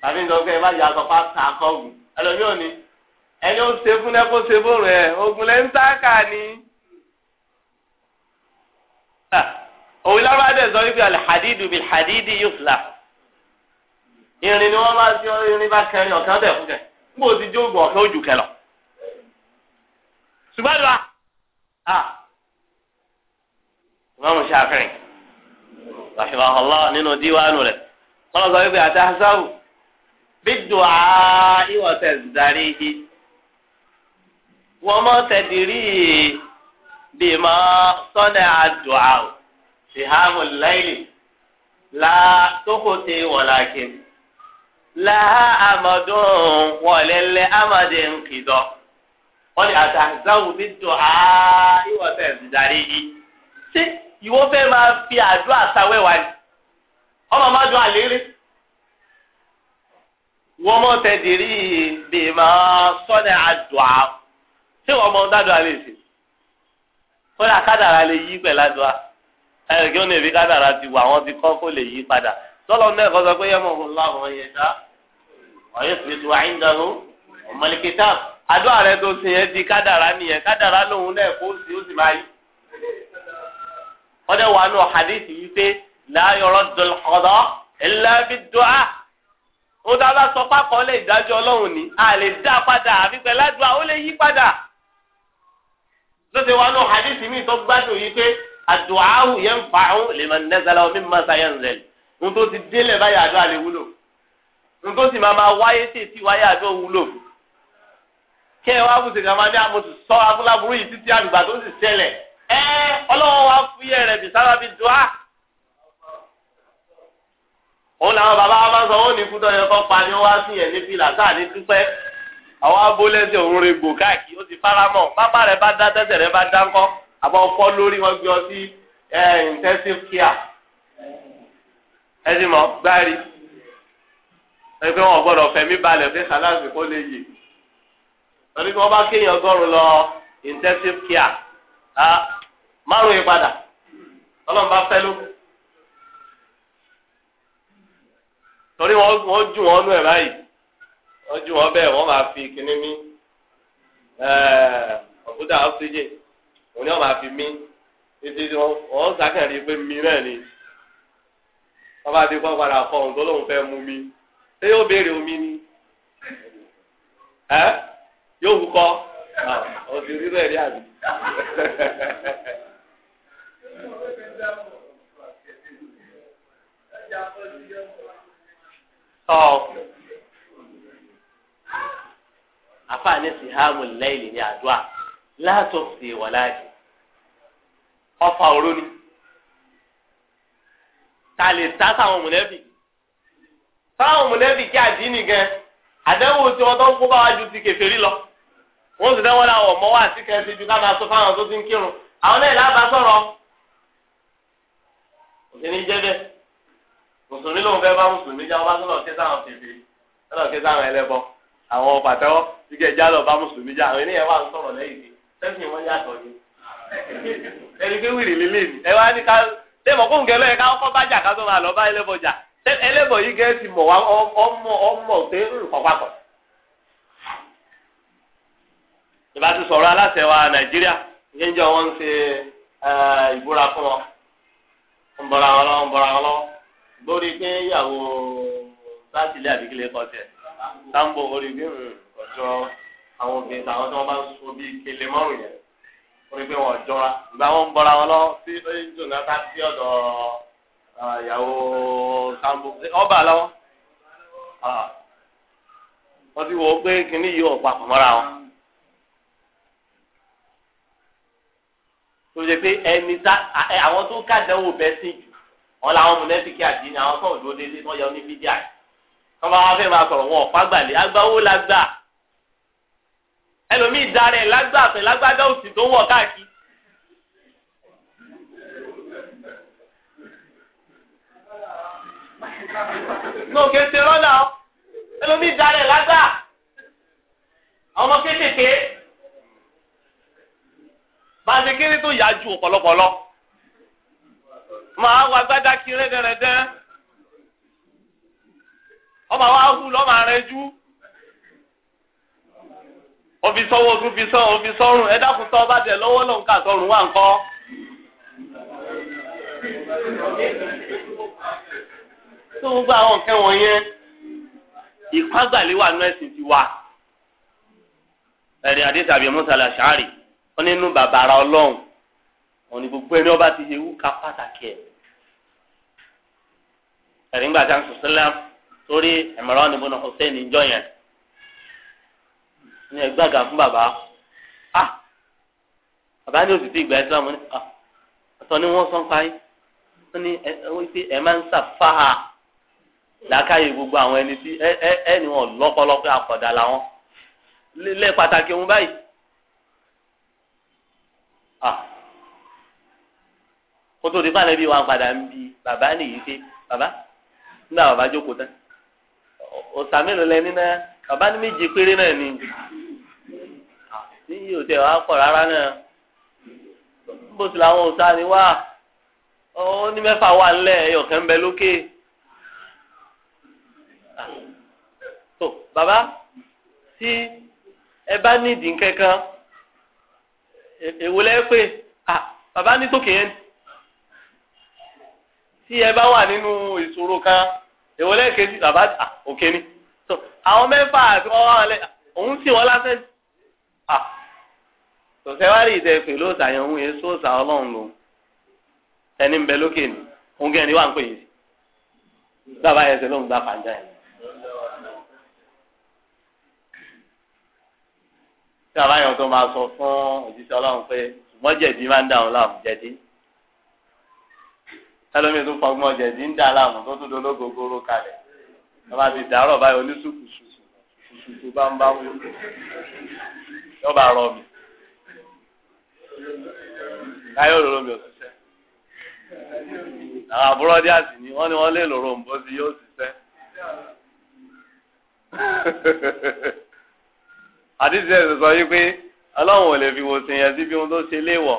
tàbí nǹkan kẹ́ ẹ má yà sọ fà sà kọ́ọ̀gù ẹlòmíràn ni ẹni ó ṣe fún ẹ kó ṣe fóònù ẹ ogun lẹ́ ń ni òwe lọ́wọ́ adé sọ wípé alihadidu bi hadidi yusla irin ni wọ́n máa fi irin bá kẹrin ọ̀kan bẹ̀ fún kẹ n kò ti jó gbọ̀ ọ̀kan ojú kẹlọ. ṣùgbọ́n lọ́wọ́ a wọ́n mú ṣàfihàn wàhíwá ọlọ́ nínú díwáànù rẹ̀ wọ́n sọ wípé àti hasabu bí dùá ìwọ̀sẹ̀ darí yìí wọ́n mọ̀ tẹ̀dírí yìí. bímọ sọ́nà àdùá La láìlì látòkòtè wọ̀làkì láhà àmọ̀dún wọ̀lẹ́lẹ́ àmọ̀dé nkìdọ̀ wọ́n ní dị bí dùá ìwọ̀sẹ̀ ìdarí yìí ṣé ìwọ fẹ́ ma fi àdúrà sáwẹ́wà ni ọmọ máa dùn àlérí wọ́n mọ̀ tẹ̀dírí bímọ sọ́nà kódà kádàrà lè yí pẹ̀ ládùá ẹ̀rọ kí ó ní èmi kádàrà ti wà wọ́n ti kọ́ kó lè yí padà tọ́lọ́ náà kọ́ sọ pé yẹ mọ̀ ọ́nlá wọn yẹ dá ọ̀yẹ́ sì tu àyíndàrú ọ̀mọ̀lẹ́kẹta àdúrà rẹ tó sì yẹn di kádàrà nìyẹn kádàrà lòun náà kó sì ó sì máa yí. ọdẹ wà nù hadithi yìí pé láyọrọ dọlọkọdọ ẹlẹbi dọa ó dábàá sọ pákọ lè dájọ Ọlọ́run ni a lọ́sẹ̀ wa náà hadith mi tó gbádùn yìí pé àdùáhù yanfa'u liman nazala wa mimma sayanzal ohun tó ti délẹ̀ báyà àdó àlè wúlò ohun tó sì máa máa wáyé sí ètí wáyé àdó wúlò kẹ́ ẹ wá bùsẹ̀ kà máa ní àmọ̀tò sọ abúláburú yìí títí àgbà tó sì ṣẹlẹ̀ ẹ ọlọ́wọ́ wa fúyẹ́ rẹ̀ bì sára bí dùá òun làwọn bàbá wa máa ń sọ wọn ní ní fìlà sáà àwọn abólẹ́sẹ̀ òun rẹ̀ gbò káàkiri ó ti faramọ́ pápá rẹ̀ bá dá tẹ́sẹ̀ rẹ̀ bá dá ńkọ́ àbọ̀ fọ́ lórí wọn gbé ọ sí intensive care ẹni mọ̀ gbárí ẹni pé wọn gbọ́dọ̀ fẹ̀mí balẹ̀ pé kàláàsì kó lè yè torí pé wọ́n bá kéèyàn ọgọ́rùn lọ intensive care márùn yìí padà ọlọ́run bá fẹ́ ló torí wọ́n jù wọ́n nú ẹ̀ báyìí tọ́jú wọn bẹ́ẹ̀ wọ́n máa fi kinní mí ọ̀kúta ọ́síjìn òun ni wọ́n máa fi mí títí wọ́n sákàn pé mi náà ni wọ́n bá ti kọ́ padà kọ́ ohun tó lóun fẹ́ mú mi ṣé yóò béèrè omi ni yóò wú kọ́ òsì ah, rírọ ẹ̀rí àbí. Oh. [laughs] àfààní sihamu lẹ́yìn ní àdúrà látọ̀ sí wàláàjì ọfà òru ni ta lè ta sáwọn mọ̀lẹ́bí sáwọn mọ̀lẹ́bí kí àdínì gan àdẹ́wò tí wọ́n tó ń kó bá wájú ti kèfèrí lọ wọ́n sì dẹ́wọ́n láwọn ọmọ wa àti kẹsì ju ká máa sọ fáwọn tó ti ń kírun àwọn náà lábàá sọ̀rọ̀ òṣèlú jẹ́ bẹ́ẹ̀ mùsùlùmí lòun fẹ́ bá mùsùlùmí jáwọ́ bá kí sáwọn kèfèrí sọ̀rọ̀ sáwọn ẹlẹ́bọ. àwọn pàtẹ́wọ́ ike ẹja lọ bá mùsùlùmí jà àwọn eniyan wà ń sọ̀rọ̀ lẹ́yìn tí sẹ́sìn wọn yàtọ̀ ni ẹni pé wìrì ni ẹ wá ní ká bá ẹlẹ́bọ̀ jà yìí ti mọ̀ wá ọmọ ọmọ pé ìbá ti sọ̀rọ̀ aláṣẹ wa Nàìjíríà wọn ń ń pé ìyàwó àbíkílẹ̀ kọ́ sambo orígbé ọjọ́ àwọn obìnrin táwọn tí wọ́n bá ń sun bíi kele mọ́rùn yẹn orígbé wọn jọra ìgbà wọn bọ́ra wọn lọ sí jòǹgàtà sí ọ̀dọ̀ ìyàwó sambo ọba lọ́wọ́ wọ́n ti wọ pé kínní yìí ò papọ̀ mọ́ra wọn. tó ṣe pé ẹni tá àwọn tó kájọ wò bẹ́ẹ̀ sìn jù wọn làwọn mọ̀lẹ́bí kí àdínì àwọn tó ń dúró déédéé wọ́n yọ ní bídíà yìí tọ́ba wọn fẹ́ máa sọ̀rọ̀ wọn ọ̀pá gbàlẹ́ agbáwo la gbà ẹlòmíì darẹ̀ lágbà fẹ́ lágbádá òsì tó wọ̀ káàkiri. náà kéde rọ́là ọ́ ẹlòmíì darẹ̀ lágbà ọmọ kéékèèké bá a ṣe kéré tó yá ju ọ̀pọ̀lọpọ̀ lọ máa wá gbádá kiri rẹ́dẹ̀rẹ́dẹ́ ọba wa hù lọ́mọ rẹ jú òfi sọ́wọ́ tún fi sọ́ òfi sọ́rùn ẹ dákun tọ́ ọba tẹ̀ lọ́wọ́ lòun kà sọ́rùn wà ńkọ́. tó gbogbo àwọn nǹkan wọ̀nyẹn ìkágbàlè wà nú ẹ̀sìn ti wà ẹ̀rìn àdéhùn àbí musa làṣàárì wọn nínú bàbàrà ọlọ́run òní gbogbo ẹni ọba ti yẹ wú pàtàkì ẹ̀ ẹ̀rìn gbàdá ń torí Imran ibn Hussein níjọ́ yẹn ní ẹgbẹ́ àgà fún bàbá ah bàbá ní òtítì ìgbà ẹ̀sán mu ní ah ọ̀tọ̀ ni wọ́n sọ́n parí wọ́n ní ẹ máa ń sàfáà làákàyè gbogbo àwọn ẹni tí ẹni wọn lọpọlọpọ àkọdà làwọn lẹ pàtàkì òun báyìí ah! kótó ti fàlẹ́ bí wọn padà ń bi bàbá nìyí pé bàbá nígbà bàbá jókòó tán ọ̀sà mélòó lẹ ní náà bàbá ní méje péré náà ni níyì ò tẹ wàá pọ̀ rárá náà níbo sì làwọn ọ̀sà ni wá ó ní mẹ́fà wà ńlẹ̀ ẹ̀yọ̀kẹ́ ń bẹ lókè tó bàbá tí ẹ bá nídìí kankan èwo lẹ́ pé bàbá ní tòkè yẹn tí ẹ bá wà nínú ìṣòro kan èwo lẹ́ẹ̀kejì bàbá òkè ni so àwọn mẹ́fà àti wọ́n wá lẹ́ òun sì wọ́n lásán à tòṣẹ́ wá rí ìtẹ́ pẹ̀lú òṣàyàn òun yẹn sóòṣà ọlọ́run lòun ẹni ń bẹ lókè ni òun gẹ̀ẹ́ni wà ń pè yìí bàbá yẹn ṣe lóun gbà fàájà yẹn. tí bàbá yẹn tó máa sọ fún òjíṣẹ́ ọlọ́run pé mọ́jẹ̀dí máa ń dà òun láàmú jẹ̀dí ẹlòmíì tó fọgbọ́n ọjà ẹ̀dín ń dà láàmú tó tún dológogoro kalẹ̀ lọ́ba ti dàárọ̀ báyìí oníṣùkùṣùṣù ṣùṣù bá ń bá wú lọ́ba rọ mi láyé òróró mi ò ṣiṣẹ́ àwọn àbúrò ọdí àti ni wọ́n ní wọ́n lè lòrò ń bó sí yóò ṣiṣẹ́ àdìsí ẹ̀sìn sọ yí pé ọlọ́run ò lè fi wòsàn yẹn síbi ohun tó ṣe léèwọ̀.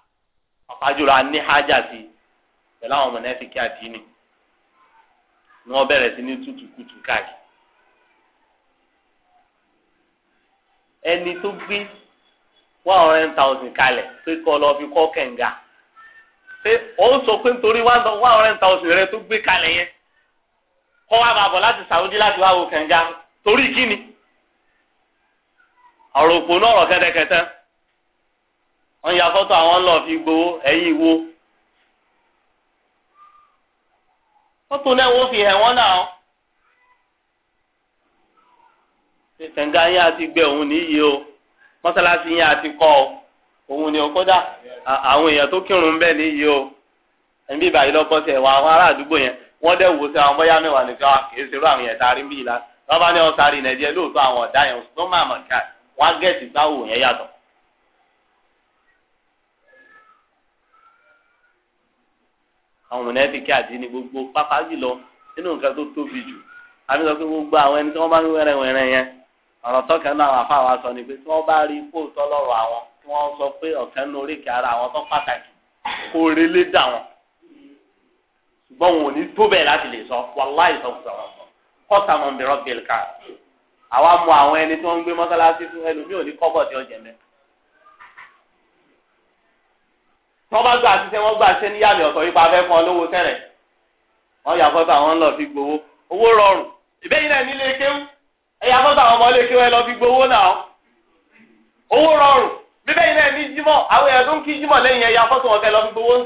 ọ̀pájúlọ a ní hájà sí pẹ̀lú àwọn mọ̀nẹ́fìkì àdínì ni wọ́n bẹ̀rẹ̀ sí ní tútùkùtù káàkiri. ẹni tó gbé one hundred thousand kalẹ̀ pé kọ́ lọ fi kọ́ kẹ̀ǹga ṣé ó sọ pé nítorí one hundred thousand rẹ tó gbé kalẹ̀ yẹn kọ́ wa máa bọ̀ láti Saudi láti wá wo kẹ̀ǹga torí kíni ọ̀rọ̀ òpó náà ọ̀rọ̀ kẹ́tẹ́kẹ́tẹ́. wọ́n ya fọ́tò àwọn lọ fi gbowó ẹ̀yìn wo fọ́tò náà wọ́n fi hẹ̀ wọ́n náà ṣẹ̀ǹgá yín àti gbẹ òun níyì o mọ́sálásí yín àti kọ́ o òun ni o kódà àwọn èèyàn tó kírun bẹ́ẹ̀ níyì o ẹ̀mí ìbàyí lọ́kọ́ sí ẹ̀wọ̀n àwọn ará àdúgbò yẹn wọ́n dẹ̀ wò sí àwọn bọ́yá mẹ́wàá nìkan wà ṣerú àwọn yẹn tari ń ìlà lọ́ba ní ọ̀sárì nàìjíríà lóòótọ́ àwọn ọ̀dá yẹn wọ́n àwọn mọ̀nẹ́fìkì àti ní gbogbo pápá jùlọ nínú nǹkan tó tóbi jù àmì sọ pé gbogbo àwọn ẹni tí wọ́n bá ń wẹ́rẹ̀ wẹ́rẹ̀ yẹn ọ̀rọ̀ tọ́kẹ́ náà àwọn afáwa sọ ni pé tí wọ́n bá rí fóòtọ́ lọ́rọ̀ àwọn tí wọ́n sọ pé ọ̀kẹ́ nu oríkì ara àwọn tó pàtàkì kó relé dà wọn ṣùgbọ́n wọn ò ní tó bẹ́ẹ̀ láti lè sọ wàláì sọ̀kùsọ̀ wọn sọ kọ́ta mọ̀ fún ẹlòmíì ò ní wọ́n bá gbà síṣẹ́ wọ́n gbà síṣẹ́ ọ̀tọ̀ ipa afẹ́ fún ọ lówó sẹ́rẹ̀ wọ́n yà fọ́tò lọ fi gbowó owó rọrùn ìbéyìí náà nílé kéwú ẹ̀yà fọ́tò àwọn ọmọ fi gbowó náà owó rọrùn bíbẹ́yìí náà ní jímọ̀ àwọn èèyàn tó ń kí jímọ̀ lẹ́yìn ẹ̀yà wọn lọ fi gbowó ń owó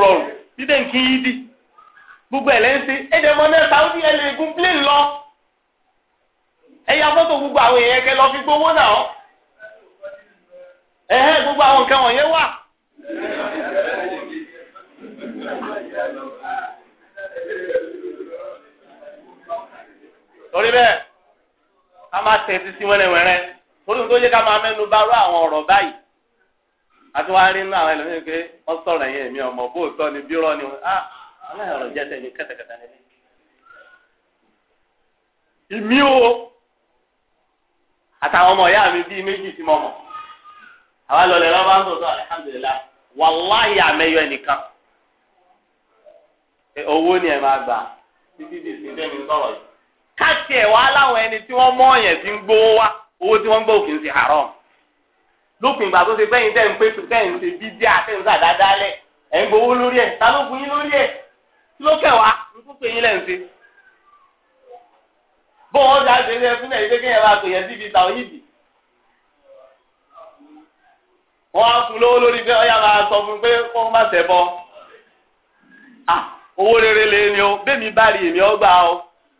rọrùn ń kí gbogbo ẹ̀ lẹ́yìn Ehe gbogbo àwọn nǹkan wọ̀nyẹn wà. torí bẹ́ẹ̀ ká máa tẹ̀sí sí wẹ́rẹ́wẹ́rẹ́ torí tó yẹ ká máa mẹ́nu bá rú àwọn ọ̀rọ̀ báyìí àti wàá rí àwọn pé wọ́n sọ̀rọ̀ ẹ̀yẹ mi ọmọ bó ni ni ah, wọ́n á jẹ́ kẹ́tẹ̀kẹ́tẹ́ ìmí o àtàwọn ọmọ ìyá mi bíi méjì àwa lọ alihamdulilayi wàláyé àmẹyọ ẹnìkan owó ni ẹ máa gbà títí di sọ̀rọ̀ yìí. káàkiri ẹ̀ wá láwọn ẹni tí wọ́n ọ̀yàn ń wá owó tí wọ́n ṣe lópin ìgbà tó ṣe bẹ́yìn tẹ́ ń pé tó tẹ́ ń ṣe lẹ̀ ẹ̀ ń gbowó lórí ẹ̀ ta ló fún yín lórí ẹ̀ tí ló wá wọ́n á fún lówó lórí pé ọ̀yà máa sọ fún pé kó má tẹ̀ bọ́ owó rere lè ní o bẹ́ẹ̀ mi bá rí èmi ọgbà o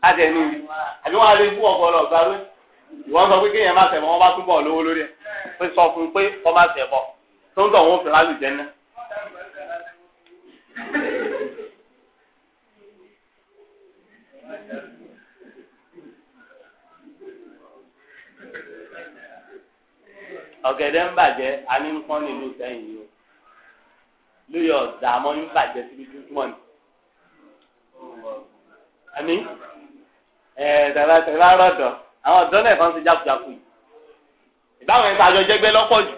àtẹnu rí àbí wọ́n á lè fún ọ̀pọ̀ lọ gbà lóyún ìwọ́n sọ pé kéèyàn má tẹ̀ bọ́ wọ́n bá túbọ̀ lówó lórí ẹ̀ pé sọ fún pé kó má tẹ̀ bọ́ tó ń tọ̀ wọ́n fi láti jẹ́ náà. ọ̀gẹ̀dẹ̀ ń bàjẹ́ àní ń pọ́n nílùú sẹ́yìn yìí o lóye ọ̀dà àmọ́ ń bàjẹ́ síbi túmọ̀ ni. àní tẹ̀lá rọ̀dọ̀ àwọn ọ̀dọ́ náà kan ti jákujáku yìí ìbáwọn ẹ̀ka àjọ jẹ́gbẹ́ lọ́pọ̀ jù.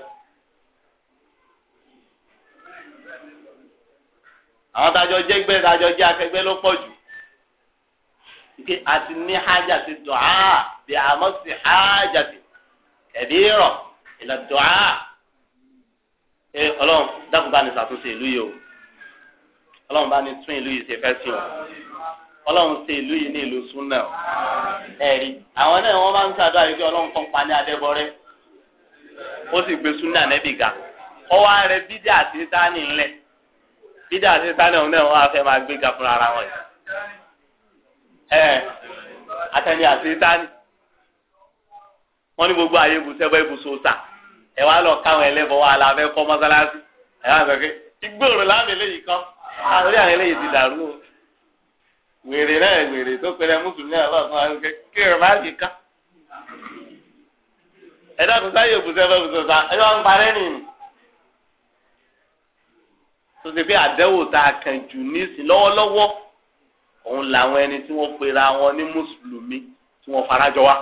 àwọn tajọ jẹ́gbẹ́ tajọ jẹ́ akẹgbẹ́ lọ́pọ̀ jù àti ní hájà ti dùn á bí àmọ́ sí hájà ti ẹ̀bí rọ̀ ìlà dùá ẹ ọlọ́run dákun bá ní ṣàtúnṣe ìlú yìí o ọlọ́run bá ní tún ìlú yìí ṣe fẹ́ sí o ọlọ́run ṣe ìlú yìí ní ìlú súnà o ẹ̀rí àwọn náà wọ́n máa ń ṣàdúrà yìí pé ọlọ́run kan pa ní adébọ́rẹ́ ó sì gbé súnà nẹ́bì ga ọwọ́ rẹ bídà àti sáni ńlẹ̀ bídà àti sáni ọ̀hún náà wọ́n á fẹ́ máa gbé ga fúnra ara wọn yìí ẹ̀ àti sáni wọ́n ní gbogbo àyè ibùsẹ̀ bọ́ ibùsọ̀ sà ẹ wá lọ káwọn ẹlẹ́bọ̀ wá la fẹ́ kọ́ mọ́sálásí ẹ wá sọ pé ìgbòòrò láàmì eléyìí kan ah, àárí àwọn eléyìí ti dàrú o wèrè náà wèrè tó pẹlẹ mùsùlùmí àbáfún àwọn kéèrè má yìí ká ẹ dákun sáyé òbúṣẹ fẹ bùsọ sá ẹ wọn parẹ nìyí tó ti pé àdẹ́wò tá a kàn jù nísìn lọ́wọ́lọ́wọ́ òun làwọn ẹni tí wọ́n pera wọn ní mùsùlùmí tí wọ́n farajọ wa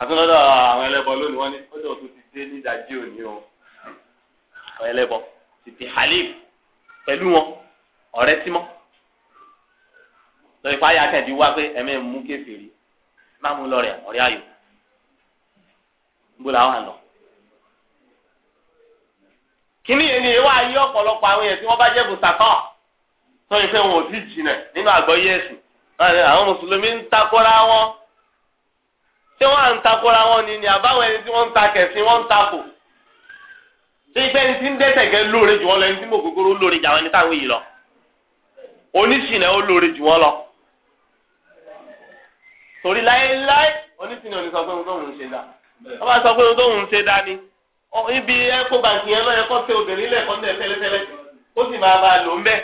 àtúndọ́dọ̀ àwọn ẹlẹ́bọ lónìí wọ́n ní ó dẹ̀ tó ti dé ní ìdajì òní o àwọn ẹlẹ́bọ ti di halif pẹ̀lú wọn ọ̀rẹ́ tímọ́ lọ́yìn fáyà kẹ́ẹ̀dì wá pé ẹ̀mẹ́ mú kéferì má mú lọ rẹ̀ ọ̀rẹ́ ayò gbọ́dọ̀ àwọn àlọ́ kíní yẹn ni èèwọ̀ ayé ọ̀pọ̀lọpọ̀ àwọn èèyàn tí wọ́n bá jẹ́ bùsàkọ́ sọ́yìn pé wọn ò tí jìnà nínú àgbọ́yé ẹ̀sìn àwọn mùsùlùmí ń takora wọn tí wọ́n à ń takora wọn ni ni àbáwọn ẹni tí wọ́n ń ta kẹ̀sìn wọ́n ń takò ṣé ìgbẹ́ ni tí ń dẹ́sẹ̀ gẹ́ lóore jù wọ́n lọ ẹni tí mò gbogbo lóore jù àwọn ẹni táwọn yìí lọ oníṣìnà ó lóore jù wọ́n lọ torí láéláé oníṣìnà òní sọ pé ohun tó ń ṣe dá wọ́n bá sọ pé ohun tó ń ṣe dá ni ibi ẹ̀kọ́ bàǹkì yẹn lọ́yẹ kọ́ sí obìnrin lẹ́ẹ̀kọ́ ní ẹ̀fẹ́lẹ́fẹ́lẹ́ ó sì máa máa lò ń bẹ́ẹ̀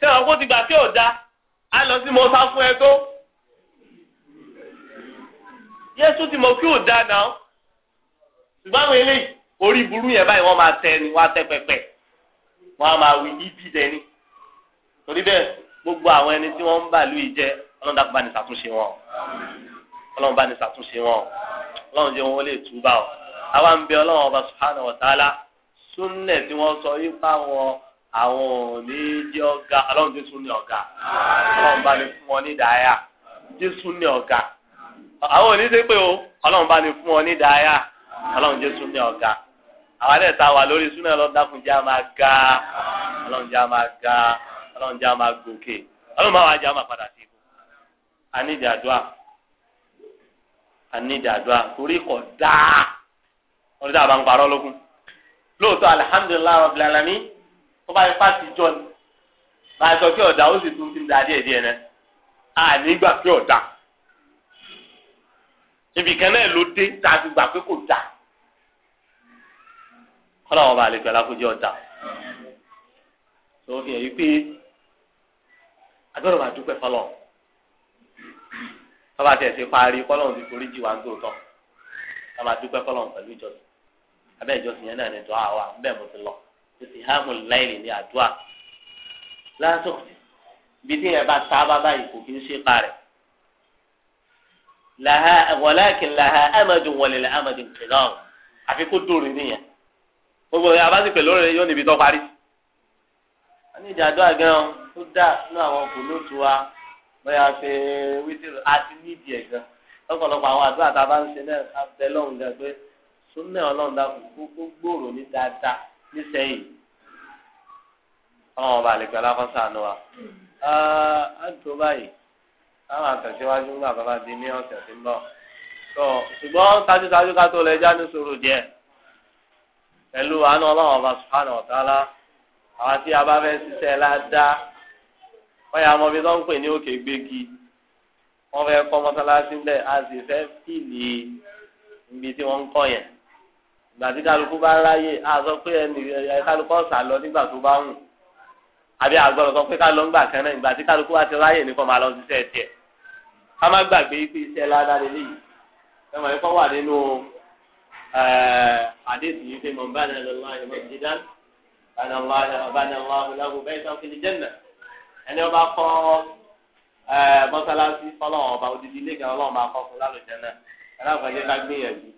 ṣé àwọn kó ti gbà tí ò da a lọ sí mọ́sáfún ẹ tó Jésù ti mọ̀ kí ò da náà ṣùgbọ́n àwọn eléyìí orí burú yẹn báyìí wọ́n máa tẹ ni wọ́n á tẹ pẹpẹ wọ́n á máa wí ibi dẹni torí bẹ́ẹ̀ gbogbo àwọn ẹni tí wọ́n ń bà lóyìí jẹ́ ọlọ́run dákun bá ní ṣàtúnṣe wọn ọlọ́run bá ní ṣàtúnṣe wọn ọlọ́run jẹ́ wọn lè túbà ọ àwa ń bẹ ọlọ́run ọba subhanahu wa ta'ala súnnẹ̀ tí wọ́n sọ yìí pa wọn àwọn òní jẹ́ ọ̀gá ọlọ́run jésù ní ọ̀gá ọlọ́run bá ní fún wọn ní ìdáyà jésù ní ọ̀gá àwọn oníṣe pé o ọlọ́run bá ní fún ọ ní dáyà ọlọ́run jẹ́ súnmí ọ̀gá àwọn adé ta wà lórí súnmí ọlọ́run dákun jẹ́ àmà ga ọlọ́run jẹ́ àmà ga ọlọ́run jẹ́ àmà gòkè ọlọ́run máa wà jẹ́ àmà padà sí ibò anídàdúà anídàdúà torí kò dáa orí tá a bá ń parọ́ lókun lóòótọ́ alihamudulilayi rabbil alamin tó bá yẹ fásitì jọ ni máa sọ pé ọ̀dà ó sì tún ti ń da díẹ̀ díẹ̀ náà ànígbà pé ọ̀dà. ibi kan náà ló dé tá a gbà pé kò dà kọ́lá wọn bá lè gbẹ́lá kó ọ̀dà lọ́wọ́ fi hàn pé máa dúpẹ́ fọlọ́ bàbá tẹ̀ parí ti forí jì wá ń tó tọ́ máa dúpẹ́ pẹ̀lú ìjọsìn abẹ́ ìjọsìn yẹn náà àwa lọ ti mo ní àdúrà bá ta bá báyìí kò kí ń ṣe laha walakin laha amadu wọlé la amadu kìlọ̀ àfi kó dòrò nìyẹn gbogbo abasi pẹ̀lú rẹ yóò níbi tó parí. wọ́n ní ìdádọ́ àgẹ́rán tó dà nínú àwọn kòlóòtù wa bóyá ṣe wítìrì àti nídìí ẹ̀gán lọ́pọ̀lọpọ̀ àwọn àdúrà tá a bá ń ṣe náà ká bẹ lọ́hùn gan pé súnmẹ́ ọlọ́run dákun kó gbòòrò ní dáadáa nísẹ̀yìn ọlọ́run ọba àlejò alákọ̀ọ́sà nù wa. á dùn báyìí táwọn àtẹ̀síwájú ńgbà bàbá di ní ọ̀sẹ̀ tí ń bọ̀ tó ṣùgbọ́n ṣájúṣájú ká tó lè já ní sùúrù díẹ̀ pẹ̀lú àánú ọlọ́run ọba subhanahu wa ta'ala àwọn tí a bá fẹ́ ṣiṣẹ́ ládàá wọ́n yà mọ́ bí tó ń pè ní òkè gbégi wọ́n fẹ́ kọ́ mọ́sálásí ńbẹ̀ a sì fẹ́ fìlì ibi tí wọ́n ń kọ́ yẹn ìgbà tí kálukú bá ráyè a sọ pé ẹnì àbí àgbọ̀rọ̀ sọ pé ká lọ ń gbà kẹ́rẹ́ ìgbà tí kálukú bá ti ráyè ní máa lọ ṣiṣẹ́ tiẹ̀ ká má gbàgbé pé iṣẹ́ ládàá lélẹ̀ yìí ẹ̀mọ̀ yìí kọ́ wà nínú àdéhùn yìí pé mọ̀nbá náà lọ́wọ́ àyè mọ̀ jíjá bàná wà bàná wà lọ́wọ́ bẹ́ẹ̀ sọ fìlì jẹ́nà ẹni ọba kọ́ mọ́sálásí fọlọ́wọ́n ọba odidi ilé kan ọlọ́wọ́n máa kọ́ fún lálùjẹ́ náà aláfàjẹ́ ká gbìyànjú.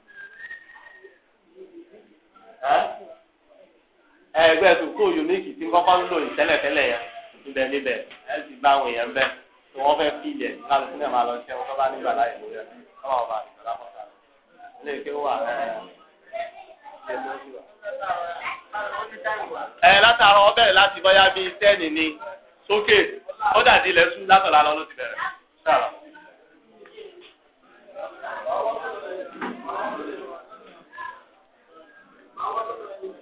ẹgbẹ́ tó kó yunifásitì kọ́kọ́ ń lò ìtẹ́lẹ̀tẹ́lẹ̀ yẹn níbẹ̀ níbẹ̀ ẹ ti bá àwọn èèyàn bẹ́ẹ̀ tí wọ́n fẹ́ fi ilẹ̀ láti sílẹ̀ máa lọ ṣẹ́ ọkọ̀ bá nílò àlàyé lórí ẹ̀ káwọn ọba àgbàlá kọ́ sáré ilé ìké wà ẹ látàárọ̀ ọbẹ̀ láti bọ́yá bíi tẹ́ẹ̀nì ni sókè ó dàdí ilẹ̀ sùn látọ̀lá lọ ló ti bẹ̀rẹ̀